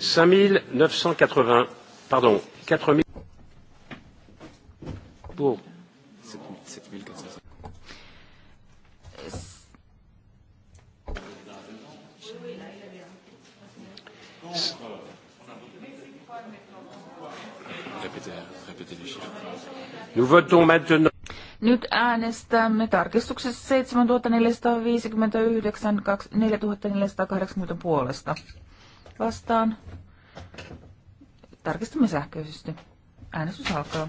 [SPEAKER 1] 5980, pardon, 4000 pour votons maintenant. Nyt
[SPEAKER 4] äänestämme tarkistuksessa 7459 4480 puolesta. Vastaan. Tarkistamme sähköisesti. Äänestys alkaa.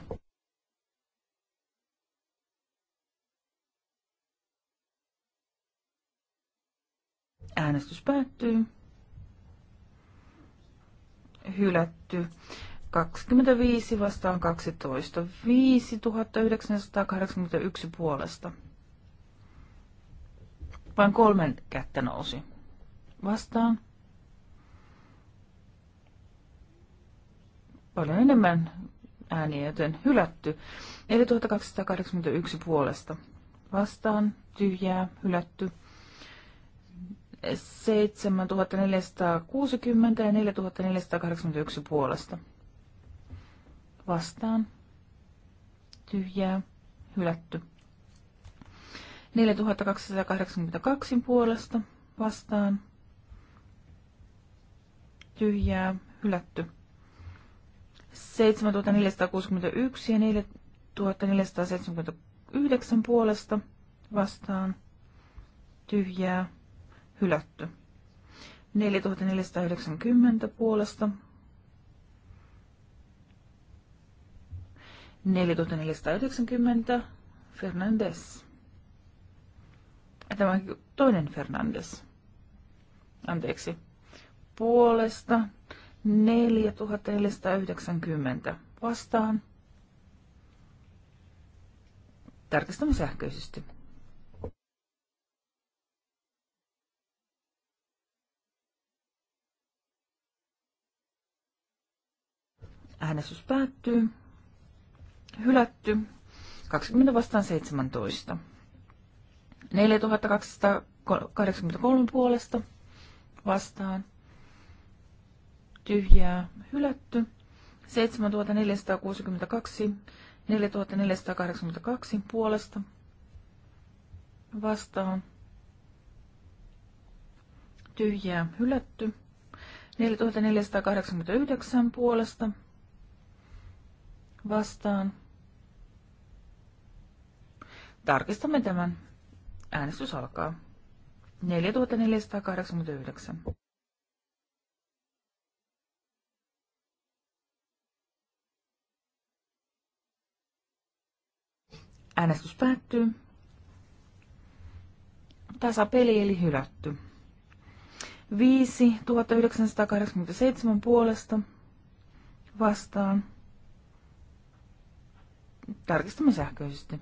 [SPEAKER 4] Äänestys päättyy. Hylätty. 25 vastaan 12. 5981 puolesta. Vain kolmen kättä nousi. Vastaan. Paljon enemmän ääniä, joten hylätty. 4281 puolesta. Vastaan. Tyhjää. Hylätty. 7460 ja 4481 puolesta vastaan tyhjää hylätty. 4282 puolesta vastaan tyhjää hylätty. 7461 ja 4479 puolesta vastaan tyhjää hylätty. 4490 puolesta 4490 Fernandes. Tämä toinen Fernandes. Anteeksi. Puolesta 4490 vastaan. Tarkistamme
[SPEAKER 5] sähköisesti.
[SPEAKER 4] Äänestys päättyy hylätty 20 vastaan 17. 4283 puolesta vastaan tyhjää hylätty 7462 4482 puolesta vastaan tyhjää hylätty 4489 puolesta vastaan Tarkistamme tämän. Äänestys alkaa. 4489. Äänestys päättyy. Tasapeli eli hylätty. 5 puolesta vastaan. Tarkistamme sähköisesti.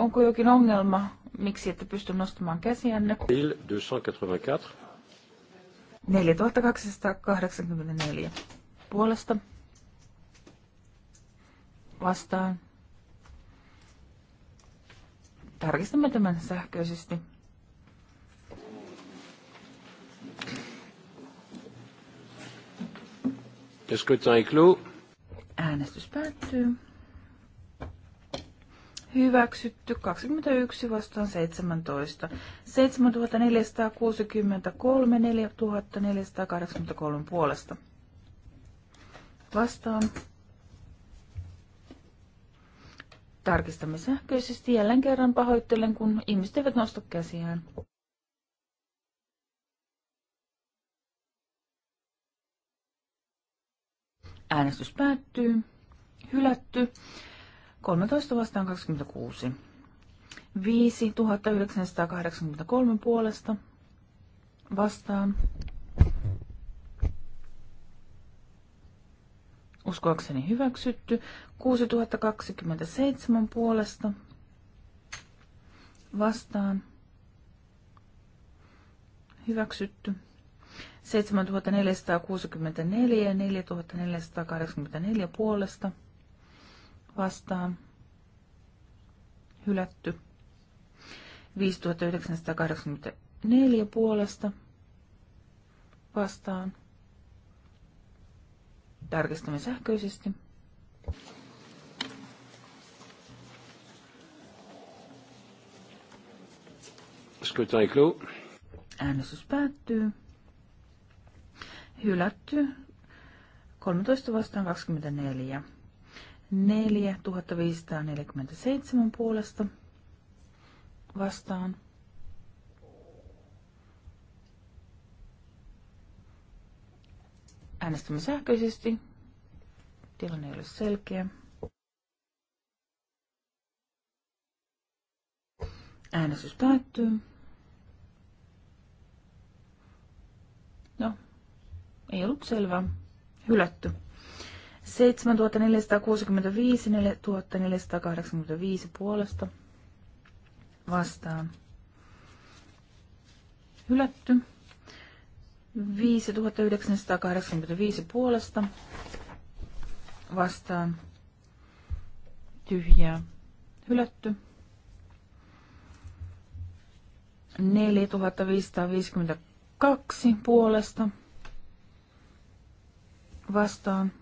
[SPEAKER 4] Onko jokin ongelma? Miksi ette pysty nostamaan käsiänne? 4284. Puolesta. Vastaan. Tarkistamme tämän sähköisesti. Äänestys päättyy hyväksytty 21 vastaan 17. 7463 4483 puolesta. Vastaan. Tarkistamme sähköisesti jälleen kerran pahoittelen, kun ihmiset eivät nosta käsiään. Äänestys päättyy. Hylätty. 13 vastaan 26. 5 5983 puolesta vastaan. Uskoakseni hyväksytty. 6027 puolesta vastaan. Hyväksytty. 7464 ja 4484 puolesta vastaan hylätty. 5984 puolesta vastaan. Tarkistamme sähköisesti. Äänestys päättyy. Hylätty. 13 vastaan 24. 4547 puolesta vastaan. Äänestämme sähköisesti. Tilanne ei ole selkeä. Äänestys päättyy. No, ei ollut selvää. Hylätty. 7465, 4485 puolesta vastaan. Hylätty. 5985 puolesta vastaan. Tyhjää. Hylätty. 4552 puolesta vastaan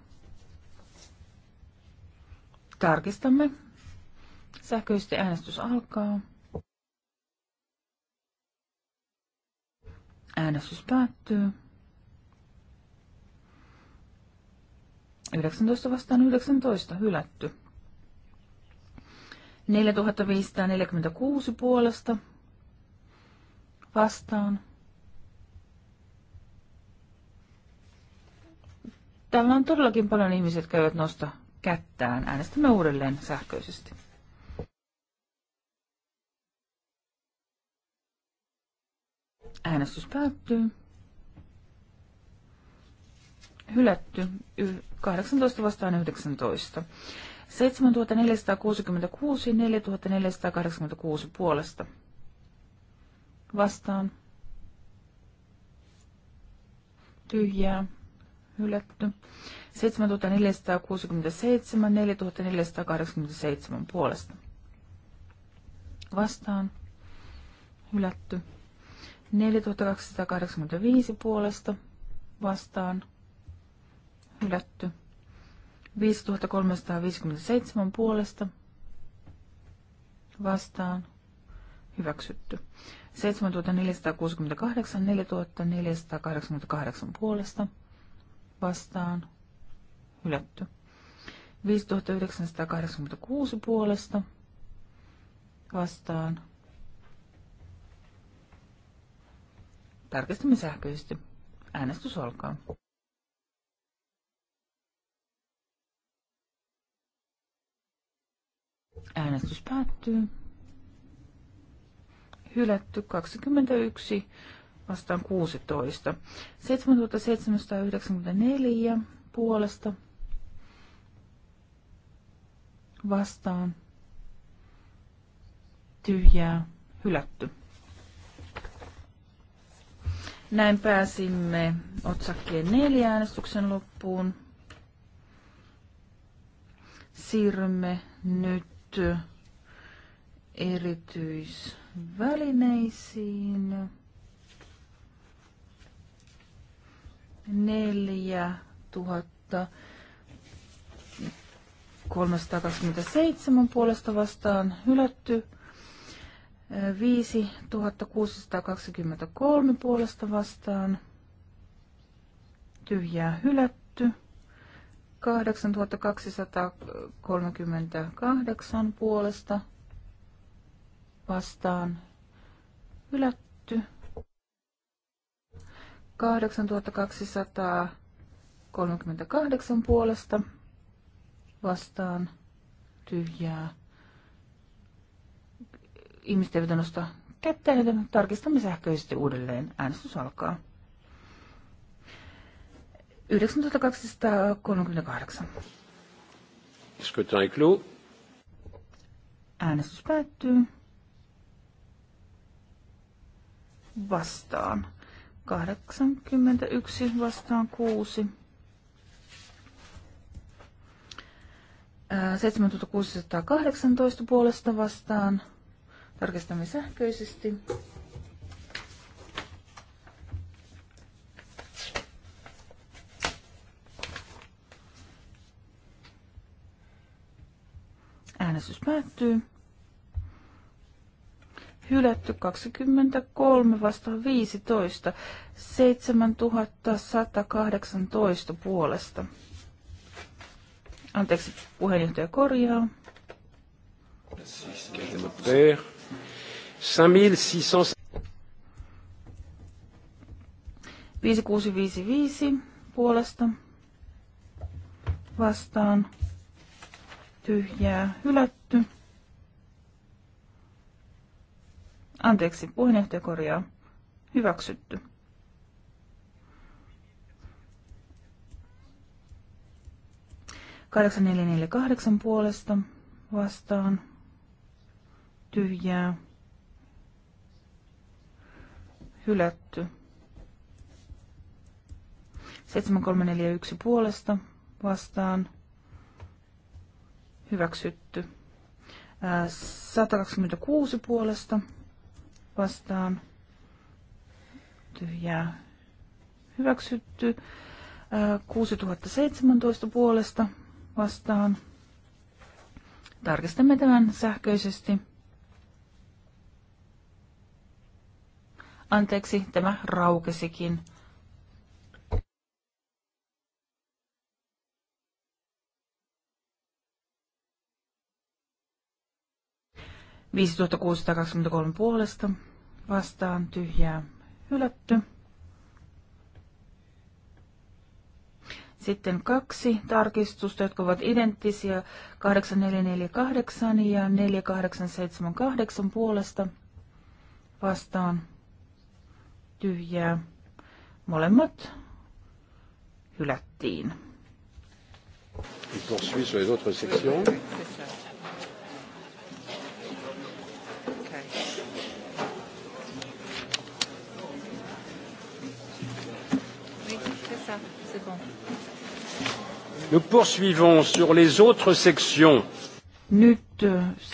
[SPEAKER 4] Tarkistamme. Sähköisesti äänestys alkaa. Äänestys päättyy. 19 vastaan 19 hylätty. 4546 puolesta vastaan. Täällä on todellakin paljon ihmisiä, jotka eivät nosta kättään. Äänestämme uudelleen sähköisesti. Äänestys päättyy. Hylätty 18 vastaan 19. 7466 4486 puolesta. Vastaan. Tyhjää. Hylätty. 7467, 4487 puolesta. Vastaan. Hylätty. 4285 puolesta. Vastaan. Hylätty. 5357 puolesta. Vastaan. Hyväksytty. 7468, 4488 puolesta. Vastaan hylätty. 5986 puolesta vastaan. Tarkistamme sähköisesti. Äänestys alkaa. Äänestys päättyy. Hylätty 21 vastaan 16. 7794 puolesta vastaan tyhjää hylätty. Näin pääsimme otsakkeen neljä äänestyksen loppuun. Siirrymme nyt erityisvälineisiin. Neljä tuhatta 327 puolesta vastaan hylätty. 5623 puolesta vastaan tyhjää hylätty. 8238 puolesta vastaan hylätty. 8238 puolesta vastaan tyhjää. Ihmiset eivät nosta kättä, joten tarkistamme sähköisesti uudelleen. Äänestys alkaa. 9238. Äänestys päättyy. Vastaan. 81 vastaan 6. 7618 puolesta vastaan. Tarkistamme sähköisesti. Äänestys päättyy. Hylätty 23 vastaan 15, 7118 puolesta. Anteeksi, puheenjohtaja korjaa.
[SPEAKER 1] 5655
[SPEAKER 4] puolesta vastaan tyhjää hylätty. Anteeksi, puheenjohtaja korjaa hyväksytty. 8448 puolesta vastaan tyhjää hylätty. 7341 puolesta vastaan hyväksytty. 126 puolesta vastaan tyhjää hyväksytty. 6017 puolesta vastaan. Tarkistamme tämän sähköisesti. Anteeksi, tämä raukesikin. Viisituhatta puolesta vastaan tyhjää hylätty. Sitten kaksi tarkistusta, jotka ovat identtisiä 8448 ja 4878 puolesta vastaan tyhjää. Molemmat hylättiin. c'est bon.
[SPEAKER 1] Nous poursuivons sur les autres sections. Nyt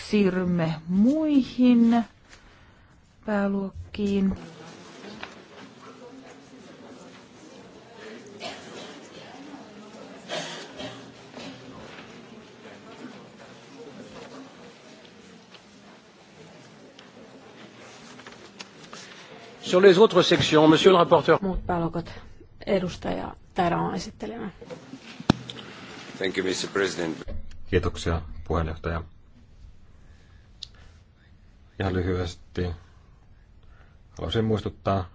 [SPEAKER 4] siirrymme muihin pääluokkiin.
[SPEAKER 1] Sur les autres sections, monsieur le
[SPEAKER 3] rapporteur. Muut
[SPEAKER 1] pääluokat,
[SPEAKER 2] edustaja Tärä on esittelemään.
[SPEAKER 3] Thank you, Mr. President. Kiitoksia, puheenjohtaja. Ihan lyhyesti haluaisin muistuttaa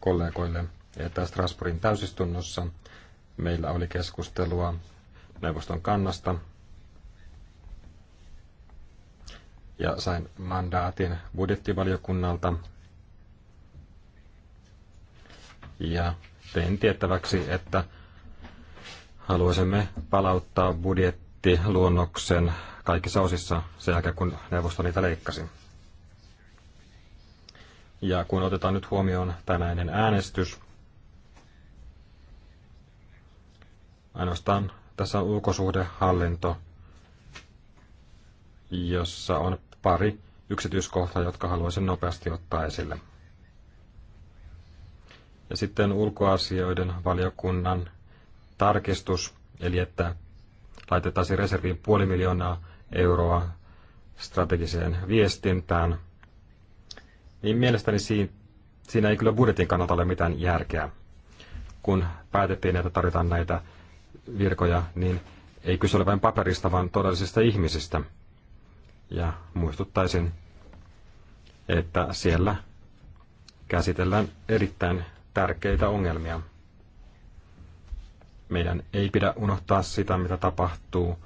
[SPEAKER 3] kollegoille, että Strasbourgin täysistunnossa meillä oli keskustelua neuvoston kannasta ja sain mandaatin budjettivaliokunnalta ja tein tiettäväksi, että Haluaisimme palauttaa budjettiluonnoksen kaikissa osissa sen jälkeen, kun neuvosto niitä leikkasi. Ja kun otetaan nyt huomioon tänäinen äänestys, ainoastaan tässä on ulkosuhdehallinto, jossa on pari yksityiskohtaa, jotka haluaisin nopeasti ottaa esille. Ja sitten ulkoasioiden valiokunnan tarkistus, eli että laitetaan se reserviin puoli miljoonaa euroa strategiseen viestintään, niin mielestäni siinä ei kyllä budjetin kannalta ole mitään järkeä. Kun päätettiin, että tarvitaan näitä virkoja, niin ei kyse ole vain paperista, vaan todellisista ihmisistä. Ja muistuttaisin, että siellä käsitellään erittäin tärkeitä ongelmia. Meidän ei pidä unohtaa sitä, mitä tapahtuu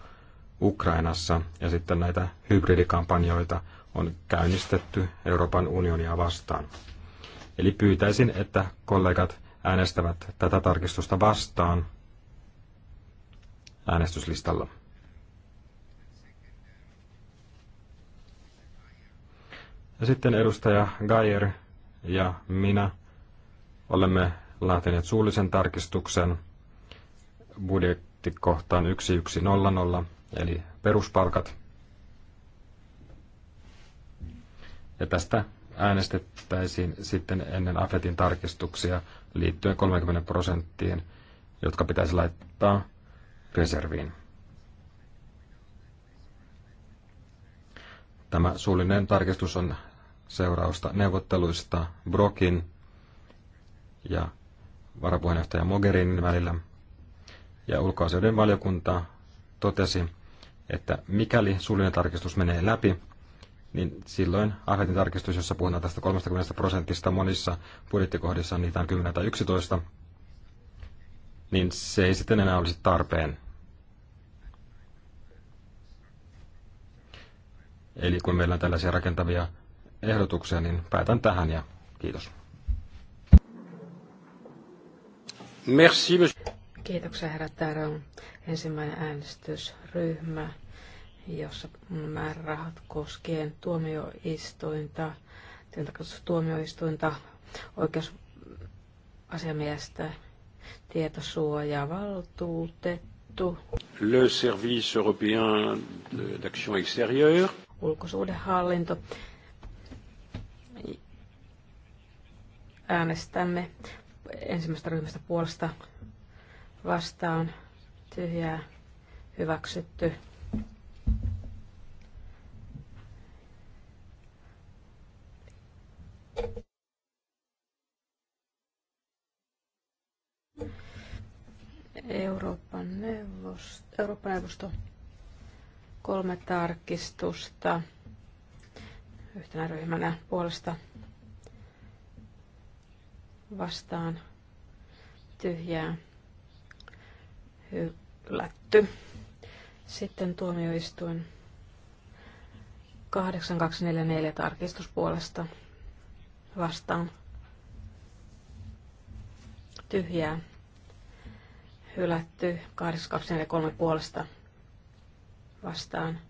[SPEAKER 3] Ukrainassa ja sitten näitä hybridikampanjoita on käynnistetty Euroopan unionia vastaan. Eli pyytäisin, että kollegat äänestävät tätä tarkistusta vastaan äänestyslistalla. Ja sitten edustaja Gayer ja minä olemme laatineet suullisen tarkistuksen budjettikohtaan 1100, eli peruspalkat. Ja tästä äänestettäisiin sitten ennen AFETin tarkistuksia liittyen 30 prosenttiin, jotka pitäisi laittaa reserviin. Tämä suullinen tarkistus on seurausta neuvotteluista Brokin ja varapuheenjohtaja Mogherinin välillä ja ulkoasioiden valiokunta totesi, että mikäli suullinen tarkistus menee läpi, niin silloin Ahvetin tarkistus, jossa puhutaan tästä 30 prosentista monissa budjettikohdissa, niitä on 10 tai 11, niin se ei sitten enää olisi tarpeen. Eli kun meillä on tällaisia rakentavia ehdotuksia, niin päätän tähän ja kiitos. Merci, monsieur.
[SPEAKER 2] Kiitoksia herra on Ensimmäinen äänestysryhmä, jossa määrärahat koskien tuomioistuinta, tuomioistuinta, oikeusasiamiestä, tietosuojaa, valtuutettu.
[SPEAKER 1] Le service européen d'action extérieure.
[SPEAKER 2] Ulkosuudenhallinto. Äänestämme ensimmäistä ryhmästä puolesta vastaan tyhjää hyväksytty. Euroopan neuvosto, Euroopan neuvosto kolme tarkistusta yhtenä ryhmänä puolesta vastaan tyhjää hylätty. Sitten tuomioistuin 8244 tarkistuspuolesta vastaan tyhjää hylätty 8243 puolesta vastaan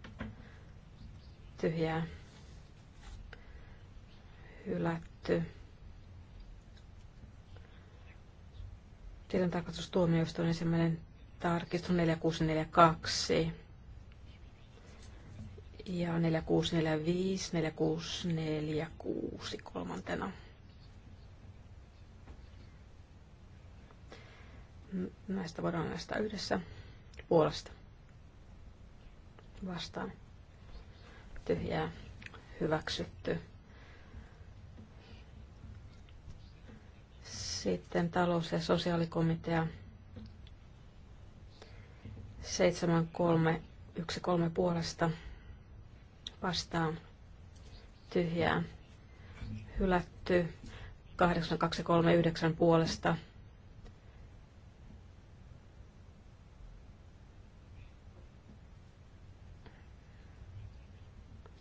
[SPEAKER 2] tyhjää hylätty. Tilintarkastustuomioistuin ensimmäinen tarkistus 4642 ja 4645, 4646 kolmantena. Näistä voidaan näistä yhdessä puolesta vastaan. Tyhjää hyväksytty. Sitten talous- ja sosiaalikomitea 7313 puolesta vastaan tyhjää hylätty 8239 puolesta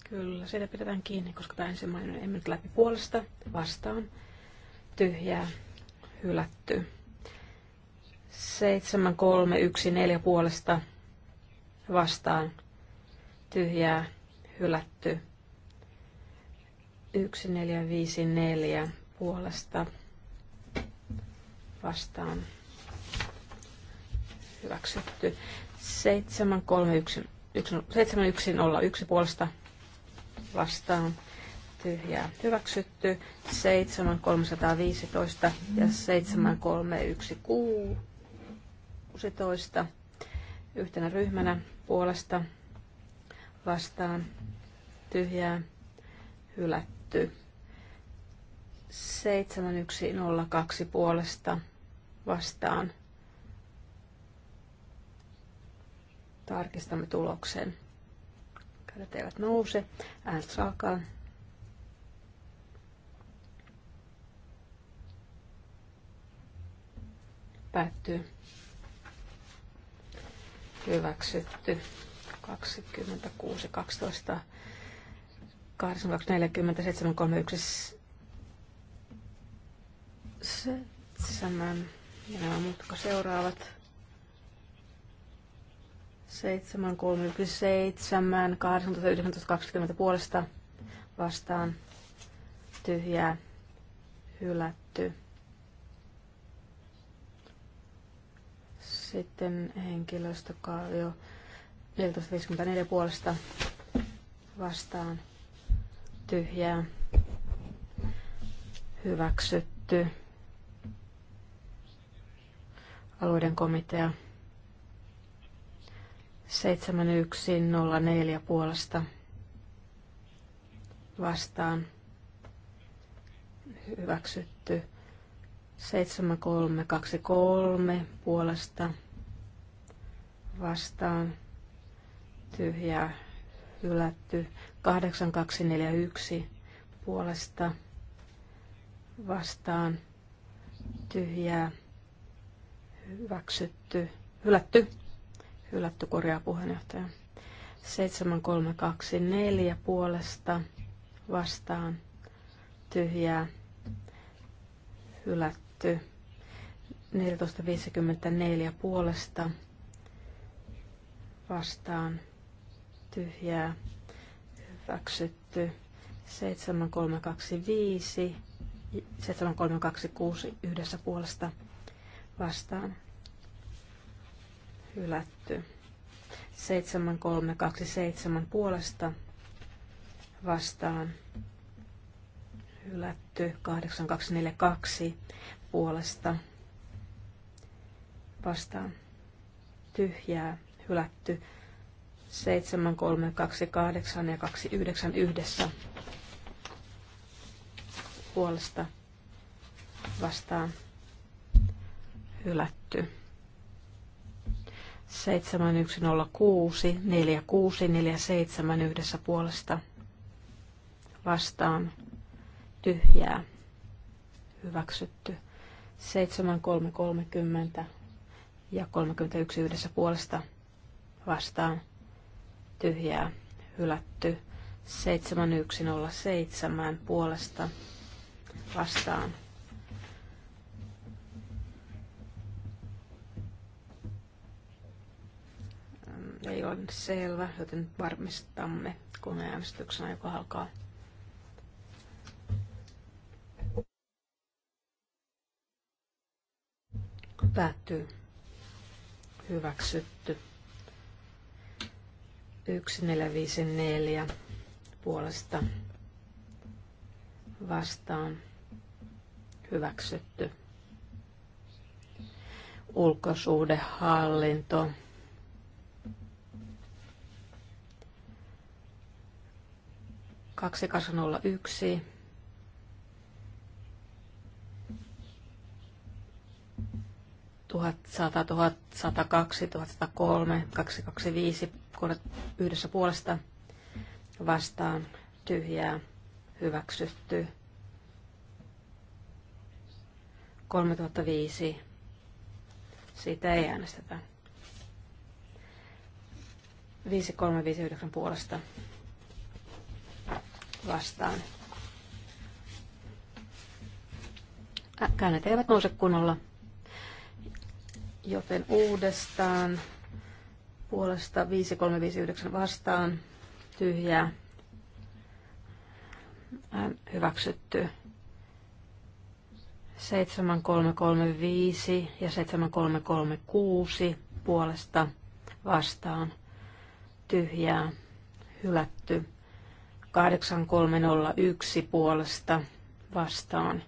[SPEAKER 2] Kyllä, siitä pidetään kiinni, koska tämä ensimmäinen ei mennyt läpi puolesta vastaan. Tyhjää, hylätty. 7314 puolesta vastaan tyhjää hylätty. 1454 puolesta vastaan hyväksytty. 731 7101 puolesta vastaan tyhjää hyväksytty. 7315 ja 7316 16 yhtenä ryhmänä puolesta vastaan tyhjää hylätty. 7102 puolesta vastaan tarkistamme tuloksen. Kädet eivät nouse. Äänet alkaa. Päättyy hyväksytty 26, 12, 82, 40, 7, 7, ja nämä muut, jotka seuraavat. 7, 18, 19, 20 puolesta vastaan tyhjää hylätty. Sitten henkilöstökaavio 1454 puolesta vastaan tyhjää hyväksytty alueiden komitea 7104 puolesta vastaan hyväksytty 7323 puolesta vastaan tyhjää hylätty 8241 puolesta vastaan tyhjää hyväksytty, hylätty, hylätty korjaa puheenjohtaja. 7324 puolesta vastaan tyhjää hylätty 1454 puolesta vastaan tyhjää hyväksytty 7325 7326 yhdessä puolesta vastaan hylätty 7327 puolesta vastaan hylätty 8242 puolesta vastaan tyhjää hylätty 7, 3, 2, 8 ja 2, 9 yhdessä puolesta vastaan hylätty. 7106 4647 yhdessä puolesta vastaan tyhjää hyväksytty. 7330 ja 31 yhdessä puolesta vastaan tyhjää hylätty 7107 puolesta vastaan ei ole selvä, joten varmistamme kun äänestyksena aika alkaa. Päättyy. Hyväksytty. 1454 puolesta vastaan hyväksytty. Ulkosuhdehallinto. Kaksi yksi 1100, 1102, 1103, 225 yhdessä puolesta vastaan tyhjää hyväksytty. 3005. Siitä ei äänestetä. 5359 puolesta vastaan. käännet eivät nouse kunnolla. Joten uudestaan puolesta 5359 vastaan tyhjää hyväksytty. 7335 ja 7336 puolesta vastaan tyhjää hylätty. 8301 puolesta vastaan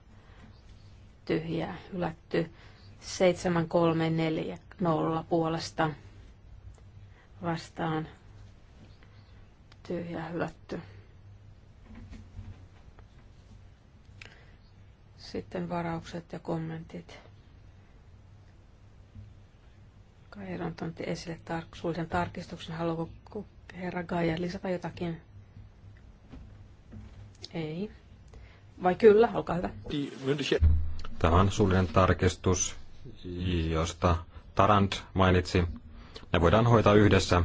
[SPEAKER 2] tyhjää hylätty. 7340 puolesta vastaan tyhjä hylätty. Sitten varaukset ja kommentit. Kairon tontti esille tar- suullisen tarkistuksen. Haluaako herra Gaia lisätä jotakin? Ei. Vai kyllä, olkaa hyvä.
[SPEAKER 3] Tämä on suullinen tarkistus josta Tarant mainitsi. Ne voidaan hoitaa yhdessä.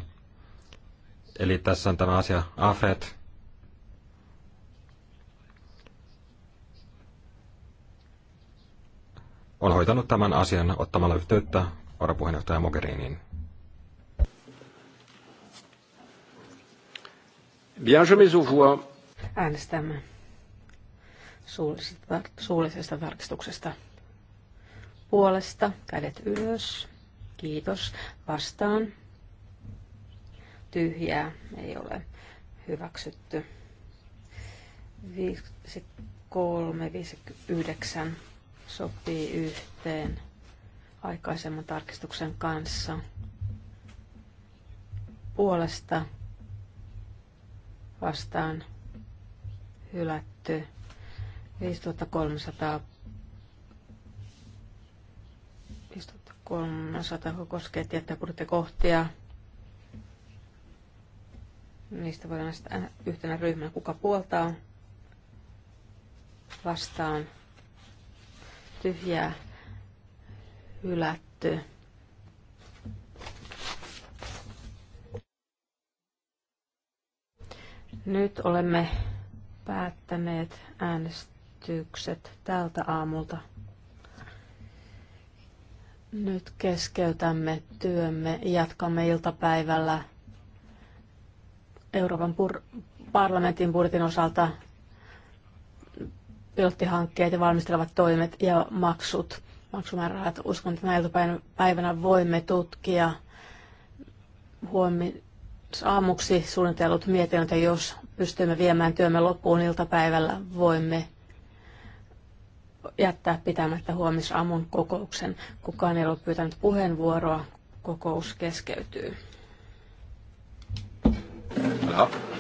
[SPEAKER 3] Eli tässä on tämä asia AFET. On hoitanut tämän asian ottamalla yhteyttä varapuheenjohtaja Mogheriniin.
[SPEAKER 1] Bien, je mets aux
[SPEAKER 2] Äänestämme suullisesta, suullisesta tarkistuksesta puolesta, kädet ylös, kiitos, vastaan, tyhjää, ei ole hyväksytty. 53, 59 sopii yhteen aikaisemman tarkistuksen kanssa. Puolesta vastaan hylätty 5300 kolmas osa koskee tiettyjä kohtia. Niistä voidaan sitä yhtenä ryhmänä, kuka puoltaa vastaan tyhjää hylätty. Nyt olemme päättäneet äänestykset tältä aamulta. Nyt keskeytämme työmme. Jatkamme iltapäivällä Euroopan parlamentin budjetin osalta pilottihankkeet ja valmistelevat toimet ja maksut, maksumäärärahat. Uskon, että näiltä päivänä voimme tutkia huomi aamuksi suunnitellut mietinnöt ja jos pystymme viemään työmme loppuun iltapäivällä, voimme jättää pitämättä huomisaamun kokouksen. Kukaan ei ole pyytänyt puheenvuoroa. Kokous keskeytyy.
[SPEAKER 5] Aha.